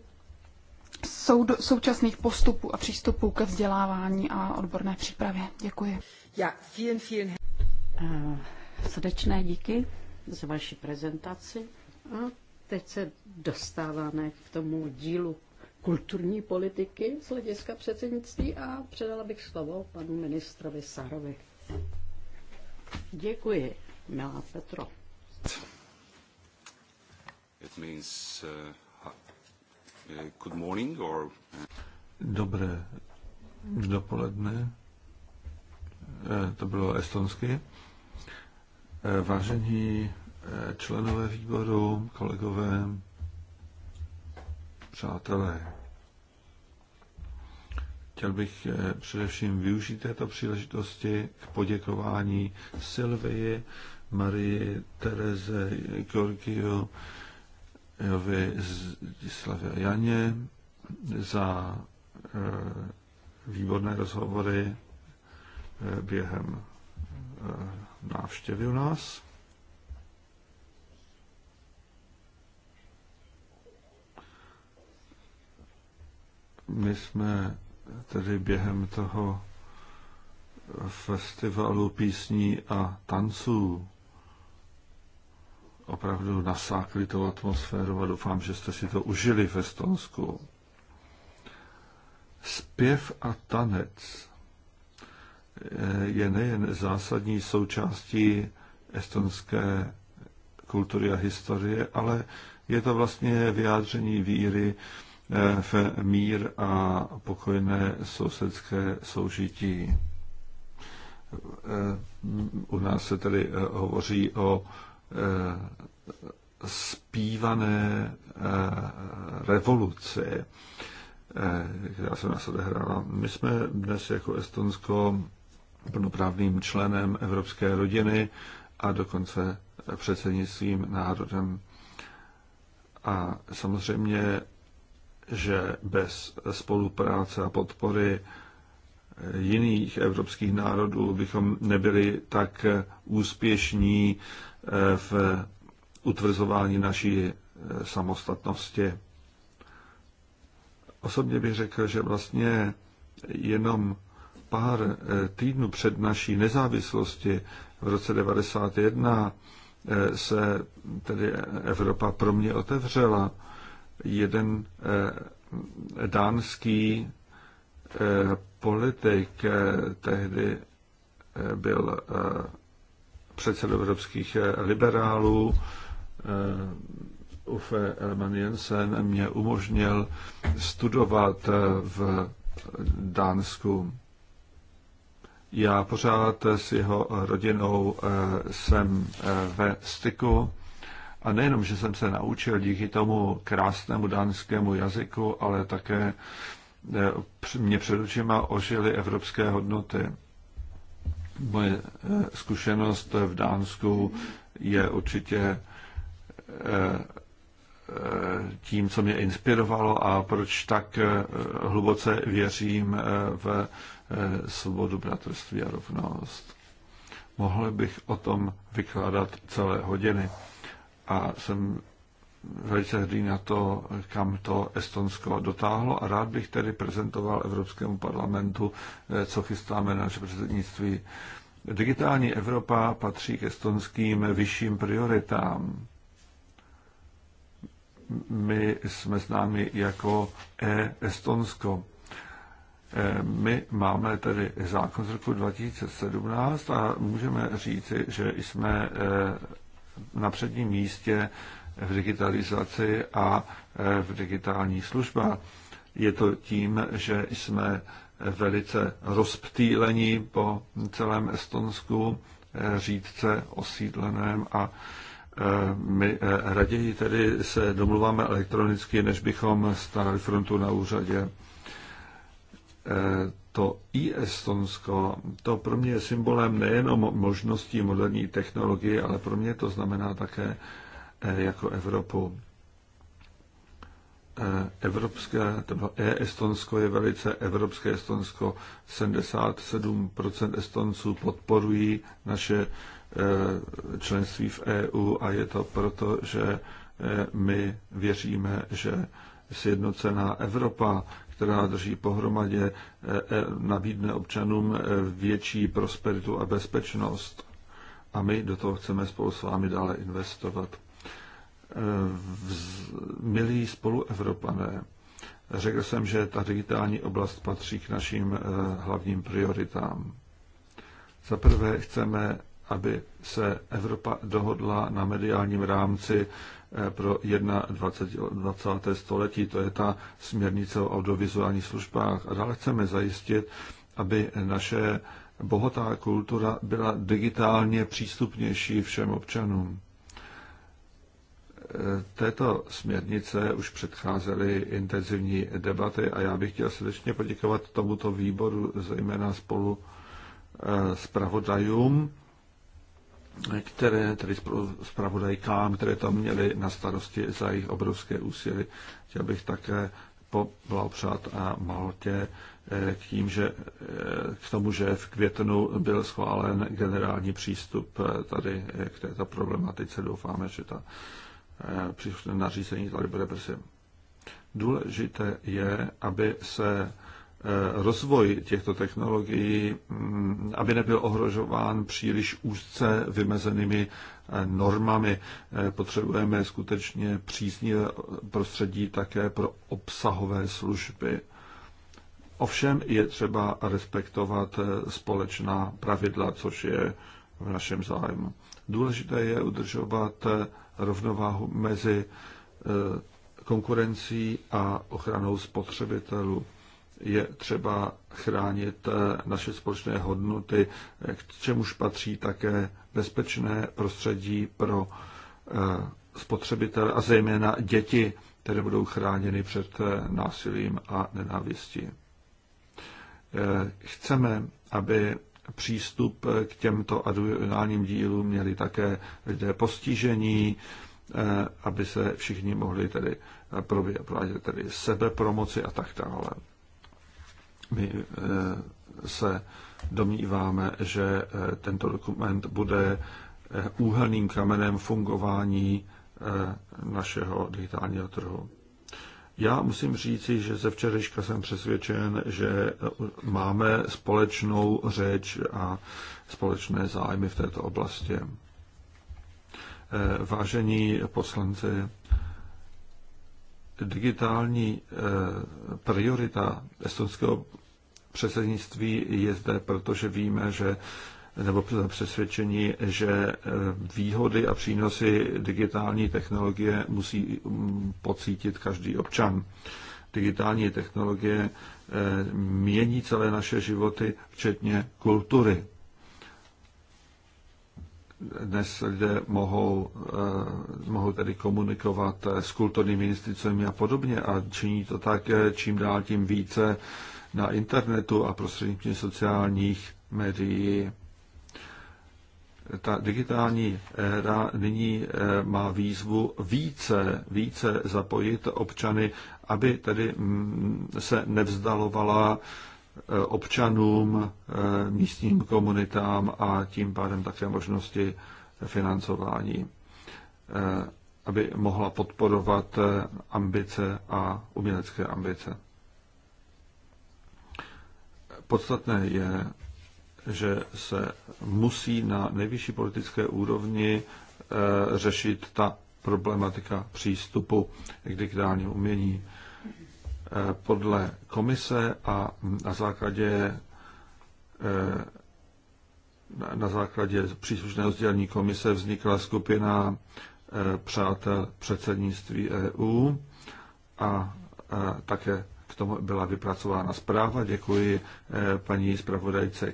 současných postupů a přístupů ke vzdělávání a odborné přípravě. Děkuji. Ja, vielen, vielen... Eh, Srdečné díky za vaši prezentaci. A teď se dostáváme k tomu dílu kulturní politiky z hlediska předsednictví a předala bych slovo panu ministrovi Sárovi. Děkuji, milá Petro. It means, uh, uh good morning or... Uh, Dobré dopoledne. Eh, to bylo estonsky. Vážení eh, členové výboru, kolegové, přátelé, chtěl bych eh, především využít této příležitosti k poděkování Silvii, Marii, Tereze, Georgiu, Jovi, Zdislavě a Janě za eh, výborné rozhovory během návštěvy u nás. My jsme tedy během toho festivalu písní a tanců opravdu nasákli tou atmosféru a doufám, že jste si to užili v Estonsku. Zpěv a tanec je nejen zásadní součástí estonské kultury a historie, ale je to vlastně vyjádření víry eh, v mír a pokojné sousedské soužití. Eh, u nás se tedy eh, hovoří o zpívané revoluci, která se nás odehrála. My jsme dnes jako Estonsko plnoprávným členem evropské rodiny a dokonce předsednictvím národem. A samozřejmě, že bez spolupráce a podpory jiných evropských národů bychom nebyli tak úspěšní eh, v utvrzování naší eh, samostatnosti. Osobně bych řekl, že vlastně jenom pár eh, týdnů před naší nezávislosti v roce 1991 eh, se tedy Evropa pro mě otevřela. Jeden eh, dánský politik tehdy byl předsedou evropských liberálů, Uffe Elman Jensen mě umožnil studovat v Dánsku. Já pořád s jeho rodinou eh, jsem eh, ve styku a nejenom, že jsem se naučil díky tomu krásnému dánskému jazyku, ale také eh, mě před očima ožily evropské hodnoty. Moje zkušenost v Dánsku je určitě tím, co mě inspirovalo a proč tak hluboce věřím v Eh, svobodu, bratrství a rovnost. Mohl bych o tom vykládat celé hodiny a jsem velice hrdý na to, kam to Estonsko dotáhlo a rád bych tedy prezentoval Evropskému parlamentu, eh, co chystáme na naše předsednictví. Digitální Evropa patří k estonským vyšším prioritám. My jsme známi jako E-Estonsko my máme tedy zákon z roku 2017 a můžeme říci, že jsme eh, na předním místě v digitalizaci a eh, v digitální služba. Je to tím, že jsme eh, velice rozptýlení po celém Estonsku, řídce osídleném a my raději tedy se domluváme elektronicky, než bychom stáli frontu na úřadě to i Estonsko, to pro mě je symbolem nejenom možností moderní technologie, ale pro mě to znamená také eh, jako Evropu. Eh, evropské, to bylo e-Estonsko je velice evropské Estonsko. 77% Estonců podporují naše eh, členství v EU a je to proto, že my věříme, že sjednocená Evropa která drží pohromadě, eh, eh, nabídne občanům eh, větší prosperitu a bezpečnost. A my do toho chceme spolu s vámi dále investovat. milí spoluevropané, řekl jsem, že ta digitální oblast patří k našim hlavním prioritám. Za prvé chceme, aby se Evropa dohodla na mediálním rámci Eh, pro 21. století, to je ta směrnice o audiovizuálních službách. A dále chceme zajistit, aby naše bohatá kultura byla digitálně přístupnější všem občanům. Eh, této směrnice už předcházely intenzivní debaty a já bych chtěl srdečně poděkovat tomuto výboru, zejména spolu s eh, pravodajům, které, tedy zpravodajkám, které tam měly na starosti za jejich obrovské úsilí. Chtěl bych také poblahopřát a Maltě eh, k, tím, že, eh, k tomu, že v květnu byl schválen generální přístup eh, tady k této problematice. Doufáme, že ta příslušné nařízení tady bude brzy. Důležité je, aby se Eh, rozvoj těchto technologií, mm, aby nebyl ohrožován příliš úzce vymezenými eh, normami. Eh, potřebujeme skutečně příznivé prostředí také pro obsahové služby. Ovšem je třeba respektovat společná pravidla, což je v našem zájmu. Důležité je udržovat rovnováhu mezi konkurencí a ochranou spotřebitelů je třeba chránit eh, naše společné hodnoty, eh, k čemuž patří také bezpečné prostředí pro eh, spotřebitele a zejména děti, které budou chráněny před násilím a nenávistí. Chceme, aby přístup k těmto aduálním dílům měli také lidé postižení, aby se všichni mohli tedy provádět tedy sebepromoci a tak dále. My eh, se domníváme, že eh, tento dokument bude eh, úhelným kamenem fungování našeho digitálního trhu. Já musím říci, že ze včerejška jsem přesvědčen, že máme společnou řeč a společné zájmy v této oblasti. Vážení poslanci, digitální eh, priorita estonského předsednictví je zde, protože víme, že nebo přesvědčení, že eh, výhody a přínosy digitální technologie musí mm, pocítit každý občan. Digitální technologie eh, mění celé naše životy, včetně kultury dnes lidé mohou, eh, mohou tedy komunikovat eh, s kulturními institucemi a podobně a činí to tak eh, čím dál tím více na internetu a prostřednictvím sociálních médií. Ta digitální éra nyní má výzvu více, více zapojit občany, aby tedy mm, se nevzdalovala Eh, občanům, eh, místním komunitám a tím pádem také možnosti financování, eh, aby mohla podporovat ambice a umělecké ambice. Podstatné je, že se musí na nejvyšší politické úrovni řešit ta problematika přístupu k digitálnímu umění podle komise a na základě eh, na základě příslušného sdělení komise vznikla skupina eh, přátel předsednictví EU a eh, také k tomu byla vypracována zpráva. Děkuji paní zpravodajce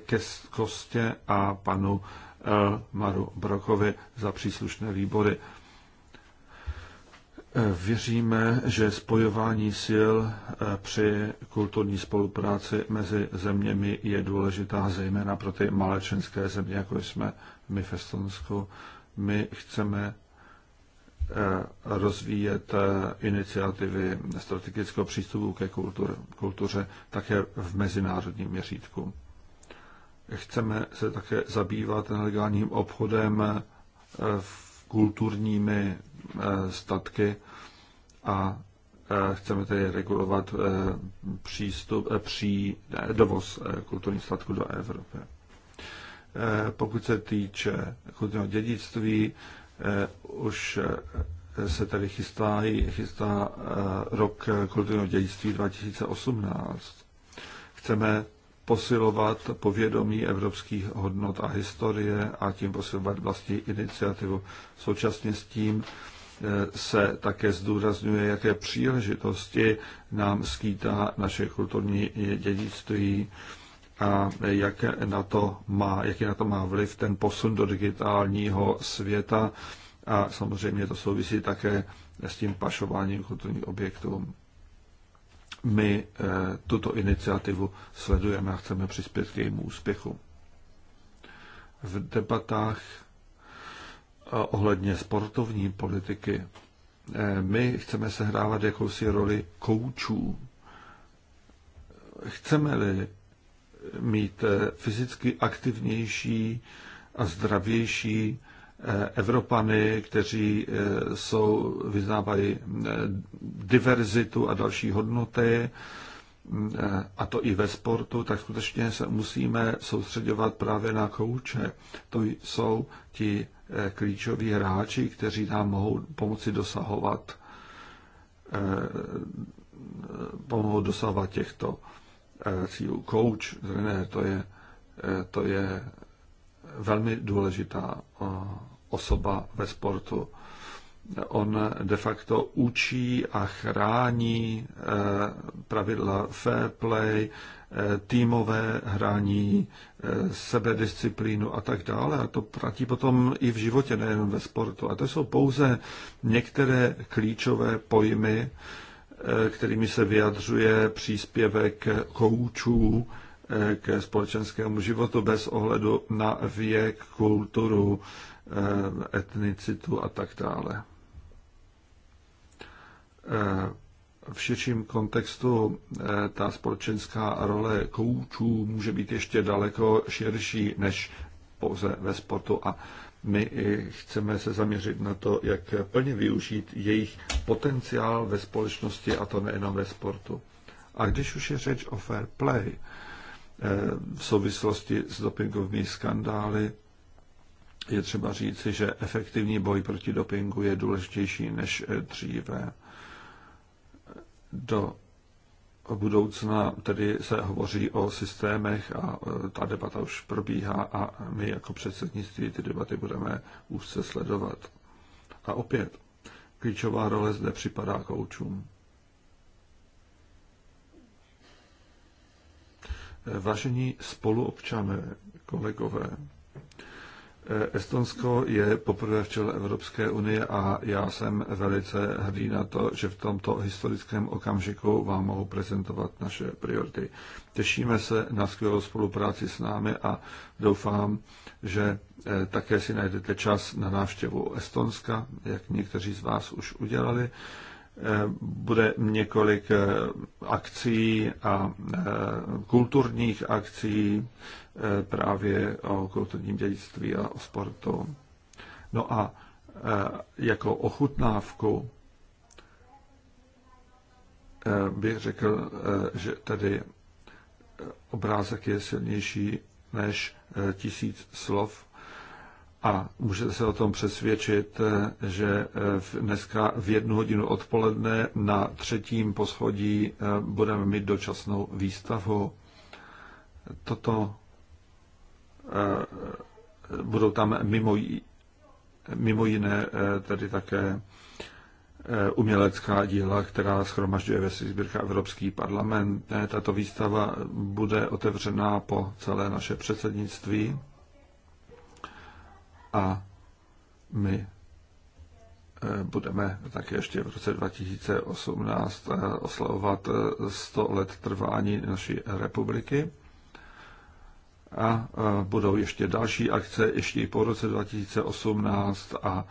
Kostě a panu Maru Brokovi za příslušné výbory. Věříme, že spojování sil eh, při kulturní spolupráci mezi zeměmi je důležitá, zejména pro ty malé členské země, jako jsme my v Estonsku. My chceme eh, rozvíjet eh, iniciativy strategického přístupu ke kultur, kultuře také v mezinárodním měřítku. Chceme se také zabývat nelegálním obchodem v kulturními Eh, statky a eh, chceme tedy regulovat eh, přístup, pří, dovoz kulturních statků do Evropy. Pokud se týče kulturního dědictví, už se tady chystá, chystá rok kulturního dědictví 2018. Chceme posilovat povědomí evropských hodnot a historie a tím posilovat vlastní iniciativu. Současně s tím se také zdůrazňuje, jaké příležitosti nám skýtá naše kulturní dědictví a jak na to má, jaký na to má vliv ten posun do digitálního světa. A samozřejmě to souvisí také s tím pašováním kulturních objektů. My eh, tuto iniciativu sledujeme a chceme přispět k jejímu úspěchu. V debatách ohledně sportovní politiky. Eh, my chceme sehrávat jakousi roli koučů. Chceme-li mít eh, fyzicky aktivnější a zdravější eh, Evropany, kteří jsou, vyznávají diverzitu a další hodnoty, a to i ve sportu, tak skutečně se musíme soustředovat právě na kouče. To jsou ti Eh, klíčoví hráči, kteří nám mohou pomoci dosahovat eh, pomohou dosahovat těchto eh, cílů. Coach, trenér, to je, to je velmi důležitá osoba ve sportu on de facto učí a chrání eh, pravidla fair play, eh, týmové hraní, eh, sebedisciplínu a tak dále. A to platí potom i v životě, nejen ve sportu. A to jsou pouze některé klíčové pojmy, kterými se vyjadřuje příspěvek koučů ke společenskému životu bez ohledu na věk, kulturu, etnicitu a tak dále v širším kontextu eh, ta společenská role koučů může být ještě daleko širší než pouze ve sportu a my i chceme se zaměřit na to, jak plně využít jejich potenciál ve společnosti a to nejenom ve sportu. A když už je řeč o fair play eh, v souvislosti s dopingovými skandály, je třeba říci, že efektivní boj proti dopingu je důležitější než eh, dříve do budoucna tedy se hovoří o systémech a e, ta debata už probíhá a my jako předsednictví ty debaty budeme úzce sledovat. A opět, klíčová role zde připadá koučům. E, vážení spoluobčané, kolegové, Estonsko je poprvé v čele Evropské unie a já jsem velice hrdý na to, že v tomto historickém okamžiku vám mohu prezentovat naše priority. Těšíme se na skvělou spolupráci s námi a doufám, že eh, také si najdete čas na návštěvu Estonska, jak někteří z vás už udělali. Eh, bude několik eh, akcí a eh, kulturních akcí právě o kulturním dědictví a o sportu. No a jako ochutnávku bych řekl, že tedy obrázek je silnější než tisíc slov a můžete se o tom přesvědčit, eh, že eh, dneska v jednu hodinu odpoledne na třetím poschodí eh, budeme mít dočasnou výstavu. Toto budou tam mimo, mimo jiné tedy také umělecká díla, která schromažďuje ve svých Evropský parlament. Tato výstava bude otevřená po celé naše předsednictví a my eh, budeme také ještě v roce 2018 eh, oslavovat 100 eh, let trvání naší republiky a budou ještě další akce ještě i po roce 2018 a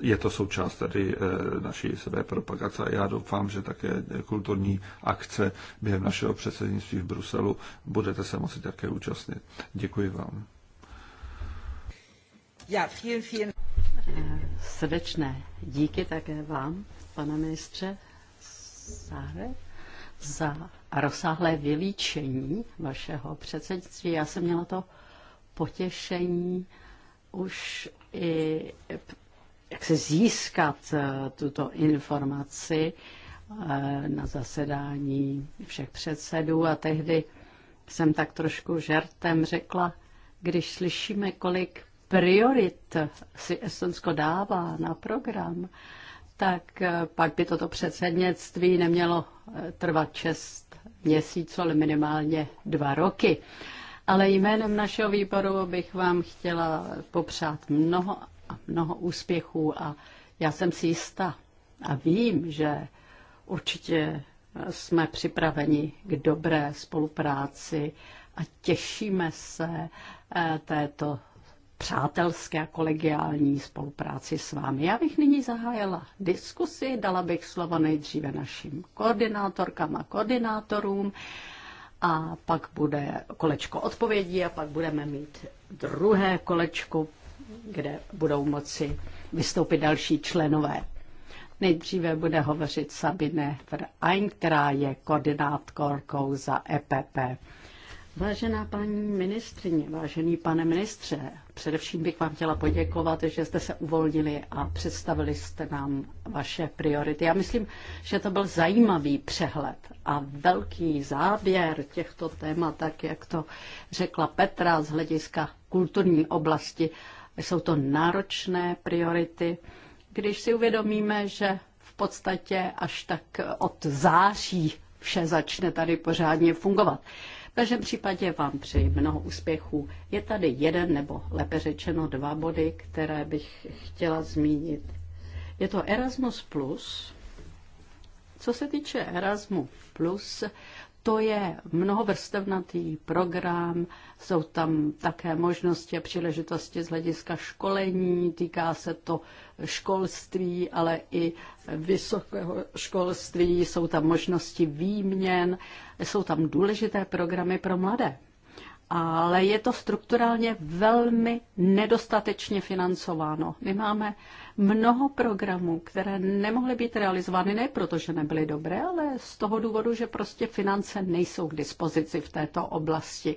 je to součást tedy eh, naší sebe propagace. já doufám, že také kulturní akce během našeho předsednictví v Bruselu budete se moci také účastnit. Děkuji vám. Já, vielen, vielen. Eh, srdečné díky také vám, pane ministře Sáre, za rozsáhlé vylíčení vašeho předsednictví. Já jsem měla to potěšení už i jak se získat eh, tuto informaci eh, na zasedání všech předsedů a tehdy jsem tak trošku žertem řekla, když slyšíme, kolik priorit si Estonsko dává na program, tak eh, pak by toto předsednictví nemělo trvat čest měsíců, ale minimálně dva roky ale jménem našeho výboru bych vám chtěla popřát mnoho a mnoho úspěchů a já jsem si jistá a vím, že určitě jsme připraveni k dobré spolupráci a těšíme se eh, této přátelské a kolegiální spolupráci s vámi. Já bych nyní zahájila diskusi, dala bych slovo nejdříve našim koordinátorkám a koordinátorům a pak bude kolečko odpovědí a pak budeme mít druhé kolečko, kde budou moci vystoupit další členové. Nejdříve bude hovořit Sabine Verein, která je koordinátorkou za EPP. Vážená paní ministrině, vážený pane ministře, především bych vám chtěla poděkovat, že jste se uvolnili a představili jste nám vaše priority. Já myslím, že to byl zajímavý přehled a velký záběr těchto témat, tak jak to řekla Petra z hlediska kulturní oblasti. Jsou to náročné priority, když si uvědomíme, že v podstatě až tak od září vše začne tady pořádně fungovat. V každém případě vám přeji mnoho úspěchů. Je tady jeden, nebo lépe řečeno dva body, které bych chtěla zmínit. Je to Erasmus+. Plus. Co se týče Erasmus+, Plus, to je mnohovrstevnatý program jsou tam také možnosti a příležitosti z hlediska školení, týká se to školství, ale i vysokého školství, jsou tam možnosti výměn, jsou tam důležité programy pro mladé. Ale je to strukturálně velmi nedostatečně financováno. My máme mnoho programů, které nemohly být realizovány ne proto, že nebyly dobré, ale z toho důvodu, že prostě finance nejsou k dispozici v této oblasti.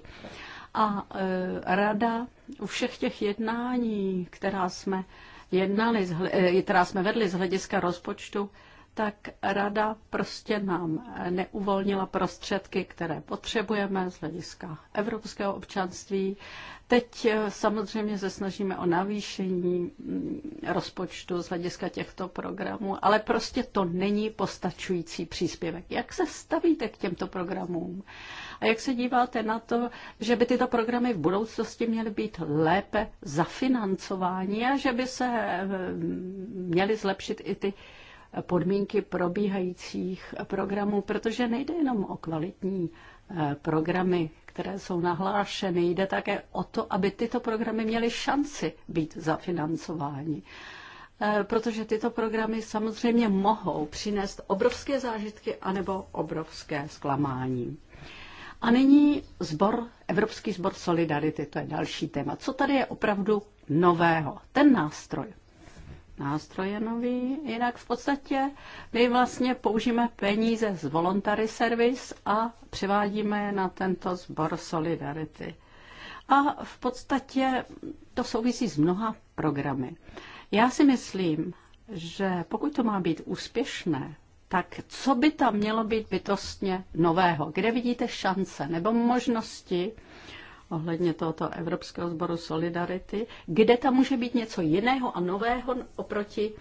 A e, rada u všech těch jednání, která jsme jednali, e, která jsme vedli z hlediska rozpočtu, tak rada prostě nám neuvolnila prostředky, které potřebujeme z hlediska evropského občanství. Teď eh, samozřejmě se snažíme o navýšení mm, rozpočtu z hlediska těchto programů, ale prostě to není postačující příspěvek. Jak se stavíte k těmto programům? A jak se díváte na to, že by tyto programy v budoucnosti měly být lépe zafinancovány a že by se eh, měly zlepšit i ty podmínky probíhajících programů, protože nejde jenom o kvalitní eh, programy, které jsou nahlášeny, jde také o to, aby tyto programy měly šanci být zafinancovány. Eh, protože tyto programy samozřejmě mohou přinést obrovské zážitky anebo obrovské zklamání. A nyní zbor, Evropský sbor Solidarity, to je další téma. Co tady je opravdu nového? Ten nástroj nástroje nový, jinak v podstatě my vlastně použijeme peníze z voluntary service a přivádíme je na tento sbor Solidarity. A v podstatě to souvisí s mnoha programy. Já si myslím, že pokud to má být úspěšné, tak co by tam mělo být bytostně nového? Kde vidíte šance nebo možnosti, ohledně tohoto Evropského sboru Solidarity, kde tam může být něco jiného a nového oproti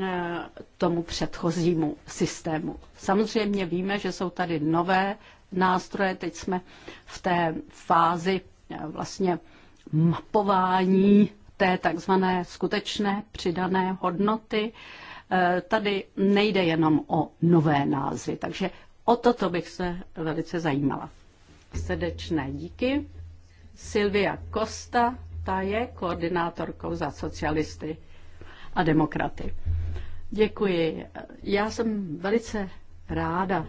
eh, tomu předchozímu systému. Samozřejmě víme, že jsou tady nové nástroje, teď jsme v té fázi eh, vlastně mapování té takzvané skutečné přidané hodnoty. Eh, tady nejde jenom o nové názvy, takže o toto bych se velice zajímala. Srdečné díky. Silvia Costa, ta je koordinátorkou za socialisty a demokraty. Děkuji. Já jsem velice ráda,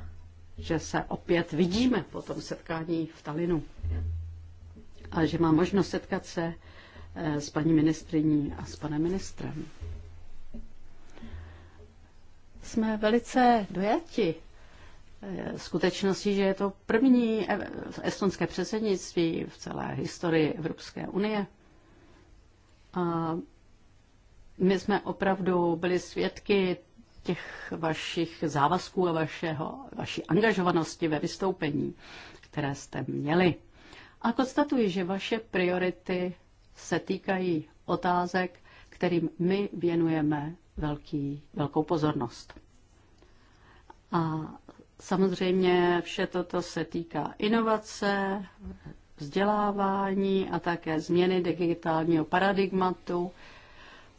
že se opět vidíme po tom setkání v Talinu a že mám možnost setkat se eh, s paní ministriní a s panem ministrem. Jsme velice dojati Eh, skutečnosti, že je to první estonské předsednictví v celé historii Evropské unie. A my jsme opravdu byli svědky těch vašich závazků a vašeho, vaší angažovanosti ve vystoupení, které jste měli. A konstatuji, že vaše priority se týkají otázek, kterým my věnujeme velký, velkou pozornost. A Samozřejmě vše toto se týká inovace, vzdělávání a také změny digitálního paradigmatu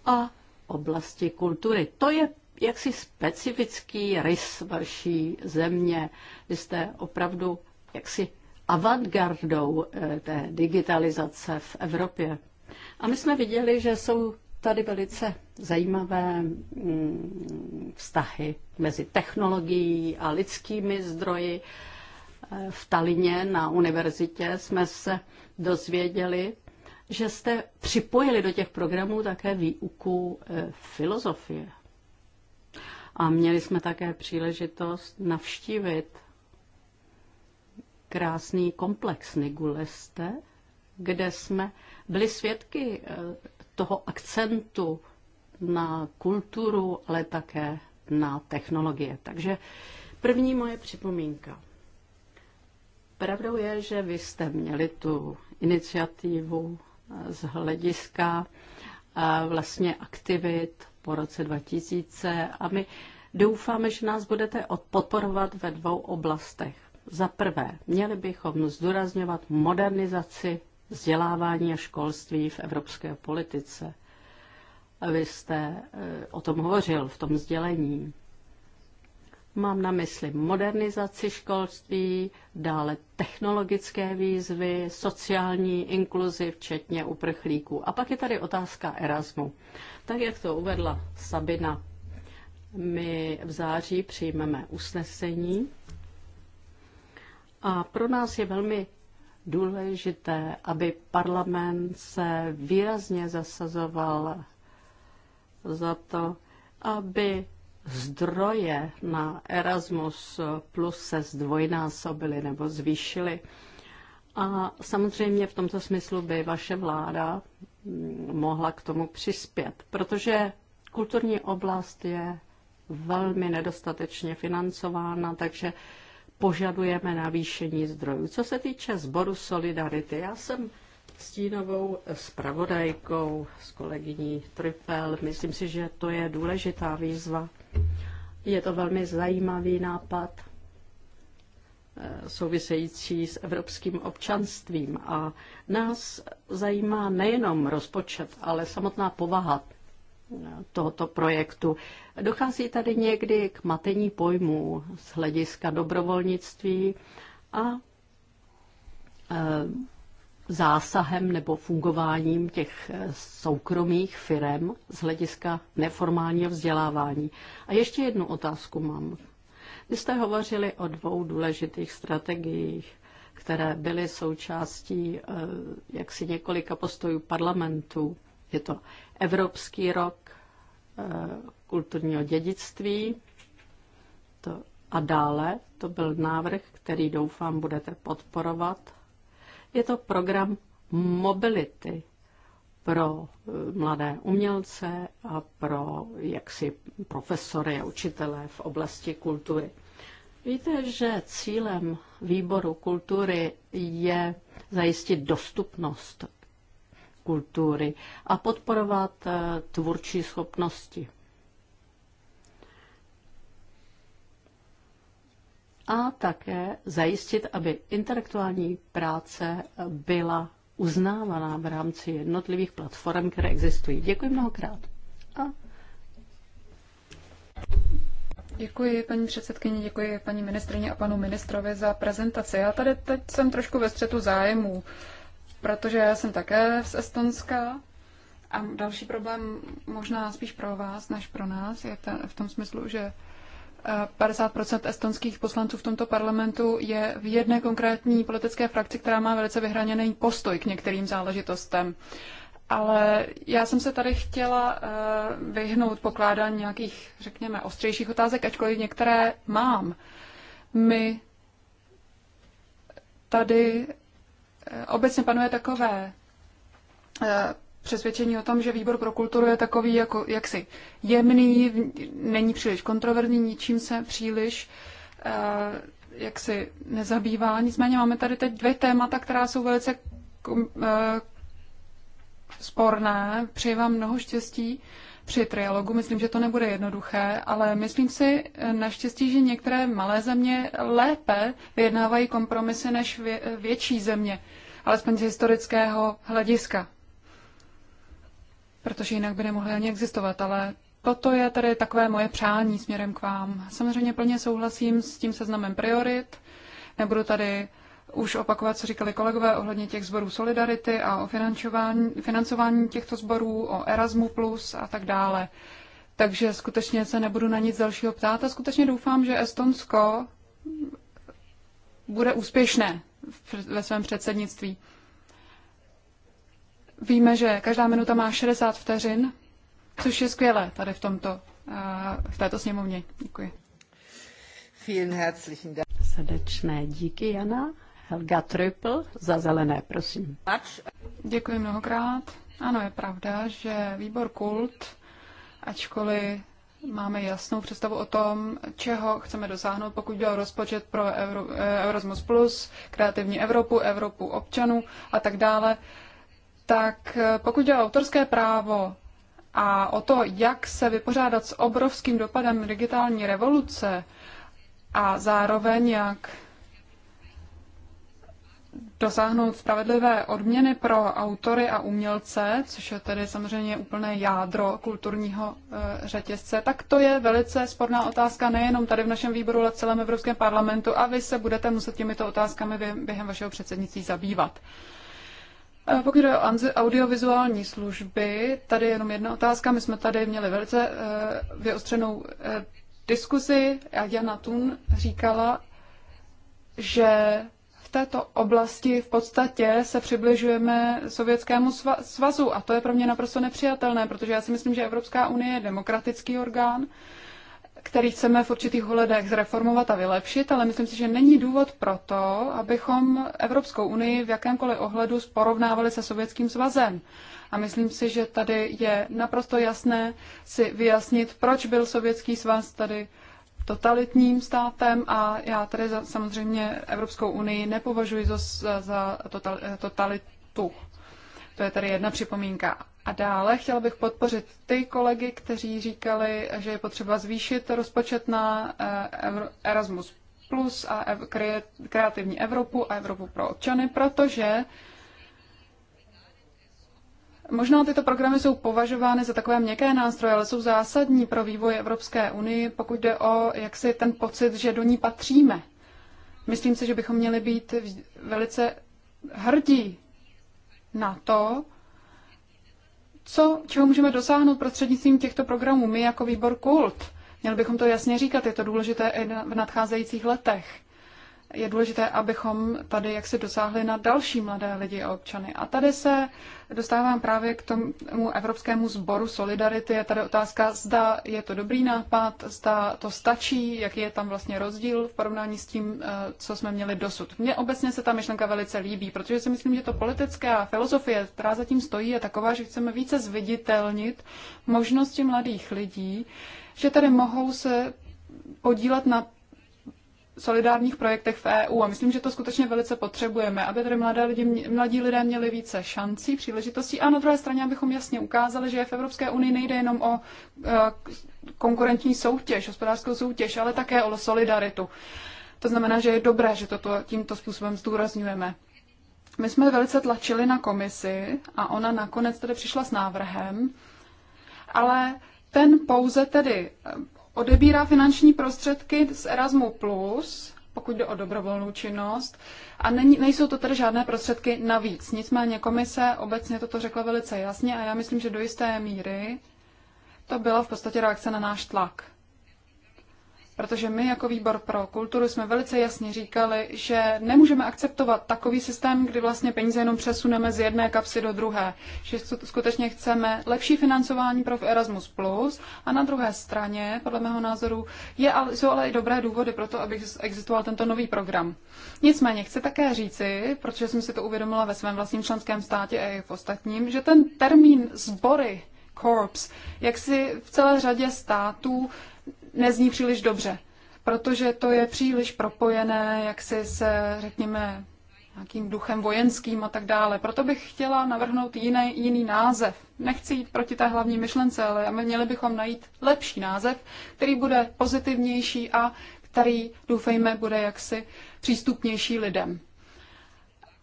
a oblasti kultury. To je jaksi specifický rys vaší země. Vy jste opravdu jaksi avantgardou eh, té digitalizace v Evropě. A my jsme viděli, že jsou tady velice zajímavé mm, vztahy mezi technologií a lidskými zdroji. V Talině na univerzitě jsme se dozvěděli, že jste připojili do těch programů také výuku e, filozofie. A měli jsme také příležitost navštívit krásný komplex Niguleste, kde jsme byli svědky e, toho akcentu na kulturu, ale také na technologie. Takže první moje připomínka. Pravdou je, že vy jste měli tu iniciativu z hlediska vlastně aktivit po roce 2000 a my doufáme, že nás budete podporovat ve dvou oblastech. Za prvé, měli bychom zdůrazňovat modernizaci vzdělávání a školství v evropské politice. Vy jste e, o tom hovořil v tom sdělení. Mám na mysli modernizaci školství, dále technologické výzvy, sociální inkluzi, včetně uprchlíků. A pak je tady otázka Erasmu. Tak, jak to uvedla Sabina, my v září přijmeme usnesení a pro nás je velmi důležité, aby parlament se výrazně zasazoval za to, aby zdroje na Erasmus plus se zdvojnásobily nebo zvýšily. A samozřejmě v tomto smyslu by vaše vláda mm, mohla k tomu přispět, protože kulturní oblast je velmi nedostatečně financována, takže požadujeme navýšení zdrojů. Co se týče sboru Solidarity, já jsem stínovou spravodajkou s kolegyní Trypel. Myslím si, že to je důležitá výzva. Je to velmi zajímavý nápad eh, související s evropským občanstvím a nás zajímá nejenom rozpočet, ale samotná povaha tohoto projektu. Dochází tady někdy k matení pojmů z hlediska dobrovolnictví a e, zásahem nebo fungováním těch e, soukromých firm z hlediska neformálního vzdělávání. A ještě jednu otázku mám. Vy jste hovořili o dvou důležitých strategiích, které byly součástí e, jaksi několika postojů parlamentu. Je to Evropský rok eh, kulturního dědictví to a dále. To byl návrh, který doufám budete podporovat. Je to program mobility pro eh, mladé umělce a pro jaksi profesory a učitele v oblasti kultury. Víte, že cílem výboru kultury je zajistit dostupnost kultury a podporovat eh, tvůrčí schopnosti. A také zajistit, aby intelektuální práce byla uznávaná v rámci jednotlivých platform, které existují. Děkuji mnohokrát. A Děkuji paní předsedkyni, děkuji paní ministrině a panu ministrovi za prezentaci. Já tady teď jsem trošku ve střetu zájmů protože já jsem také z Estonska a další problém možná spíš pro vás než pro nás je ten, v tom smyslu, že 50 eh, estonských poslanců v tomto parlamentu je v jedné konkrétní politické frakci, která má velice vyhraněný postoj k některým záležitostem. Ale já jsem se tady chtěla eh, vyhnout pokládání nějakých, řekněme, ostřejších otázek, ačkoliv některé mám. My tady obecně panuje takové eh, přesvědčení o tom, že výbor pro kulturu je takový jako jaksi jemný, není příliš kontroverzní, ničím se příliš eh, jaksi nezabývá. Nicméně máme tady teď dvě témata, která jsou velice eh, sporné, Přeji vám mnoho štěstí při trialogu. Myslím, že to nebude jednoduché, ale myslím si eh, naštěstí, že některé malé země lépe vyjednávají kompromisy než vě- eh, větší země, alespoň z historického hlediska. Protože jinak by nemohly ani existovat, ale toto je tedy takové moje přání směrem k vám. Samozřejmě plně souhlasím s tím seznamem priorit. Nebudu tady už opakovat, co říkali kolegové ohledně těch zborů Solidarity a o financování, financování těchto zborů o Erasmu Plus a tak dále. Takže skutečně se nebudu na nic dalšího ptát a skutečně doufám, že Estonsko bude úspěšné ve svém předsednictví. Víme, že každá minuta má 60 vteřin, což je skvělé tady v, tomto, eh, v této sněmovně. Děkuji. Vielen herzlichen Dank. Srdečné díky, Jana. Helga Triple za zelené, prosím. Děkuji mnohokrát. Ano, je pravda, že výbor kult, ačkoliv máme jasnou představu o tom, čeho chceme dosáhnout, pokud jde o rozpočet pro Euro, eh, Plus, kreativní Evropu, Evropu občanů a tak dále, tak eh, pokud jde o autorské právo a o to, jak se vypořádat s obrovským dopadem digitální revoluce a zároveň jak dosáhnout spravedlivé odměny pro autory a umělce, což je tedy samozřejmě úplné jádro kulturního e, řetězce, tak to je velice sporná otázka nejenom tady v našem výboru, ale v celém Evropském parlamentu a vy se budete muset těmito otázkami během vašeho předsednictví zabývat. E, pokud jde o audiovizuální služby, tady jenom jedna otázka. My jsme tady měli velice e, vyostřenou diskuzi. Jana Tun říkala, že této oblasti v podstatě se přibližujeme Sovětskému svazu a to je pro mě naprosto nepřijatelné, protože já si myslím, že Evropská unie je demokratický orgán, který chceme v určitých ohledech zreformovat a vylepšit, ale myslím si, že není důvod pro to, abychom Evropskou unii v jakémkoliv ohledu porovnávali se Sovětským svazem. A myslím si, že tady je naprosto jasné si vyjasnit, proč byl Sovětský svaz tady totalitním státem a já tady za, samozřejmě Evropskou unii nepovažuji za, za total, totalitu. To je tady jedna připomínka. A dále chtěla bych podpořit ty kolegy, kteří říkali, že je potřeba zvýšit rozpočet na eh, Erasmus Plus a kreativní Evropu a Evropu pro občany, protože Možná tyto programy jsou považovány za takové měkké nástroje, ale jsou zásadní pro vývoj Evropské unie, pokud jde o jaksi ten pocit, že do ní patříme. Myslím si, že bychom měli být velice hrdí na to, co, čeho můžeme dosáhnout prostřednictvím těchto programů my jako výbor KULT. Měli bychom to jasně říkat, je to důležité i v nadcházejících letech je důležité, abychom tady jaksi dosáhli na další mladé lidi a občany. A tady se dostávám právě k tomu Evropskému sboru Solidarity. Je tady otázka, zda je to dobrý nápad, zda to stačí, jaký je tam vlastně rozdíl v porovnání s tím, eh, co jsme měli dosud. Mně obecně se ta myšlenka velice líbí, protože si myslím, že to politická filozofie, která zatím stojí, je taková, že chceme více zviditelnit možnosti mladých lidí, že tady mohou se podílet na solidárních projektech v EU a myslím, že to skutečně velice potřebujeme, aby tady mladé lidi, mladí lidé měli více šancí, příležitostí a na druhé straně, abychom jasně ukázali, že v Evropské unii nejde jenom o eh, konkurenční soutěž, hospodářskou soutěž, ale také o solidaritu. To znamená, že je dobré, že toto tímto způsobem zdůrazňujeme. My jsme velice tlačili na komisi a ona nakonec tedy přišla s návrhem, ale ten pouze tedy odebírá finanční prostředky z Erasmu+, Plus, pokud jde o dobrovolnou činnost, a není, nejsou to tedy žádné prostředky navíc. Nicméně komise obecně toto řekla velice jasně a já myslím, že do jisté míry to byla v podstatě reakce na náš tlak. Protože my jako výbor pro kulturu jsme velice jasně říkali, že nemůžeme akceptovat takový systém, kdy vlastně peníze jenom přesuneme z jedné kapsy do druhé. Že skutečně chceme lepší financování pro Erasmus+, a na druhé straně, podle mého názoru, je, jsou ale i dobré důvody pro to, aby existoval tento nový program. Nicméně chci také říci, protože jsem si to uvědomila ve svém vlastním členském státě a i v ostatním, že ten termín sbory, corps, jak si v celé řadě států nezní příliš dobře, protože to je příliš propojené, jak si se, řekněme, nějakým duchem vojenským a tak dále. Proto bych chtěla navrhnout jiný, jiný název. Nechci jít proti té hlavní myšlence, ale měli bychom najít lepší název, který bude pozitivnější a který, doufejme, bude jaksi přístupnější lidem.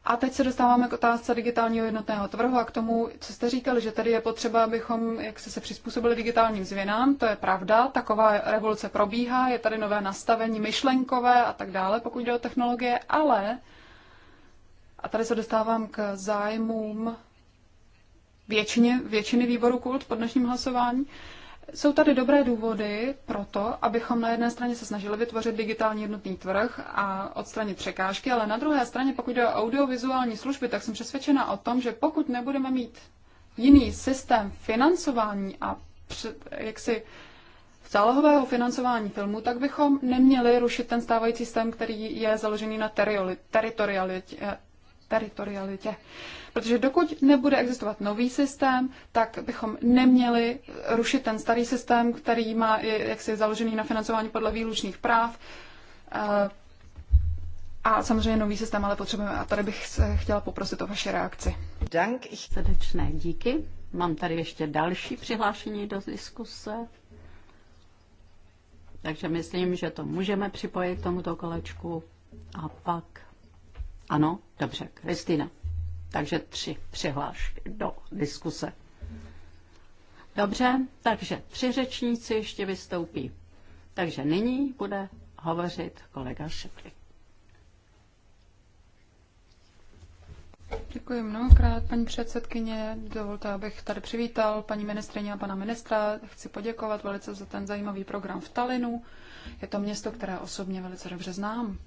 A teď se dostáváme k otázce digitálního jednotného trhu a k tomu, co jste říkali, že tady je potřeba, abychom jak se, se přizpůsobili digitálním změnám. To je pravda, taková revoluce probíhá, je tady nové nastavení myšlenkové a tak dále, pokud jde o technologie, ale, a tady se dostávám k zájmům většině, většiny výboru kult pod dnešním hlasování, jsou tady dobré důvody pro to, abychom na jedné straně se snažili vytvořit digitální jednotný trh a odstranit překážky, ale na druhé straně, pokud jde o audiovizuální služby, tak jsem přesvědčena o tom, že pokud nebudeme mít jiný systém financování a před, jaksi zálohového financování filmu, tak bychom neměli rušit ten stávající systém, který je založený na teritorialitě, teritorialitě. Protože dokud nebude existovat nový systém, tak bychom neměli rušit ten starý systém, který má, jak si je založený na financování podle výlučných práv. Eh, a samozřejmě nový systém ale potřebujeme. A tady bych chtěla poprosit o vaše reakci. Dank. Srdečné díky. Mám tady ještě další přihlášení do diskuse. Takže myslím, že to můžeme připojit k tomuto kolečku a pak ano, dobře, Kristina. Takže tři přihlášky do diskuse. Dobře, takže tři řečníci ještě vystoupí. Takže nyní bude hovořit kolega Šeplik. Děkuji mnohokrát, paní předsedkyně. Dovolte, abych tady přivítal paní ministrině a pana ministra. Chci poděkovat velice za ten zajímavý program v Talinu. Je to město, které osobně velice dobře znám.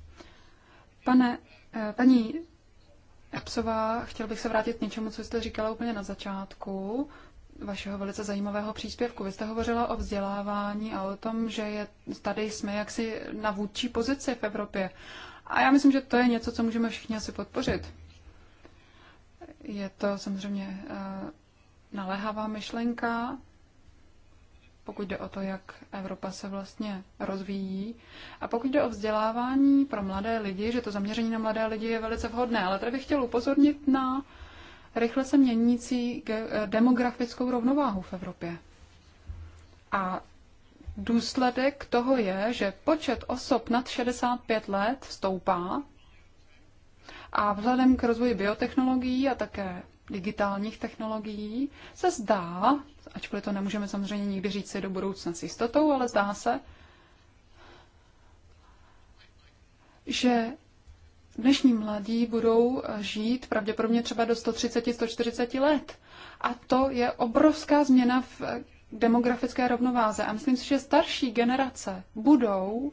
Pane Paní Epsová, chtěl bych se vrátit k něčemu, co jste říkala úplně na začátku vašeho velice zajímavého příspěvku. Vy jste hovořila o vzdělávání a o tom, že je, tady jsme jaksi na vůdčí pozici v Evropě. A já myslím, že to je něco, co můžeme všichni asi podpořit. Je to samozřejmě eh, naléhavá myšlenka, pokud jde o to, jak Evropa se vlastně rozvíjí. A pokud jde o vzdělávání pro mladé lidi, že to zaměření na mladé lidi je velice vhodné, ale tady bych chtěl upozornit na rychle se měnící demografickou rovnováhu v Evropě. A důsledek toho je, že počet osob nad 65 let stoupá a vzhledem k rozvoji biotechnologií a také digitálních technologií se zdá, ačkoliv to nemůžeme samozřejmě nikdy říct si do budoucna s jistotou, ale zdá se, že dnešní mladí budou žít pravděpodobně třeba do 130-140 let. A to je obrovská změna v demografické rovnováze. A myslím si, že starší generace budou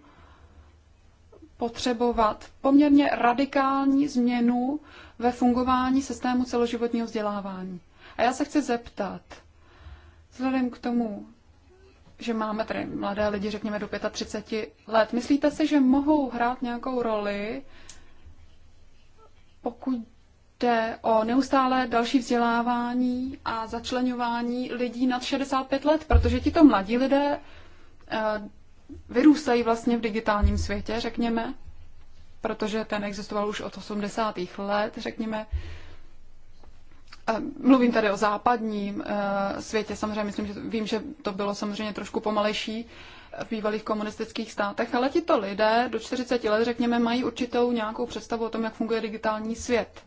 potřebovat poměrně radikální změnu ve fungování systému celoživotního vzdělávání. A já se chci zeptat, Vzhledem k tomu, že máme tady mladé lidi, řekněme do 35 let, myslíte si, že mohou hrát nějakou roli, pokud jde o neustále další vzdělávání a začlenování lidí nad 65 let, protože tito mladí lidé eh, vyrůstají vlastně v digitálním světě, řekněme, protože ten existoval už od 80. let, řekněme, Mluvím tady o západním eh, světě, samozřejmě myslím, že vím, že to bylo samozřejmě trošku pomalejší eh, v bývalých komunistických státech, ale tito lidé do 40 let, řekněme, mají určitou nějakou představu o tom, jak funguje digitální svět.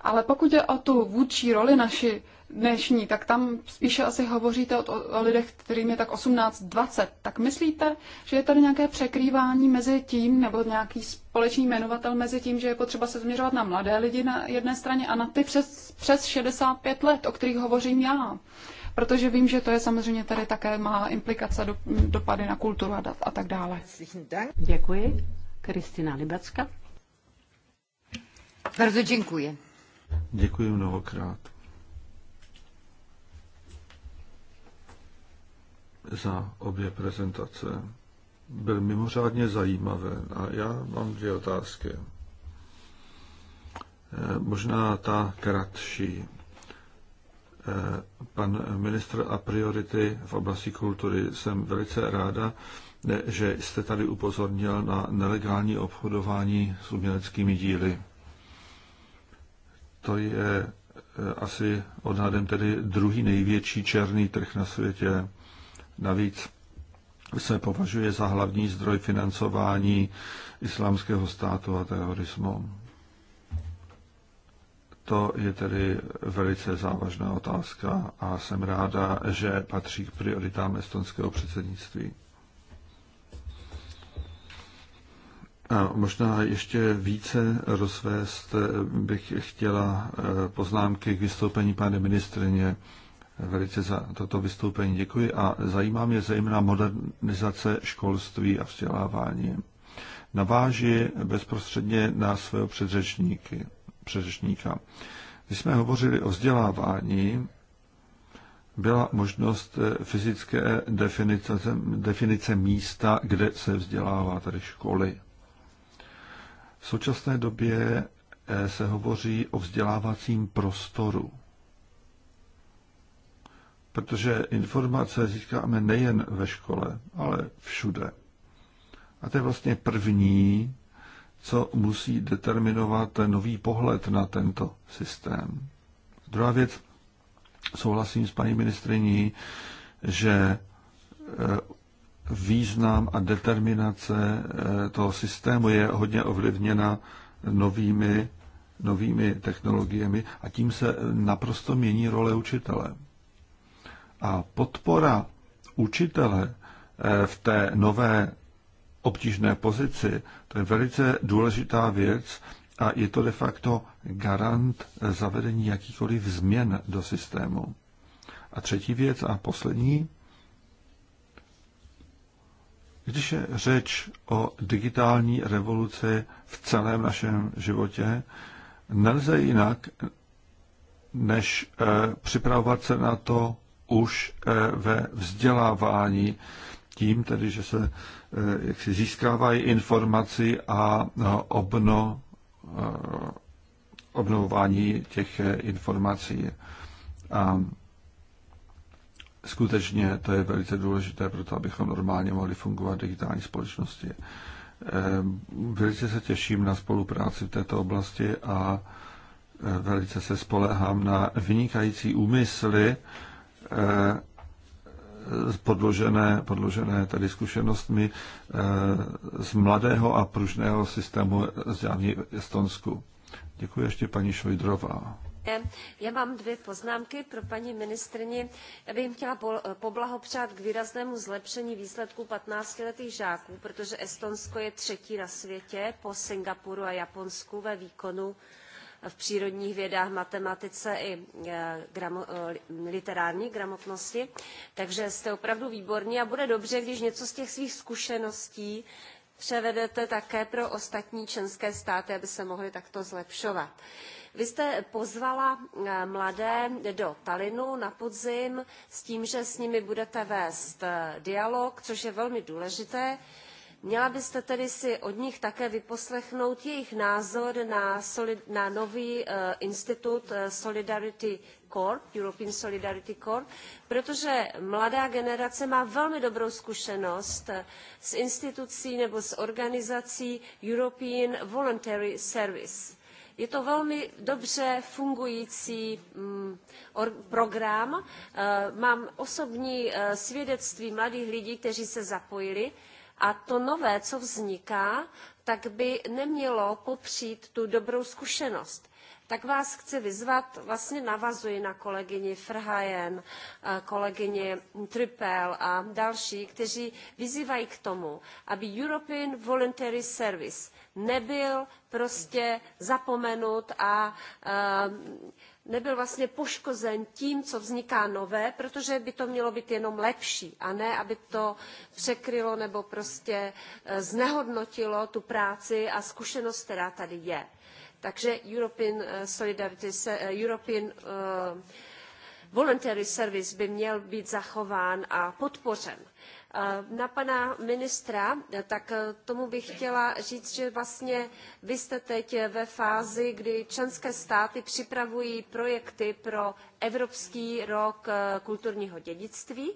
Ale pokud je o tu vůdčí roli naši dnešní, tak tam spíše asi hovoříte o, o lidech, kterým je tak 18-20. Tak myslíte, že je tady nějaké překrývání mezi tím, nebo nějaký společný jmenovatel mezi tím, že je potřeba se změřovat na mladé lidi na jedné straně a na ty přes, přes 65 let, o kterých hovořím já? Protože vím, že to je samozřejmě tady také má implikace, do, dopady na kulturu a, a tak dále. Děkuji. Kristina Libacka. Bardzo dziękuję. Děkuji mnohokrát. za obě prezentace. Byl mimořádně zajímavé a já mám dvě otázky. Eh, možná ta kratší. Eh, pan ministr a priority v oblasti kultury jsem velice ráda, eh, že jste tady upozornil na nelegální obchodování s uměleckými díly. To je asi odhadem tedy druhý největší černý trh na světě. Navíc se považuje za hlavní zdroj financování islámského státu a terorismu. To je tedy velice závažná otázka a jsem ráda, že patří k prioritám estonského předsednictví. A možná ještě více rozvést bych chtěla eh, poznámky k vystoupení paní ministrině velice za toto vystoupení děkuji a zajímá mě zejména modernizace školství a vzdělávání. Naváži bezprostředně na svého předřečníky, předřečníka. Když jsme hovořili o vzdělávání, byla možnost fyzické definice, definice místa, kde se vzdělává, tedy školy. V současné době se hovoří o vzdělávacím prostoru protože informace získáme nejen ve škole, ale všude. A to je vlastně první, co musí determinovat ten nový pohled na tento systém. Druhá věc, souhlasím s paní ministriní, že e, význam a determinace e, toho systému je hodně ovlivněna novými, novými technologiemi a tím se naprosto mění role učitele. A podpora učitele eh, v té nové obtížné pozici, to je velice důležitá věc a je to de facto garant eh, zavedení jakýchkoliv změn do systému. A třetí věc a poslední, když je řeč o digitální revoluci v celém našem životě, nelze jinak, než eh, připravovat se na to už eh, ve vzdělávání tím, tedy, že se eh, jak si získávají informaci a eh, obno, obnovování těch informací. A skutečně to je velice důležité pro to, abychom normálně mohli fungovat v digitální společnosti. Velice se těším na spolupráci v této oblasti a velice se spolehám na vynikající úmysly Eh, podložené, podložené tady zkušenostmi eh, z mladého a pružného systému vzdělání v Estonsku. Děkuji ještě paní Šojdrová. Eh, já mám dvě poznámky pro paní ministrini. Já bych jim chtěla poblahopřát k výraznému zlepšení výsledků 15-letých žáků, protože Estonsko je třetí na světě po Singapuru a Japonsku ve výkonu v přírodních vědách, matematice i eh, gramo, eh, literární gramotnosti. Takže jste opravdu výborní a bude dobře, když něco z těch svých zkušeností převedete také pro ostatní členské státy, aby se mohly takto zlepšovat. Vy jste pozvala eh, mladé do Talinu na podzim s tím, že s nimi budete vést dialog, což je velmi důležité. Měla byste tedy si od nich také vyposlechnout jejich názor na, solid, na nový uh, institut eh, Solidarity Corps, European Solidarity Corps, protože mladá generace má velmi dobrou zkušenost eh, s institucí nebo s organizací European Voluntary Service. Je to velmi dobře fungující mm, program. Mám osobní svědectví mladých lidí, kteří se zapojili a to nové, co vzniká, tak by nemělo popřít tu dobrou zkušenost. Tak vás chci vyzvat, vlastně navazuji na kolegyni Frhajen, eh, kolegyni Trypel a další, kteří vyzývají k tomu, aby European Voluntary Service nebyl prostě zapomenut a uh, nebyl vlastně poškozen tím, co vzniká nové, protože by to mělo být jenom lepší a ne, aby to překrylo nebo prostě e, znehodnotilo tu práci a zkušenost, která tady je. Takže European e, Solidarity, e, European Voluntary Service by měl být zachován a podpořen. Eh, na pana ministra, eh, tak eh, tomu bych chtěla říct, že vlastně vy jste teď ve fázi, kdy členské státy připravují projekty pro Evropský rok kulturního dědictví.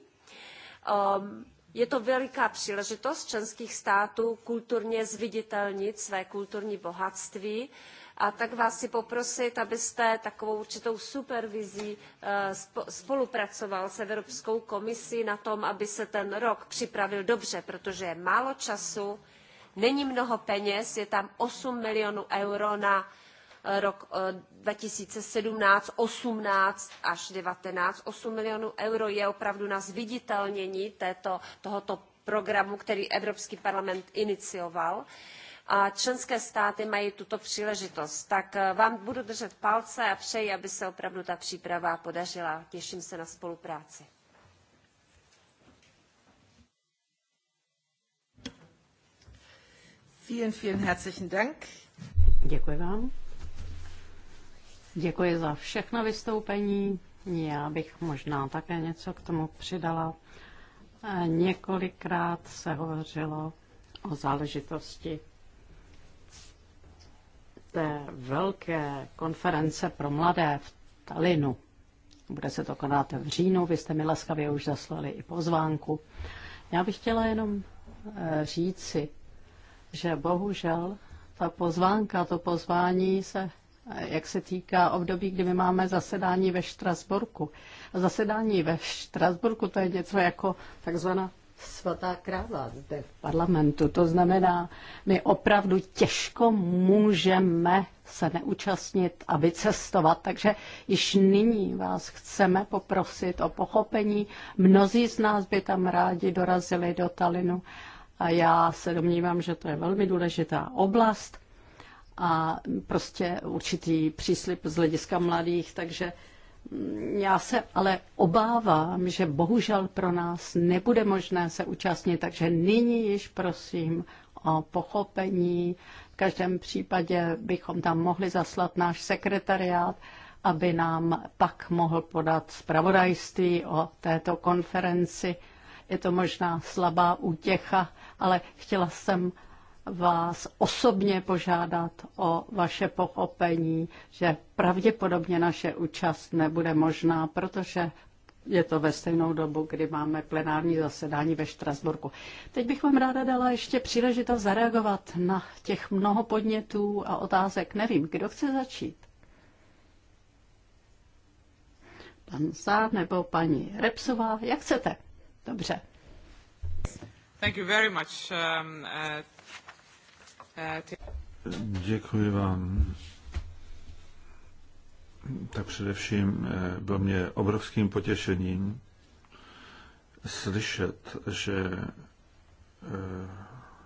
Ehm, je to veliká příležitost členských států kulturně zviditelnit své kulturní bohatství a tak vás si poprosit, abyste takovou určitou supervizí eh, spolupracoval s Evropskou komisí na tom, aby se ten rok připravil dobře, protože je málo času, není mnoho peněz, je tam 8 milionů euro na eh, rok 2017, eh, 18 až 19. 8 milionů euro je opravdu na zviditelnění této, tohoto programu, který Evropský parlament inicioval. Uh, a členské státy mají tuto příležitost. Tak eh, vám budu držet palce a přeji, aby se opravdu ta příprava podařila. Těším se na spolupráci. Vielen, vielen herzlichen Dank. Děkuji vám. Děkuji za všechna vystoupení. Já bych možná také něco k tomu přidala. Eh, několikrát se hovořilo o záležitosti té velké konference pro mladé v Talinu. Bude se to konat v říjnu, vy jste mi laskavě už zaslali i pozvánku. Já bych chtěla jenom eh, říci, že bohužel ta pozvánka, to pozvání se, eh, jak se týká období, kdy my máme zasedání ve Štrasburku. zasedání ve Štrasburku to je něco jako takzvaná svatá kráva zde v parlamentu. To znamená, my opravdu těžko můžeme se neúčastnit a vycestovat, takže již nyní vás chceme poprosit o pochopení. Mnozí z nás by tam rádi dorazili do Talinu a já se domnívám, že to je velmi důležitá oblast a prostě určitý příslip z hlediska mladých, takže já se ale obávám, že bohužel pro nás nebude možné se účastnit, takže nyní již prosím o pochopení. V každém případě bychom tam mohli zaslat náš sekretariát, aby nám pak mohl podat zpravodajství o této konferenci. Je to možná slabá útěcha, ale chtěla jsem vás osobně požádat o vaše pochopení, že pravděpodobně naše účast nebude možná, protože je to ve stejnou dobu, kdy máme plenární zasedání ve Štrasburku. Teď bych vám ráda dala ještě příležitost zareagovat na těch mnoho podnětů a otázek. Nevím, kdo chce začít? Pan Sár nebo paní Repsová? Jak chcete? Dobře. Thank you very much. Um, uh... Děkuji vám. Tak především eh, bylo mě obrovským potěšením slyšet, že eh,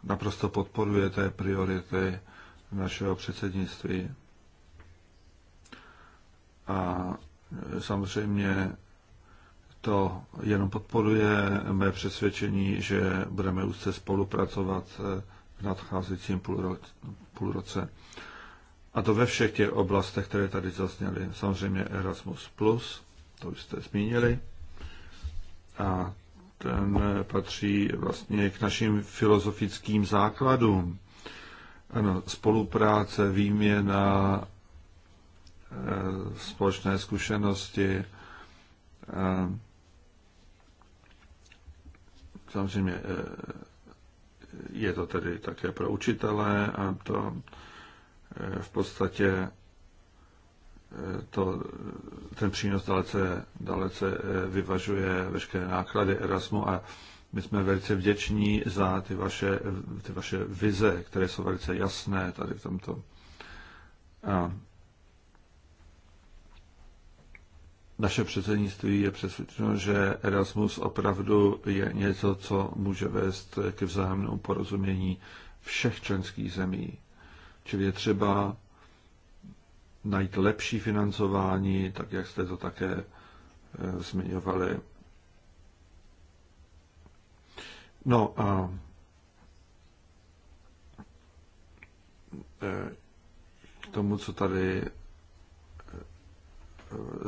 naprosto podporujete priority našeho předsednictví. A eh, samozřejmě to jenom podporuje mé přesvědčení, že budeme úzce spolupracovat v nadcházejícím půlroce. A to ve všech těch oblastech, které tady zazněly. Samozřejmě Erasmus+, Plus, to už jste zmínili, a ten patří vlastně k našim filozofickým základům. Ano, spolupráce, výměna, eh, společné zkušenosti, eh, samozřejmě eh, je to tedy také pro učitele a to eh, v podstatě eh, to, ten přínos dalece, dalece eh, vyvažuje veškeré náklady Erasmu a my jsme velice vděční za ty vaše, ty vaše vize, které jsou velice jasné tady v tomto. A naše předsednictví je přesvědčeno, že Erasmus opravdu je něco, co může vést k vzájemnému porozumění všech členských zemí. Čili je třeba najít lepší financování, tak jak jste to také eh, zmiňovali. No a eh, k tomu, co tady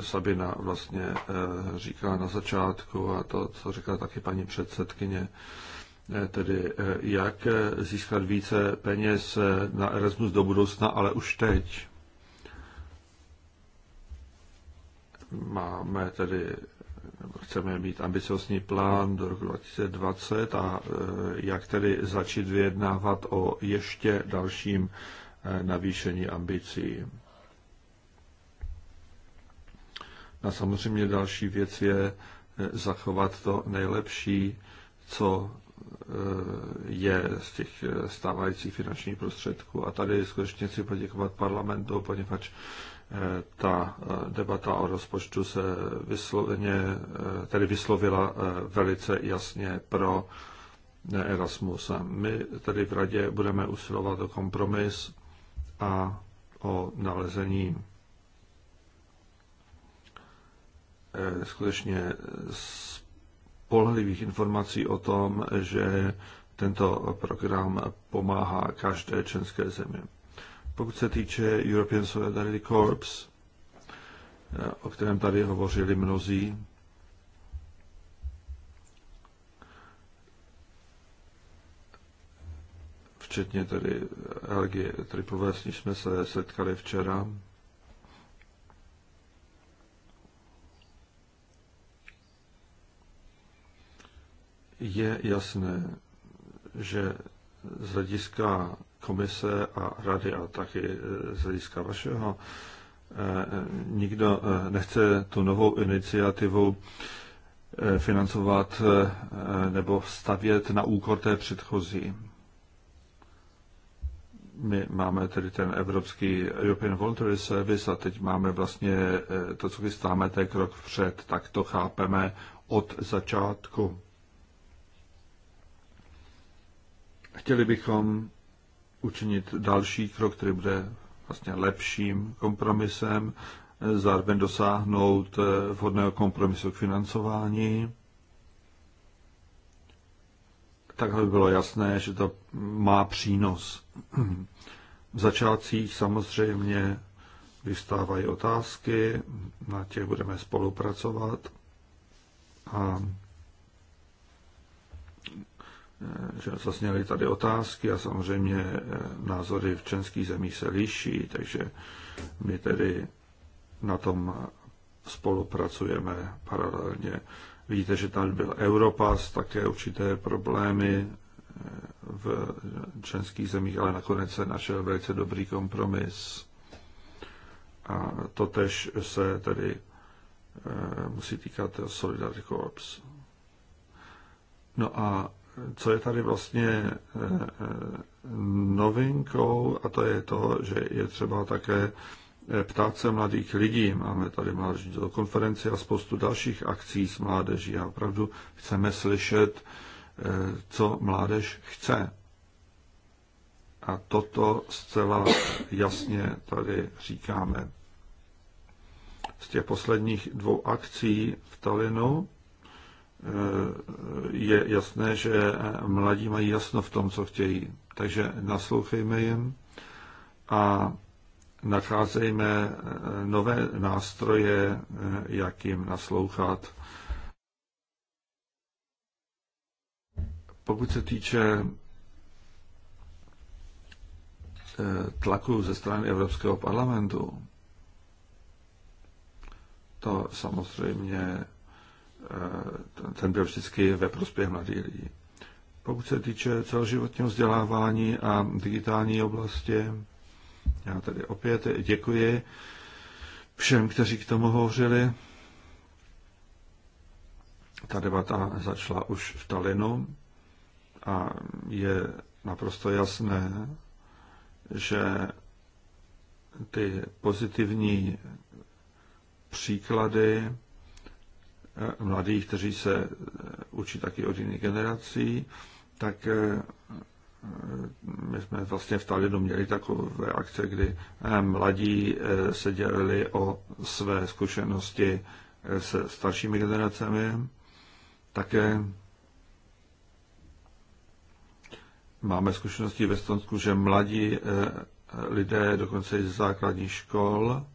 Sabina vlastně eh, říkala na začátku a to, co říkala taky paní předsedkyně, eh, tedy eh, jak získat více peněz na Erasmus do budoucna, ale už teď. Máme tedy, chceme mít ambiciozní plán do roku 2020 a jak tedy začít vyjednávat o ještě dalším navýšení ambicí. A samozřejmě další věc je eh, zachovat to nejlepší, co eh, je z těch eh, stávajících finančních prostředků. A tady skutečně chci poděkovat parlamentu, poněvadž ta debata o rozpočtu se vysloveně, tedy vyslovila velice jasně pro Erasmus. A my tady v radě budeme usilovat o kompromis a o nalezení Eh, skutečně spolehlivých informací o tom, že tento program pomáhá každé členské zemi. Pokud se týče European Solidarity Corps, eh, o kterém tady hovořili mnozí, včetně tedy LG Triple S, jsme se setkali včera, Je jasné, že z hlediska komise a rady a taky e, z hlediska vašeho e, nikdo e, nechce tu novou iniciativu financovat nebo stavět na úkor té předchozí. My máme tedy ten evropský European Voluntary Service a teď máme vlastně to, co chystáme, to je krok vpřed, tak to chápeme od začátku. Chtěli bychom učinit další krok, který bude vlastně lepším kompromisem, zároveň dosáhnout eh, vhodného kompromisu k financování, tak aby bylo jasné, že to má přínos. V začátcích samozřejmě vystávají otázky, na těch budeme spolupracovat a Eh, že zazněly tady otázky a samozřejmě eh, názory v členských zemích se liší, takže my tedy na tom spolupracujeme paralelně. Víte, že tam byl Europass, také určité problémy eh, v členských zemích, ale nakonec se našel velice dobrý kompromis. A to tež se tedy musí týkat Solidarity Corps. No a co je tady vlastně eh, eh, novinkou, a to je to, že je třeba také eh, ptát se mladých lidí. Máme tady mládežnickou konferenci a spoustu dalších akcí s mládeží a opravdu chceme slyšet, co mládež chce. A toto zcela jasně tady říkáme. Z těch posledních dvou akcí v Talinu je jasné, že mladí mají jasno v tom, co chtějí. Takže naslouchejme jim a nacházejme nové nástroje, jak jim naslouchat. Pokud se týče eh, tlaku ze strany Evropského parlamentu, to samozřejmě ten byl vždycky ve prospěch mladých lidí. Pokud se týče celoživotního vzdělávání a digitální oblasti, já tady opět děkuji všem, kteří k tomu hovořili. Ta debata začala už v Talinu a je naprosto jasné, že ty pozitivní příklady mladých, kteří se eh, učí taky od jiných generací, tak eh, eh, my jsme vlastně v Talinu měli takové akce, kdy mladí se dělili o své zkušenosti se staršími generacemi. Také máme zkušenosti ve Stonsku, že mladí lidé dokonce i z základních škol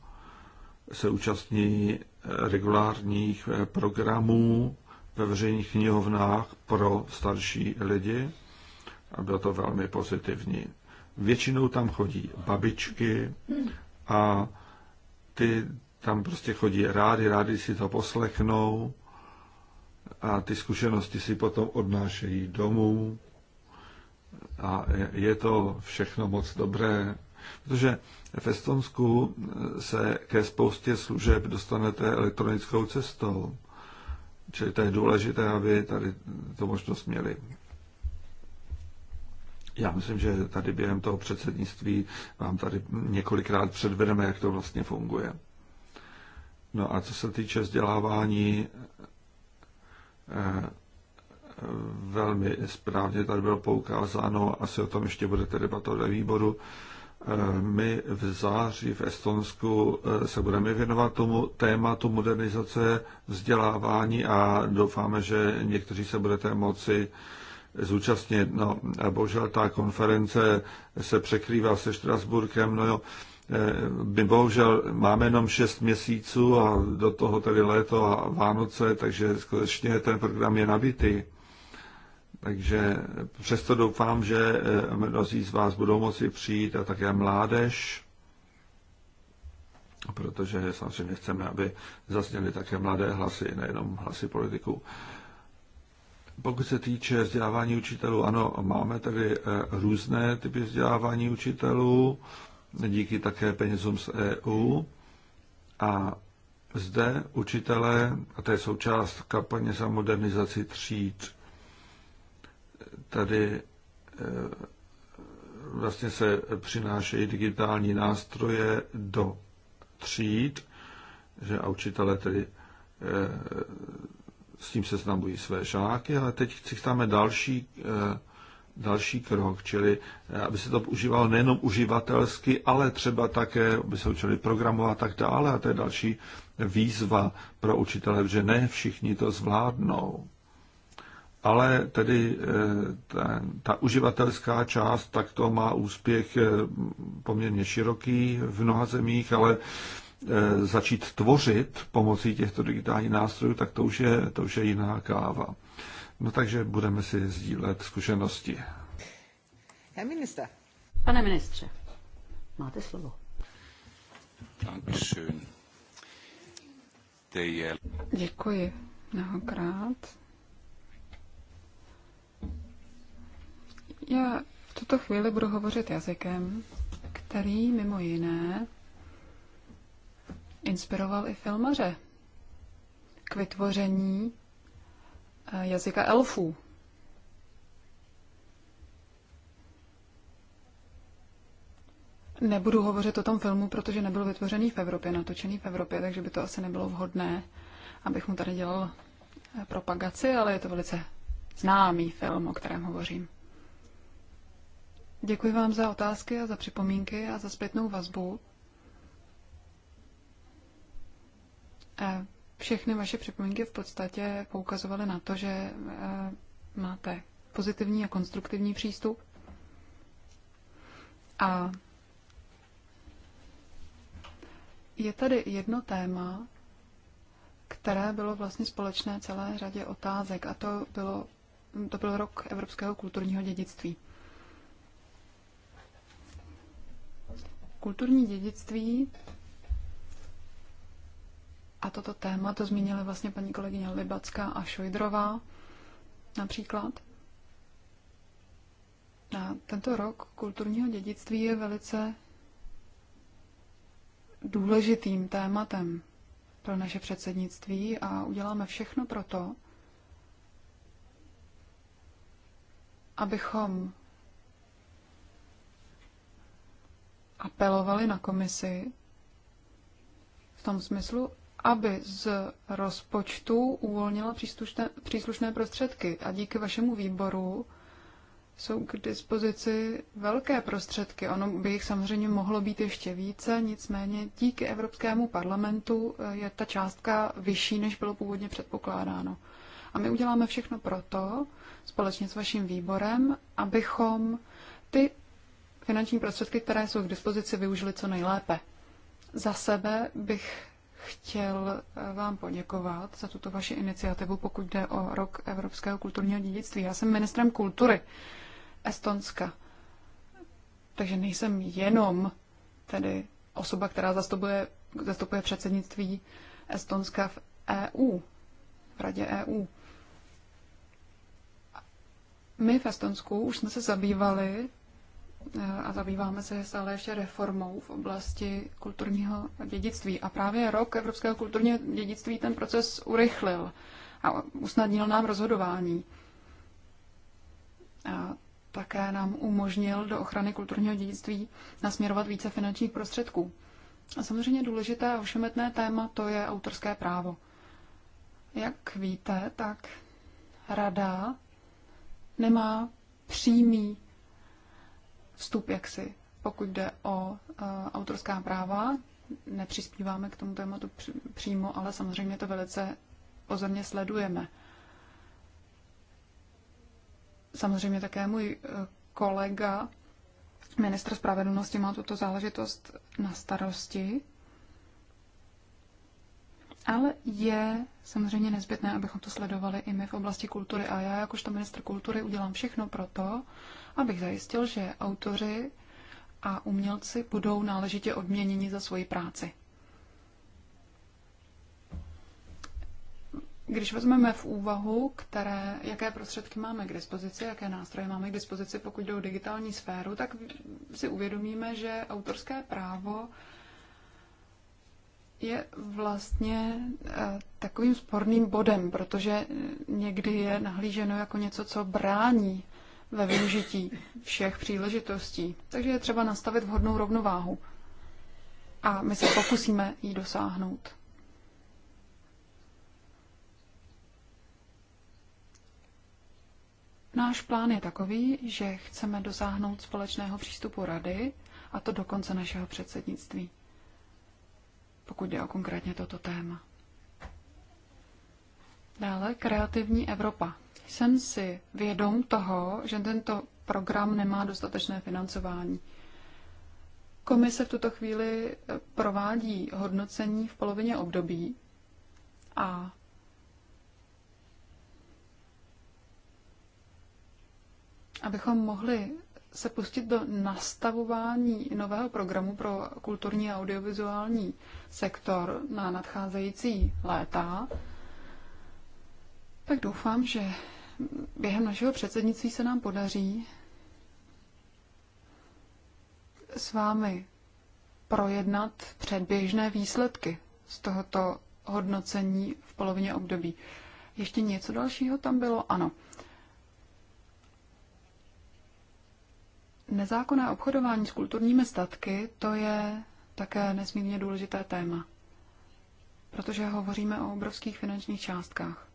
se účastní regulárních eh, programů ve veřejných knihovnách pro starší lidi a bylo to velmi pozitivní. Většinou tam chodí babičky a ty tam prostě chodí rádi, rádi si to poslechnou a ty zkušenosti si potom odnášejí domů a je to všechno moc dobré. Protože v Estonsku eh, se ke spoustě služeb dostanete elektronickou cestou. Čili to je důležité, aby tady to možnost měli. Já myslím, že tady během toho předsednictví vám tady několikrát předvedeme, jak to vlastně funguje. No a co se týče vzdělávání, eh, velmi správně tady bylo poukázáno, asi o tom ještě budete debatovat ve výboru, my v září v Estonsku eh, se budeme věnovat tomu tématu modernizace vzdělávání a doufáme, že někteří se budete moci zúčastnit. No, eh, bohužel ta konference se překrývá se Štrasburkem, no jo, eh, my bohužel máme jenom 6 měsíců a do toho tedy léto a Vánoce, takže skutečně ten program je nabitý. Takže přesto doufám, že eh, mnozí z vás budou moci přijít a také mládež, protože samozřejmě chceme, aby zazněly také mladé hlasy, nejenom hlasy politiků. Pokud se týče vzdělávání učitelů, ano, máme tady eh, různé typy vzdělávání učitelů, díky také penězům z EU. A zde učitelé, a to je součást kampaně za modernizaci tříd, tady eh, vlastně se přinášejí digitální nástroje do tříd, že a učitelé tedy eh, s tím se seznamují své žáky, ale teď chceme další, eh, další krok, čili aby se to užívalo nejenom uživatelsky, ale třeba také, aby se učili programovat a tak dále. A to je další výzva pro učitele, že ne všichni to zvládnou ale tedy eh, ta, ta uživatelská část, tak to má úspěch eh, poměrně široký v mnoha zemích, ale eh, začít tvořit pomocí těchto digitálních nástrojů, tak to už je, to už je jiná káva. No takže budeme si sdílet zkušenosti. Herr Minister. Pane ministře, máte slovo. Děkuji mnohokrát. Já v tuto chvíli budu hovořit jazykem, který mimo jiné inspiroval i filmaře k vytvoření eh, jazyka elfů. Nebudu hovořit o tom filmu, protože nebyl vytvořený v Evropě, natočený v Evropě, takže by to asi nebylo vhodné, abych mu tady dělal eh, propagaci, ale je to velice známý film, o kterém hovořím. Děkuji vám za otázky a za připomínky a za zpětnou vazbu. E, všechny vaše připomínky v podstatě poukazovaly na to, že e, máte pozitivní a konstruktivní přístup. A je tady jedno téma, které bylo vlastně společné celé řadě otázek, a to, bylo, to byl rok Evropského kulturního dědictví. kulturní dědictví a toto téma, to zmínila vlastně paní kolegyně Libacká a Šojdrová například. A tento rok kulturního dědictví je velice důležitým tématem pro naše předsednictví a uděláme všechno pro to, abychom apelovali na komisi v tom smyslu, aby z rozpočtu uvolnila příslušné, příslušné prostředky. A díky vašemu výboru jsou k dispozici velké prostředky. Ono by jich samozřejmě mohlo být ještě více, nicméně díky Evropskému parlamentu eh, je ta částka vyšší, než bylo původně předpokládáno. A my uděláme všechno proto, společně s vaším výborem, abychom ty finanční prostředky, které jsou k dispozici, využili co nejlépe. Za sebe bych chtěl eh, vám poděkovat za tuto vaši iniciativu, pokud jde o rok Evropského kulturního dědictví. Já jsem ministrem kultury Estonska, takže nejsem jenom tedy osoba, která zastupuje, zastupuje předsednictví Estonska v EU, v Radě EU. My v Estonsku už jsme se zabývali a zabýváme se stále ještě reformou v oblasti kulturního dědictví. A právě rok Evropského kulturního dědictví ten proces urychlil a usnadnil nám rozhodování. A také nám umožnil do ochrany kulturního dědictví nasměrovat více finančních prostředků. A samozřejmě důležité a ošemetné téma to je autorské právo. Jak víte, tak rada nemá přímý vstup jaksi. Pokud jde o e, autorská práva, nepřispíváme k tomu tématu přímo, ale samozřejmě to velice pozorně sledujeme. Samozřejmě také můj e, kolega, ministr spravedlnosti, má tuto záležitost na starosti ale je samozřejmě nezbytné, abychom to sledovali i my v oblasti kultury. A já jakožto ministr kultury udělám všechno pro to, abych zajistil, že autoři a umělci budou náležitě odměněni za svoji práci. Když vezmeme v úvahu, které, jaké prostředky máme k dispozici, jaké nástroje máme k dispozici, pokud jde o digitální sféru, tak si uvědomíme, že autorské právo je vlastně eh, takovým sporným bodem, protože někdy je nahlíženo jako něco, co brání ve využití všech příležitostí. Takže je třeba nastavit vhodnou rovnováhu. A my se pokusíme ji dosáhnout. Náš plán je takový, že chceme dosáhnout společného přístupu rady, a to do konce našeho předsednictví pokud jde o konkrétně toto téma. Dále kreativní Evropa. Jsem si vědom toho, že tento program nemá dostatečné financování. Komise v tuto chvíli provádí hodnocení v polovině období a abychom mohli se pustit do nastavování nového programu pro kulturní a audiovizuální sektor na nadcházející léta, tak doufám, že během našeho předsednictví se nám podaří s vámi projednat předběžné výsledky z tohoto hodnocení v polovině období. Ještě něco dalšího tam bylo? Ano. Uh, Nezákonné obchodování s kulturními statky, to je také nesmírně důležité téma, protože hovoříme o obrovských finančních částkách.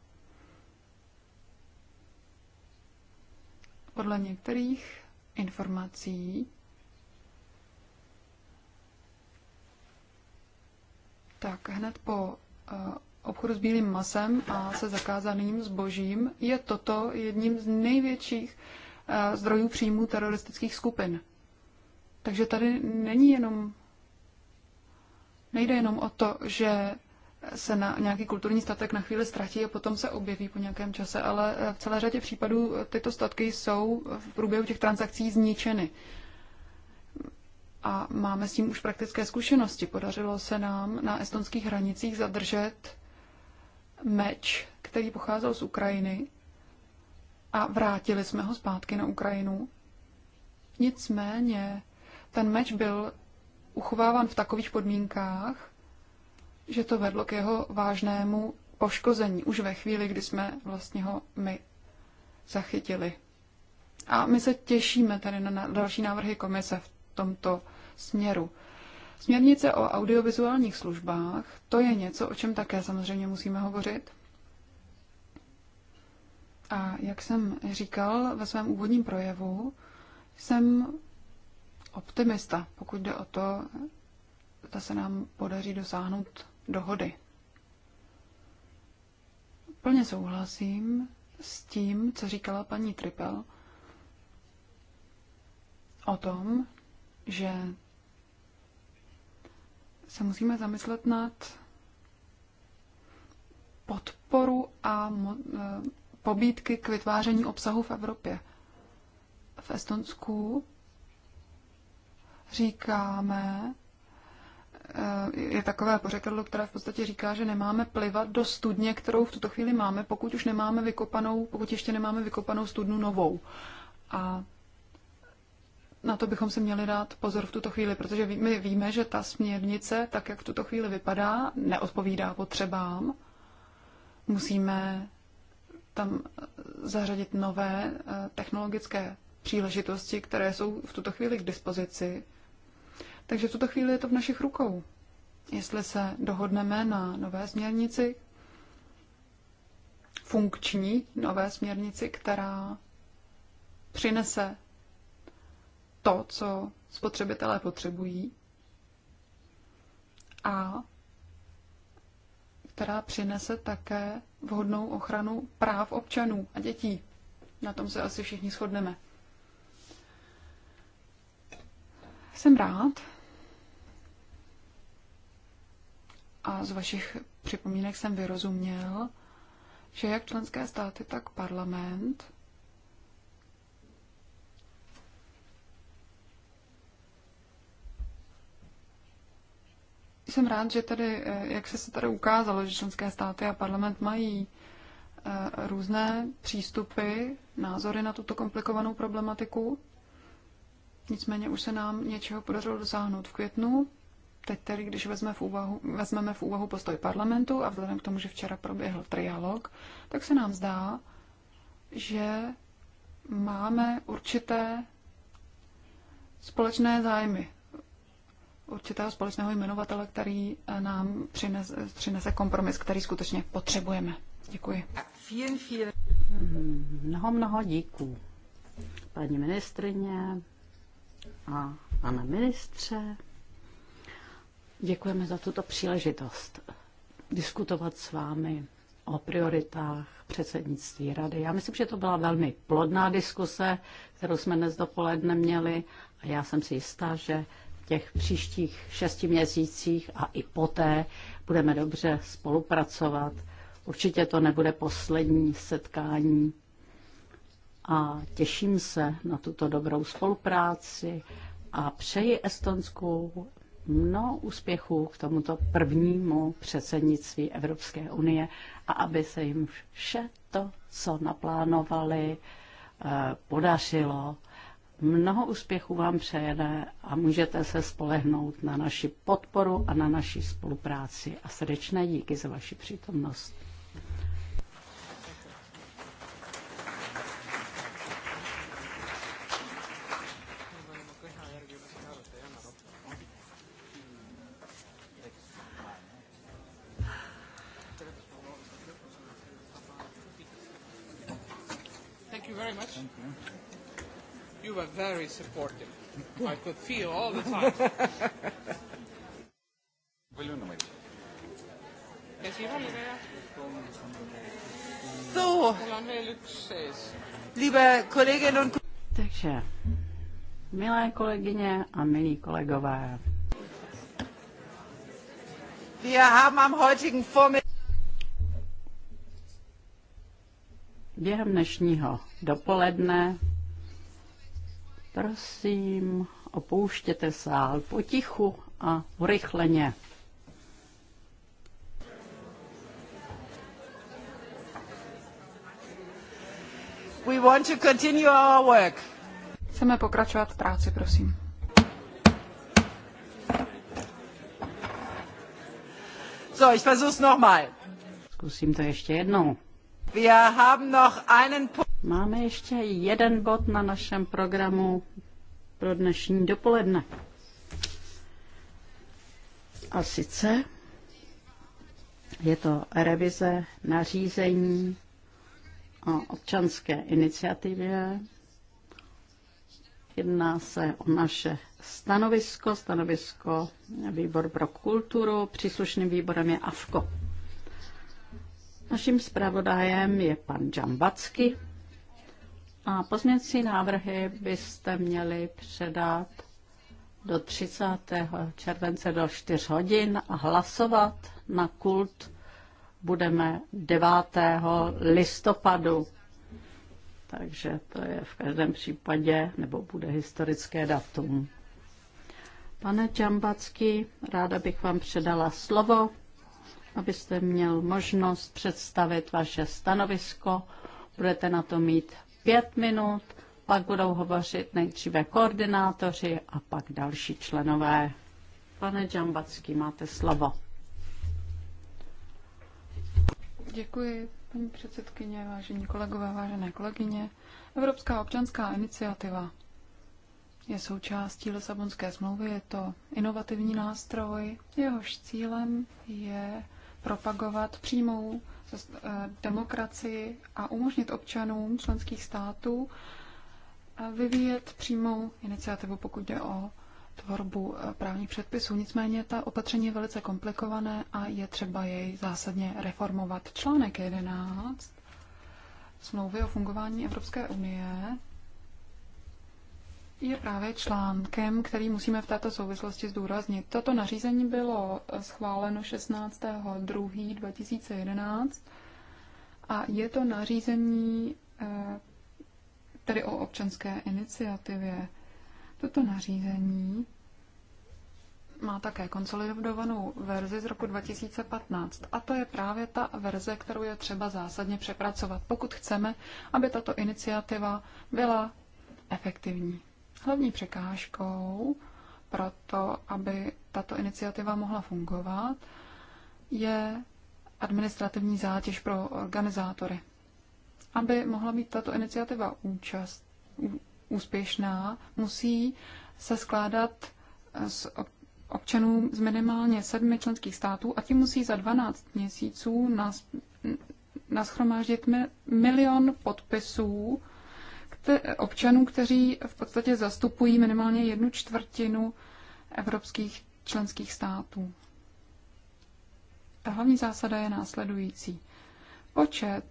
Podle některých informací tak hned po eh, obchodu s bílým masem a se zakázaným zbožím je toto jedním z největších Eh, zdrojů příjmů teroristických skupin. Takže tady není jenom, nejde jenom o to, že se na nějaký kulturní statek na chvíli ztratí a potom se objeví po nějakém čase, ale eh, v celé řadě případů tyto statky jsou v průběhu těch transakcí zničeny. A máme s tím už praktické zkušenosti. Podařilo se nám na estonských hranicích zadržet meč, který pocházel z Ukrajiny a vrátili jsme ho zpátky na Ukrajinu. Nicméně ten meč byl uchováván v takových podmínkách, že to vedlo k jeho vážnému poškození už ve chvíli, kdy jsme vlastně ho my zachytili. A my se těšíme tady na další návrhy komise v tomto směru. Směrnice o audiovizuálních službách, to je něco, o čem také samozřejmě musíme hovořit. A jak jsem říkal ve svém úvodním projevu, jsem optimista, pokud jde o to, zda se nám podaří dosáhnout dohody. Plně souhlasím s tím, co říkala paní Tripel o tom, že se musíme zamyslet nad podporu a eh, pobídky k vytváření obsahu v Evropě. V Estonsku říkáme, eh, je takové pořekadlo, které v podstatě říká, že nemáme plivat do studně, kterou v tuto chvíli máme, pokud už nemáme vykopanou, pokud ještě nemáme vykopanou studnu novou. A na to bychom si měli dát pozor v tuto chvíli, protože my víme, že ta směrnice, tak jak v tuto chvíli vypadá, neodpovídá potřebám. Musíme tam eh, zařadit nové eh, technologické příležitosti, které jsou v tuto chvíli k dispozici. Takže v tuto chvíli je to v našich rukou. Jestli se dohodneme na nové směrnici, funkční nové směrnici, která přinese to, co spotřebitelé potřebují a která přinese také vhodnou ochranu práv občanů a dětí. Na tom se asi všichni shodneme. Jsem rád a z vašich připomínek jsem vyrozuměl, že jak členské státy, tak parlament Jsem rád, že tady, eh, jak se se tady ukázalo, že členské státy a parlament mají eh, různé přístupy, názory na tuto komplikovanou problematiku. Nicméně už se nám něčeho podařilo dosáhnout v květnu. Teď tedy, když vezme v úvahu, vezmeme v úvahu postoj parlamentu a vzhledem k tomu, že včera proběhl trialog, tak se nám zdá, že máme určité společné zájmy určitého společného jmenovatele, který eh, nám přinese, přinese kompromis, který skutečně potřebujeme. Děkuji. Mnoho, mnoho díků. Paní ministrině a pane ministře, děkujeme za tuto příležitost diskutovat s vámi o prioritách předsednictví rady. Já myslím, že to byla velmi plodná diskuse, kterou jsme dnes dopoledne měli a já jsem si jistá, že těch příštích šesti měsících a i poté budeme dobře spolupracovat. Určitě to nebude poslední setkání a těším se na tuto dobrou spolupráci a přeji Estonsku mnoho úspěchů k tomuto prvnímu předsednictví Evropské unie a aby se jim vše to, co naplánovali, eh, podařilo Mnoho úspěchů vám přejede a můžete se spolehnout na naši podporu a na naši spolupráci. A srdečné díky za vaši přítomnost. could feel all the time. so, liebe Kolleginnen und Kollegen, milé kolegyně a milí kolegové, Wir haben am heutigen Vormittag během dnešního dopoledne. Prosím, opouštěte sál potichu a urychleně. We want to continue our work. Chceme pokračovat v práci, prosím. So, ich versuch's mal. Zkusím to ještě jednou. Wir haben noch einen Máme ještě jeden bod na našem programu pro dnešní dopoledne. A sice je to revize nařízení o občanské iniciativě. Jedná se o naše stanovisko, stanovisko výbor pro kulturu, příslušným výborem je AFKO. Naším zpravodajem je pan Džambacky a pozměnci návrhy byste měli předat do 30. července do 4 hodin a hlasovat na kult budeme 9. listopadu. Takže to je v každém případě, nebo bude historické datum. Pane Čambacký, ráda bych vám předala slovo, abyste měl možnost představit vaše stanovisko. Budete na to mít pět minut, pak budou hovořit nejdříve koordinátoři a pak další členové. Pane Džambacký, máte slovo. Děkuji, paní předsedkyně, vážení kolegové, vážené kolegyně. Evropská občanská iniciativa je součástí Lisabonské smlouvy, je to inovativní nástroj, jehož cílem je propagovat přímou demokracii a umožnit občanům členských států eh, vyvíjet přímou iniciativu, pokud jde o tvorbu eh, právních předpisů. Nicméně ta opatření je velice komplikované a je třeba jej zásadně reformovat. Článek 11 smlouvy o fungování Evropské unie je právě článkem, který musíme v této souvislosti zdůraznit. Toto nařízení bylo eh, schváleno 16. 2. 2011 a je to nařízení eh, tedy o občanské iniciativě. Toto nařízení má také konsolidovanou verzi z roku 2015 a to je právě ta verze, kterou je třeba zásadně přepracovat, pokud chceme, aby tato iniciativa byla efektivní. Hlavní překážkou pro to, aby tato iniciativa mohla fungovat, je administrativní zátěž pro organizátory. Aby mohla být tato iniciativa účast, úspěšná, musí se skládat eh, z občanů z minimálně sedmi členských států a ti musí za 12 měsíců nas, milion podpisů občanů, kteří v podstatě zastupují minimálně jednu čtvrtinu evropských členských států. Ta hlavní zásada je následující. Počet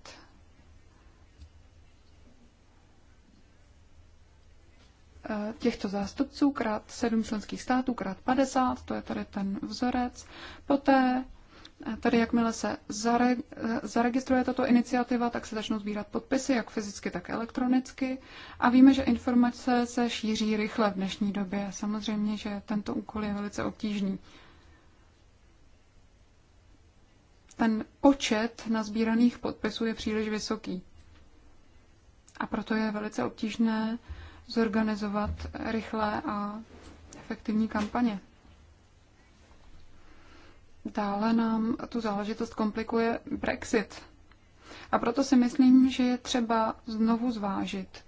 těchto zástupců krát 7 členských států krát 50, to je tady ten vzorec. Poté Tady, jakmile se zare, zaregistruje tato iniciativa, tak se začnou sbírat podpisy, jak fyzicky, tak elektronicky. A víme, že informace se šíří rychle v dnešní době. Samozřejmě, že tento úkol je velice obtížný. Ten počet nazbíraných podpisů je příliš vysoký. A proto je velice obtížné zorganizovat rychlé a efektivní kampaně. Dále nám tu záležitost komplikuje Brexit. A proto si myslím, že je třeba znovu zvážit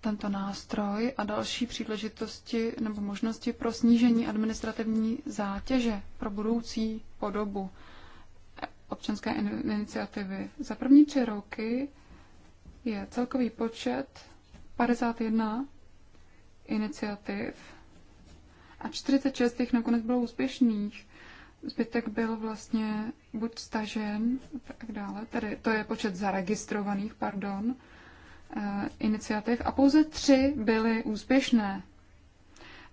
tento nástroj a další příležitosti nebo možnosti pro snížení administrativní zátěže pro budoucí podobu občanské iniciativy. Za první tři roky je celkový počet 51 iniciativ a 46 těch nakonec bylo úspěšných. Zbytek byl vlastně buď stažen a tak dále, Tady to je počet zaregistrovaných, pardon, eh, iniciativ a pouze tři byly úspěšné.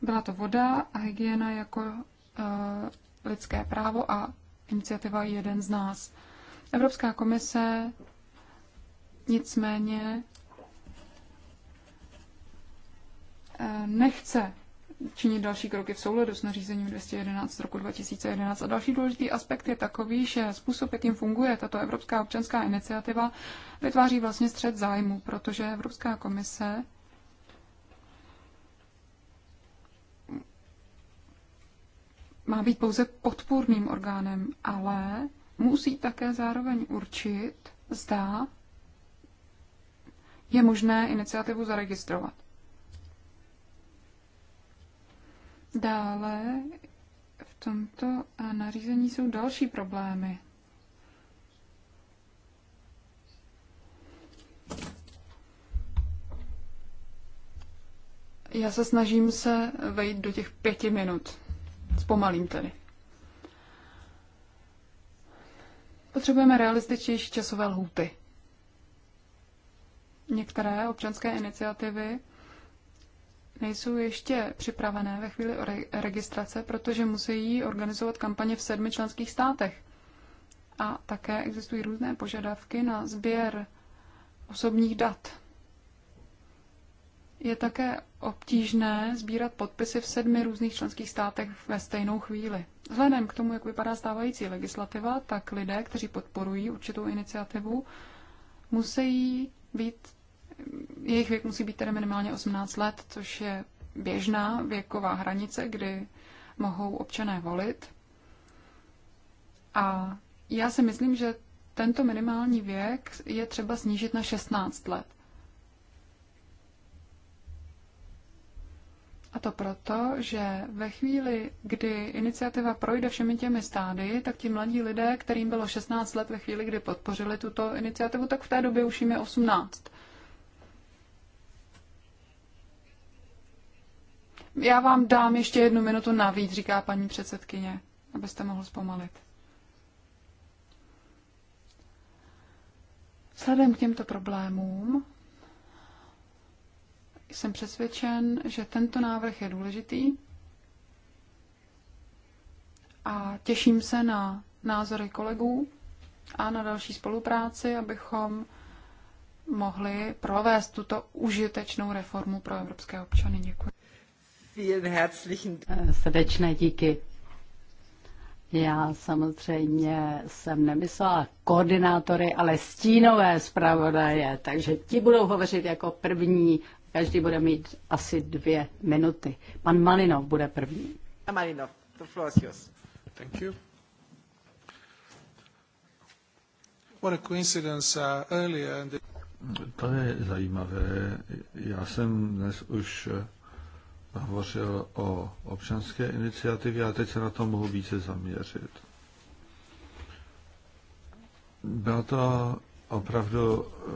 Byla to voda a hygiena jako eh, lidské právo a iniciativa Jeden z nás. Evropská komise nicméně eh, nechce činit další kroky v souladu s nařízením 211 z roku 2011. A další důležitý aspekt je takový, že způsob, jakým funguje tato Evropská občanská iniciativa, vytváří vlastně střed zájmu, protože Evropská komise má být pouze podpůrným orgánem, ale musí také zároveň určit, zda je možné iniciativu zaregistrovat. Dále v tomto nařízení jsou další problémy. Já se snažím se vejít do těch pěti minut. Zpomalím tedy. Potřebujeme realističtější časové lhuty. Některé občanské iniciativy nejsou ještě připravené ve chvíli re- registrace, protože musí organizovat kampaně v sedmi členských státech. A také existují různé požadavky na sběr osobních dat. Je také obtížné sbírat podpisy v sedmi různých členských státech ve stejnou chvíli. Vzhledem k tomu, jak vypadá stávající legislativa, tak lidé, kteří podporují určitou iniciativu, musí být jejich věk musí být tedy minimálně 18 let, což je běžná věková hranice, kdy mohou občané volit. A já si myslím, že tento minimální věk je třeba snížit na 16 let. A to proto, že ve chvíli, kdy iniciativa projde všemi těmi stády, tak ti mladí lidé, kterým bylo 16 let ve chvíli, kdy podpořili tuto iniciativu, tak v té době už jim je 18. Já vám dám ještě jednu minutu navíc, říká paní předsedkyně, abyste mohl zpomalit. Vzhledem k těmto problémům jsem přesvědčen, že tento návrh je důležitý a těším se na názory kolegů a na další spolupráci, abychom mohli provést tuto užitečnou reformu pro evropské občany. Děkuji. Eh, srdečné díky. Já samozřejmě jsem nemyslela koordinátory, ale stínové zpravodaje, takže ti budou hovořit jako první. Každý bude mít asi dvě minuty. Pan Malinov bude první. Pan Malinov, the floor is yours. Thank you. What a coincidence uh, earlier. To je zajímavé. Já jsem dnes už eh, hovořil o občanské iniciativě a teď se na to mohu více zaměřit. Byla to opravdu eh,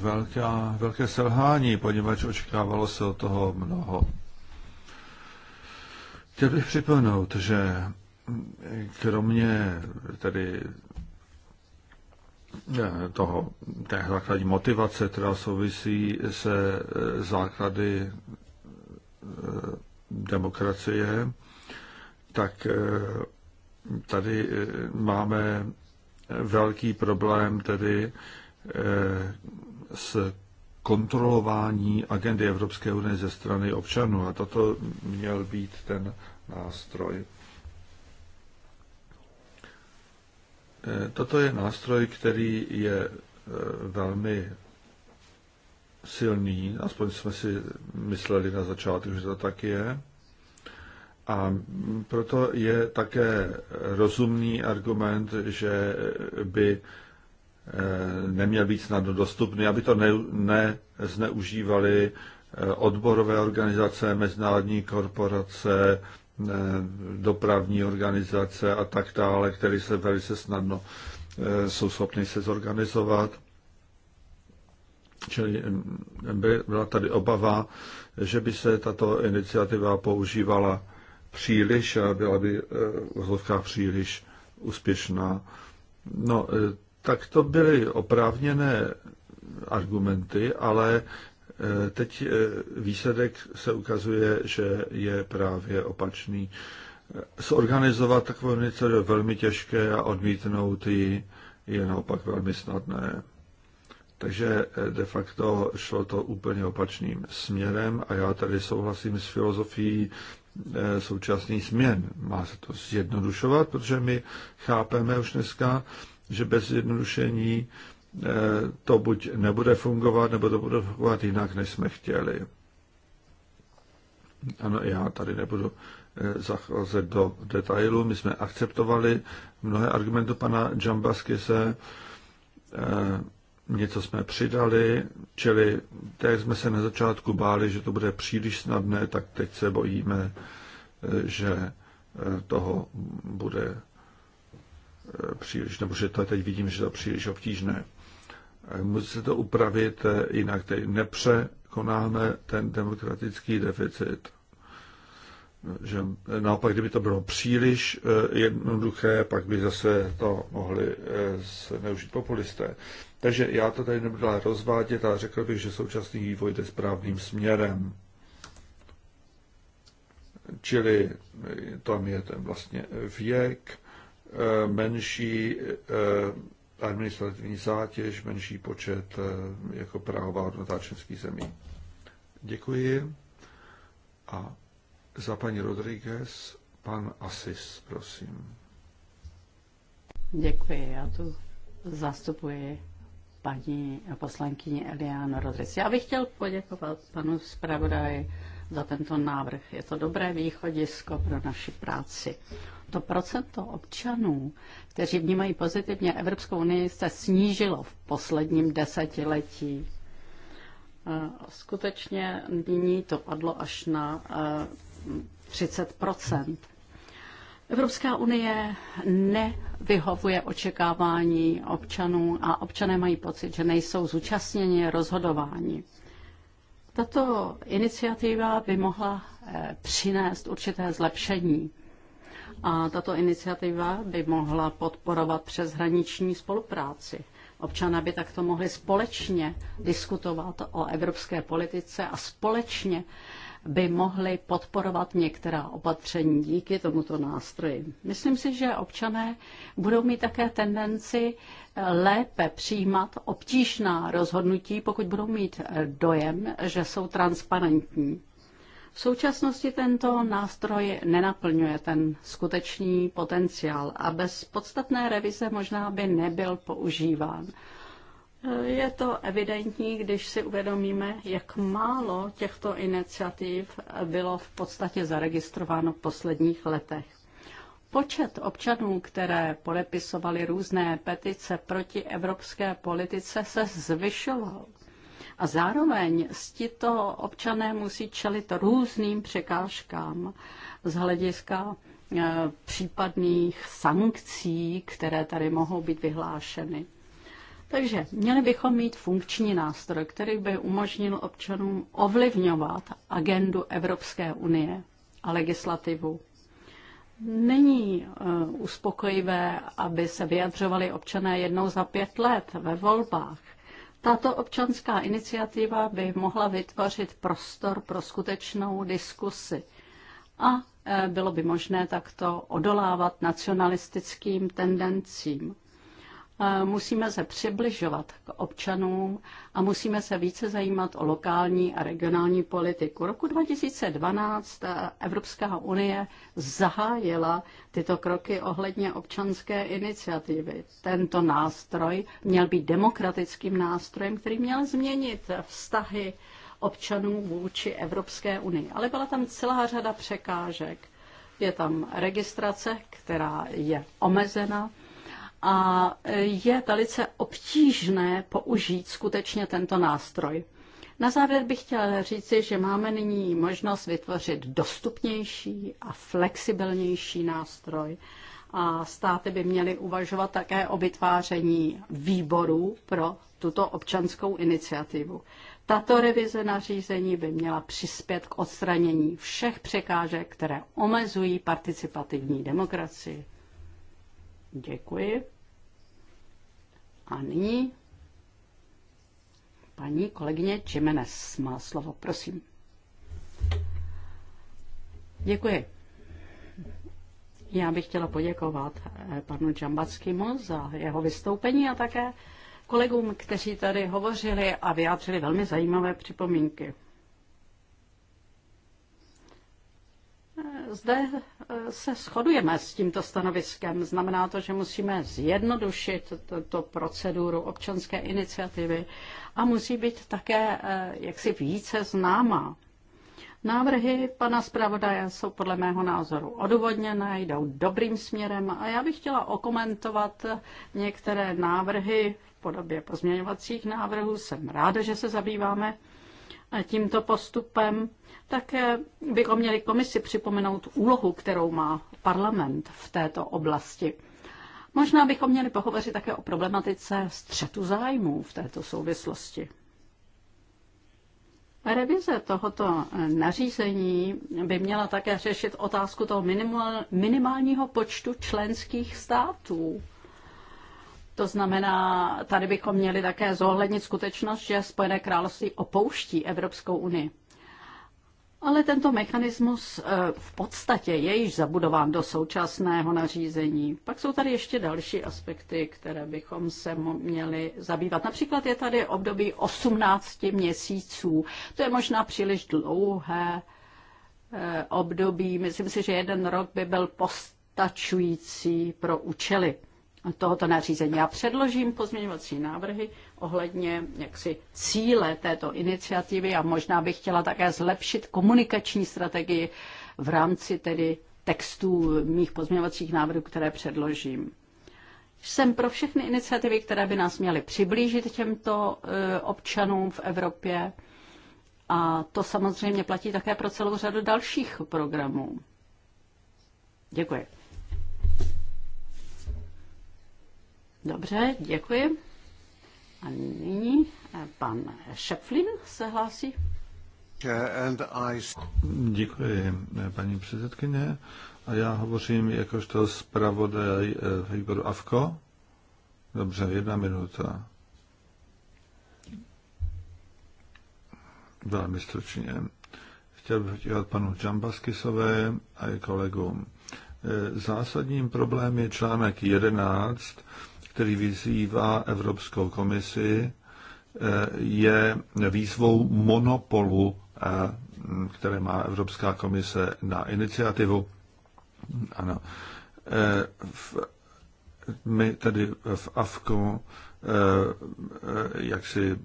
velká, velké selhání, poněvadž očekávalo se od toho mnoho. Chtěl bych připomenout, že mm, kromě tedy eh, toho, té základní motivace, která souvisí se eh, základy Eh, demokracie, tak eh, tady eh, máme velký problém tedy s kontrolování agendy Evropské unie ze strany občanů. A toto měl být ten nástroj. Toto je nástroj, který je velmi silný, aspoň jsme si mysleli na začátku, že to tak je. A proto je také rozumný argument, že by eh, neměl být snadno dostupný, aby to nezneužívali ne eh, odborové organizace, mezinárodní korporace, eh, dopravní organizace a tak dále, které se velice snadno jsou schopny se zorganizovat Čili byla tady obava, že by se tato iniciativa používala příliš a byla by eh, v příliš úspěšná. No, eh, tak to byly oprávněné argumenty, ale eh, teď výsledek se ukazuje, že je právě opačný. Zorganizovat takovou iniciativu je velmi těžké a odmítnout ji je naopak velmi snadné. Takže eh, de facto šlo to úplně opačným směrem a já tady souhlasím s filozofií eh, současných změn. Má se to zjednodušovat, protože my chápeme už dneska, že bez zjednodušení eh, to buď nebude fungovat, nebo to bude fungovat jinak, než jsme chtěli. Ano, já tady nebudu zacházet do detailu. My jsme akceptovali mnohé argumenty pana Džambaskise, něco jsme přidali, čili teď jsme se na začátku báli, že to bude příliš snadné, tak teď se bojíme, eh, že eh, toho bude eh, příliš, nebo že to teď vidím, že to je příliš obtížné. Musí se to upravit, jinak teď nepřekonáme ten demokratický deficit že naopak, kdyby to bylo příliš eh, jednoduché, pak by zase to mohli eh, zneužít populisté. Takže já to tady nebudu rozvádět, ale řekl bych, že současný vývoj jde správným směrem. Čili eh, tam je ten vlastně věk, menší administrativní zátěž, menší počet jako práva hodnotá zemí. Děkuji a za paní Rodriguez pan Asis, prosím. Děkuji, já tu zastupuji paní poslankyni Eliana Rodriguez. Já bych chtěl poděkovat panu zpravodaji za tento návrh. Je to dobré východisko pro naši práci. To procento občanů, kteří vnímají pozitivně Evropskou unii, se snížilo v posledním desetiletí. Skutečně nyní to padlo až na 30 Evropská unie nevyhovuje očekávání občanů a občané mají pocit, že nejsou zúčastněni rozhodování. Tato iniciativa by mohla eh, přinést určité zlepšení. A tato iniciativa by mohla podporovat přeshraniční spolupráci. Občané by takto mohli společně diskutovat o evropské politice a společně eh, by mohli podporovat některá opatření díky tomuto nástroji. Myslím si, že občané budou mít také tendenci eh, lépe přijímat obtížná rozhodnutí, pokud budou mít eh, dojem, že jsou transparentní. V současnosti tento nástroj nenaplňuje ten skutečný potenciál a bez podstatné revize možná by nebyl používán. Je to evidentní, když si uvědomíme, jak málo těchto iniciativ bylo v podstatě zaregistrováno v posledních letech. Počet občanů, které podepisovali různé petice proti evropské politice, se zvyšoval. A zároveň tito občané musí čelit různým překážkám z hlediska eh, případných sankcí, které tady mohou být vyhlášeny. Takže měli bychom mít funkční nástroj, který by umožnil občanům ovlivňovat agendu Evropské unie a legislativu. Není uh, uspokojivé, aby se vyjadřovali občané jednou za pět let ve volbách. Tato občanská iniciativa by mohla vytvořit prostor pro skutečnou diskusi a eh, bylo by možné takto odolávat nacionalistickým tendencím. Eh, musíme se přibližovat k občanům a musíme se více zajímat o lokální a regionální politiku. Roku 2012 eh, Evropská unie zahájila tyto kroky ohledně občanské iniciativy. Tento nástroj měl být demokratickým nástrojem, který měl změnit vztahy občanů vůči Evropské unii. Ale byla tam celá řada překážek. Je tam registrace, která je omezena a je velice obtížné použít skutečně tento nástroj. Na závěr bych chtěla říci, že máme nyní možnost vytvořit dostupnější a flexibilnější nástroj a státy by měly uvažovat také o vytváření výborů pro tuto občanskou iniciativu. Tato revize nařízení by měla přispět k odstranění všech překážek, které omezují participativní demokracii. Děkuji. A nyní paní kolegyně Čimenez má slovo, prosím. Děkuji. Já bych chtěla poděkovat eh, panu Džambackému za jeho vystoupení a také kolegům, kteří tady hovořili a vyjádřili velmi zajímavé připomínky. Zde eh, se shodujeme s tímto stanoviskem. Znamená to, že musíme zjednodušit tuto proceduru občanské iniciativy a musí být také eh, jaksi více známá. Návrhy pana zpravodaje jsou podle mého názoru odůvodněné, jdou dobrým směrem a já bych chtěla okomentovat některé návrhy v podobě pozměňovacích návrhů. Jsem ráda, že se zabýváme eh, tímto postupem také bychom měli komisi připomenout úlohu, kterou má parlament v této oblasti. Možná bychom měli pohovořit také o problematice střetu zájmů v této souvislosti. Revize tohoto nařízení by měla také řešit otázku toho minimálního počtu členských států. To znamená, tady bychom měli také zohlednit skutečnost, že Spojené království opouští Evropskou unii. Ale tento mechanismus eh, v podstatě je již zabudován do současného nařízení. Pak jsou tady ještě další aspekty, které bychom se měli zabývat. Například je tady období 18 měsíců. To je možná příliš dlouhé eh, období. Myslím si, že jeden rok by byl postačující pro účely tohoto nařízení. Já předložím pozměňovací návrhy ohledně jaksi cíle této iniciativy a možná bych chtěla také zlepšit komunikační strategii v rámci tedy textů mých pozměňovacích návrhů, které předložím. Jsem pro všechny iniciativy, které by nás měly přiblížit těmto eh, občanům v Evropě. A to samozřejmě platí také pro celou řadu dalších programů. Děkuji. Dobře, děkuji. A nyní eh, pan Šeflin se hlásí. Děkuji, paní předsedkyně. A já hovořím jakožto zpravodaj eh, výboru AVKO. Dobře, jedna minuta. Velmi stručně. Chtěl bych dělat panu Džambaskisové a i kolegům. Eh, zásadním problém je článek 11, který vyzývá Evropskou komisi, eh, je výzvou monopolu, eh, které má Evropská komise na iniciativu. Ano. Eh, my tedy v AFKu jak si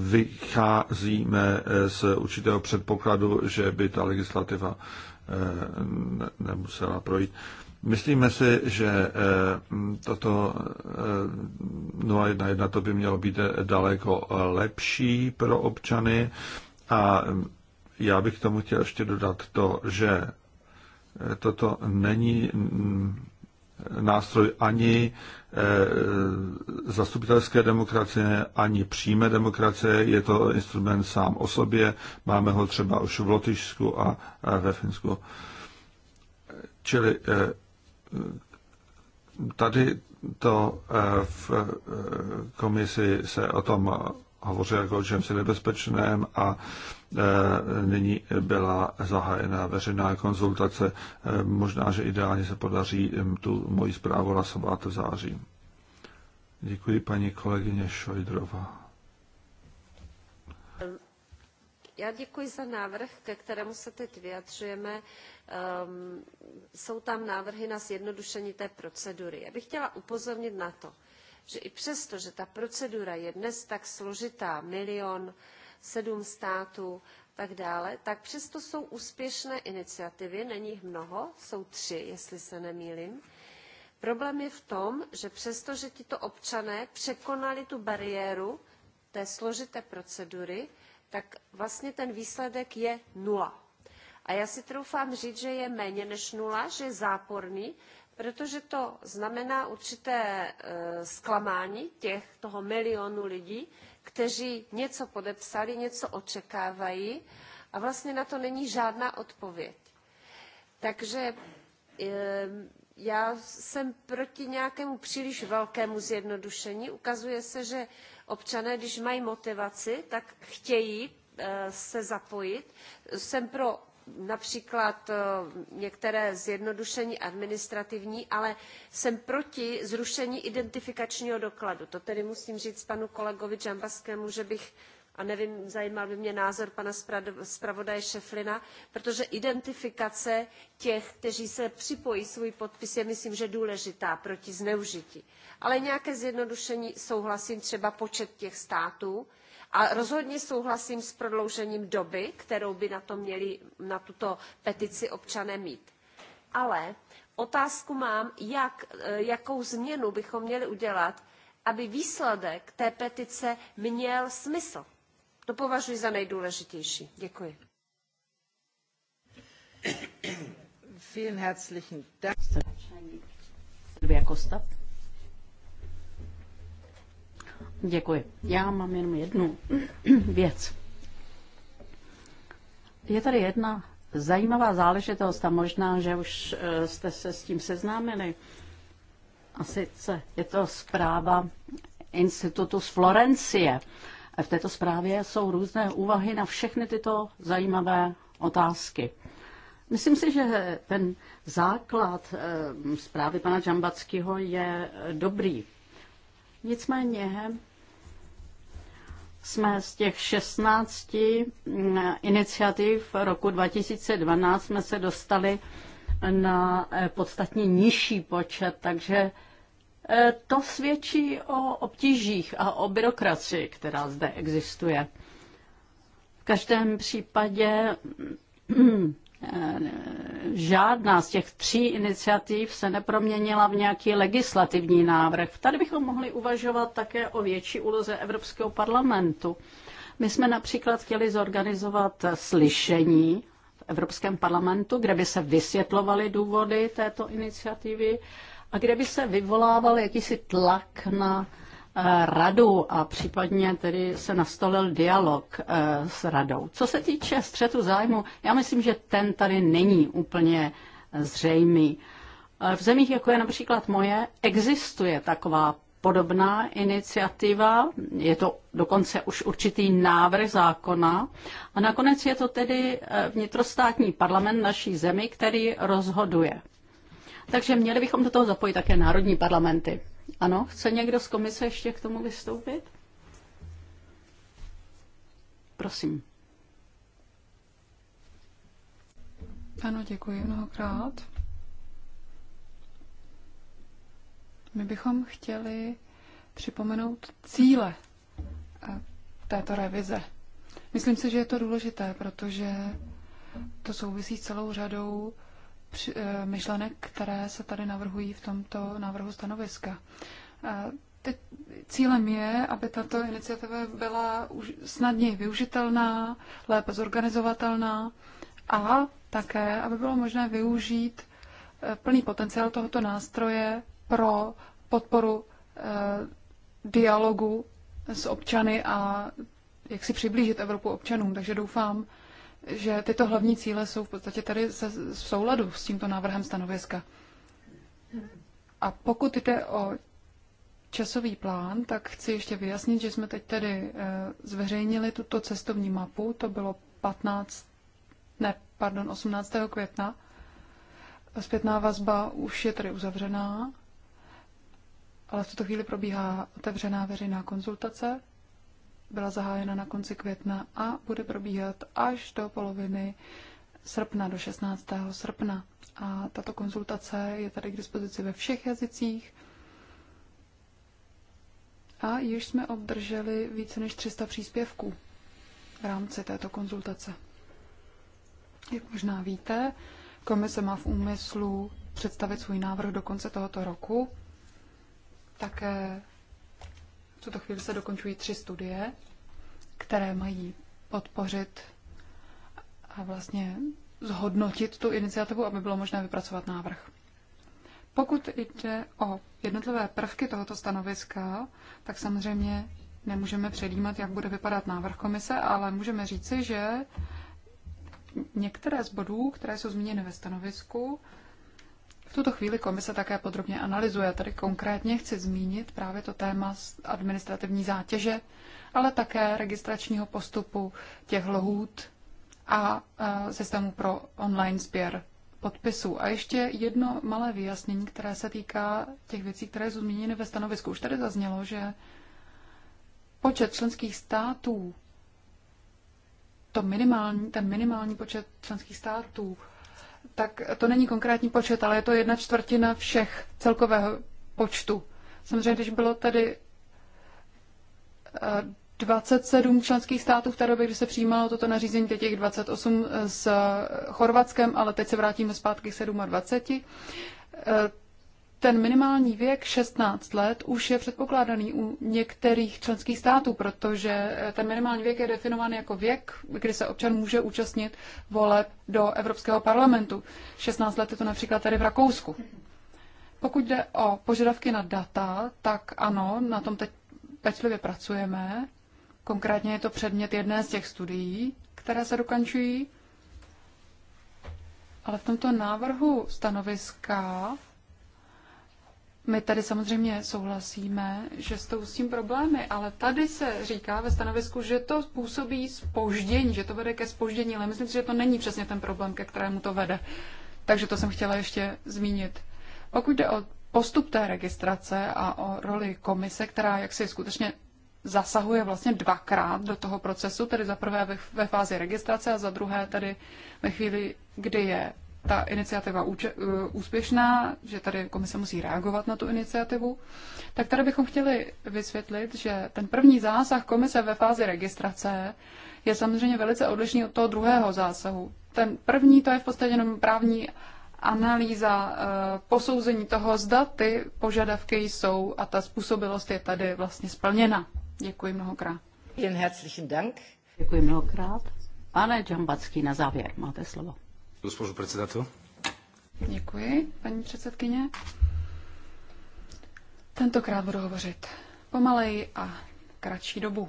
vycházíme z určitého předpokladu, že by ta legislativa nemusela projít. Myslíme si, že eh, toto 011 eh, to by mělo být eh, daleko lepší pro občany a mm, já bych k tomu chtěl ještě dodat to, že toto není mm, nástroj ani zastupitelské demokracie, ani přímé demokracie. Je to instrument sám o sobě. Máme ho třeba už v Lotyšsku a ve Finsku. Čili tady to eh, v eh, komisi se o tom hovoří jako o čemsi nebezpečném a eh, nyní byla zahájena veřejná konzultace. Možná, že ideálně se podaří tu moji zprávu hlasovat v září. Děkuji paní kolegyně Šojdrova. Já děkuji za návrh, ke kterému se teď vyjadřujeme. Um, jsou tam návrhy na zjednodušení té procedury. Já bych chtěla upozornit na to, že i přesto, že ta procedura je dnes tak složitá, milion, sedm států, tak dále, tak přesto jsou úspěšné iniciativy, není jich mnoho, jsou tři, jestli se nemýlím. Problém je v tom, že přesto, že tito občané překonali tu bariéru té složité procedury, tak vlastně ten výsledek je nula. A já si troufám říct, že je méně než nula, že je záporný, protože to znamená určité e, zklamání těch, toho milionu lidí, kteří něco podepsali, něco očekávají a vlastně na to není žádná odpověď. Takže e, já jsem proti nějakému příliš velkému zjednodušení. Ukazuje se, že občané, když mají motivaci, tak chtějí eh, se zapojit. Jsem pro například eh, některé zjednodušení administrativní, ale jsem proti zrušení identifikačního dokladu. To tedy musím říct panu kolegovi Džambaskému, že bych a nevím, zajímal by mě názor pana zpravodaje Šeflina, protože identifikace těch, kteří se připojí svůj podpis, je myslím, že důležitá proti zneužití. Ale nějaké zjednodušení souhlasím třeba počet těch států a rozhodně souhlasím s prodloužením doby, kterou by na to měli na tuto petici občané mít. Ale otázku mám, jak, eh, jakou změnu bychom měli udělat, aby výsledek té petice měl smysl. To považuji za nejdůležitější. Děkuji. Vielen herzlichen Dank. Děkuji. Jako Já mám jenom jednu věc. Je tady jedna zajímavá záležitost a možná, že už eh, jste se s tím seznámili. A sice je to zpráva institutu z Florencie v této zprávě jsou různé úvahy na všechny tyto zajímavé otázky. Myslím si, že ten základ eh, zprávy pana Džambackého je dobrý. Nicméně jsme z těch 16 eh, iniciativ roku 2012 jsme se dostali na eh, podstatně nižší počet, takže Eh, to svědčí o obtížích a o byrokracii, která zde existuje. V každém případě eh, žádná z těch tří iniciativ se neproměnila v nějaký legislativní návrh. Tady bychom mohli uvažovat také o větší úloze Evropského parlamentu. My jsme například chtěli zorganizovat slyšení v Evropském parlamentu, kde by se vysvětlovaly důvody této iniciativy a kde by se vyvolával jakýsi tlak na eh, radu a případně tedy se nastolil dialog eh, s radou. Co se týče střetu zájmu, já myslím, že ten tady není úplně zřejmý. Eh, v zemích, jako je například moje, existuje taková podobná iniciativa, je to dokonce už určitý návrh zákona a nakonec je to tedy vnitrostátní parlament naší zemi, který rozhoduje. Takže měli bychom do toho zapojit také národní parlamenty. Ano, chce někdo z komise ještě k tomu vystoupit? Prosím. Ano, děkuji mnohokrát. My bychom chtěli připomenout cíle eh, této revize. Myslím si, že je to důležité, protože to souvisí s celou řadou Eh, myšlenek, které se tady navrhují v tomto návrhu stanoviska. Eh, teď cílem je, aby tato iniciativa byla snadněji využitelná, lépe zorganizovatelná a také, aby bylo možné využít eh, plný potenciál tohoto nástroje pro podporu dialogu s občany a jak si přiblížit Evropu občanům. Takže doufám, že tyto hlavní cíle jsou v podstatě tady v souladu s tímto návrhem stanoviska. A pokud jde o časový plán, tak chci ještě vyjasnit, že jsme teď tedy eh, zveřejnili tuto cestovní mapu, to bylo 15, ne, pardon, 18. května. Zpětná vazba už je tedy uzavřená, ale v tuto chvíli probíhá otevřená veřejná konzultace byla zahájena na konci května a bude probíhat až do poloviny srpna, do 16. srpna. A tato konzultace je tady k dispozici ve všech jazycích. A již jsme obdrželi více než 300 příspěvků v rámci této konzultace. Jak možná víte, komise má v úmyslu představit svůj návrh do konce tohoto roku. Také v tuto chvíli se dokončují tři studie, které mají podpořit a vlastně zhodnotit tu iniciativu, aby bylo možné vypracovat návrh. Pokud jde o jednotlivé prvky tohoto stanoviska, tak samozřejmě nemůžeme předjímat, jak bude vypadat návrh komise, ale můžeme říci, že některé z bodů, které jsou zmíněny ve stanovisku, v tuto chvíli komise také podrobně analyzuje. Tady konkrétně chci zmínit právě to téma administrativní zátěže, ale také registračního postupu těch lhůt a e, systému pro online sběr podpisů. A ještě jedno malé vyjasnění, které se týká těch věcí, které jsou zmíněny ve stanovisku. Už tady zaznělo, že počet členských států, to minimální, ten minimální počet členských států tak to není konkrétní počet, ale je to jedna čtvrtina všech celkového počtu. Samozřejmě, když bylo tady 27 eh, členských států v té době, kdy se přijímalo toto nařízení, teď těch 28 s eh, Chorvatskem, ale teď se vrátíme zpátky k 27 ten minimální věk 16 let už je předpokládaný u některých členských států, protože eh, ten minimální věk je definován jako věk, kdy se občan může účastnit voleb do Evropského parlamentu. 16 let je to například tady v Rakousku. Pokud jde o požadavky na data, tak ano, na tom teď pečlivě pracujeme. Konkrétně je to předmět jedné z těch studií, které se dokončují. Ale v tomto návrhu stanoviska my tady samozřejmě souhlasíme, že tou s tím problémy, ale tady se říká ve stanovisku, že to způsobí spoždění, že to vede ke spoždění, ale myslím si, že to není přesně ten problém, ke kterému to vede. Takže to jsem chtěla ještě zmínit. Pokud jde o postup té registrace a o roli komise, která jaksi skutečně zasahuje vlastně dvakrát do toho procesu, tedy za prvé ve fázi registrace a za druhé tedy ve chvíli, kdy je ta iniciativa eh, úspěšná, že tady komise musí reagovat na tu iniciativu, tak tady bychom chtěli vysvětlit, že ten první zásah komise ve fázi registrace je samozřejmě velice odlišný od toho druhého zásahu. Ten první to je v podstatě jenom právní analýza, eh, posouzení toho, zda ty požadavky jsou a ta způsobilost je tady vlastně splněna. Děkuji mnohokrát. Jen herzlichen Dank. Děkuji mnohokrát. Pane Džambacký, na závěr máte slovo госпожо председател. Děkuji, paní předsedkyně. Tentokrát budu hovořit pomalej a kratší dobu.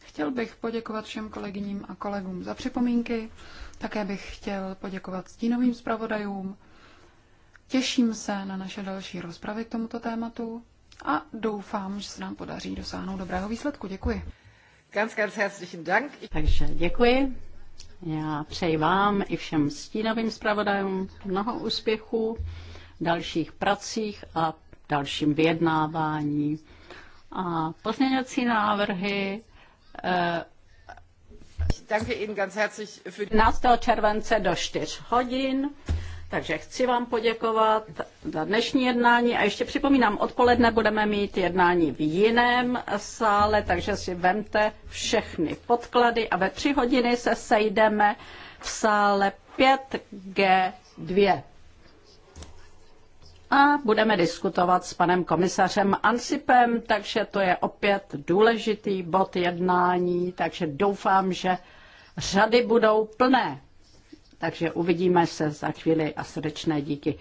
Chtěl bych poděkovat všem kolegyním a kolegům za připomínky, také bych chtěl poděkovat stínovým zpravodajům. Těším se na naše další rozpravy k tomuto tématu a doufám, že se nám podaří dosáhnout dobrého výsledku. Děkuji. Ganz, ganz herzlichen Dank. Takže děkuji. Já přeji vám i všem stínovým zpravodajům mnoho úspěchů, v dalších pracích a dalším vyjednávání. A pozměňovací návrhy Eh, ganz herzlich für 15. července do 4 hodin. Takže chci vám poděkovat za dnešní jednání a ještě připomínám, odpoledne budeme mít jednání v jiném sále, takže si vemte všechny podklady a ve tři hodiny se sejdeme v sále 5G2 a budeme diskutovat s panem komisařem Ansipem, takže to je opět důležitý bod jednání, takže doufám, že řady budou plné. Takže uvidíme se za chvíli a srdečné díky.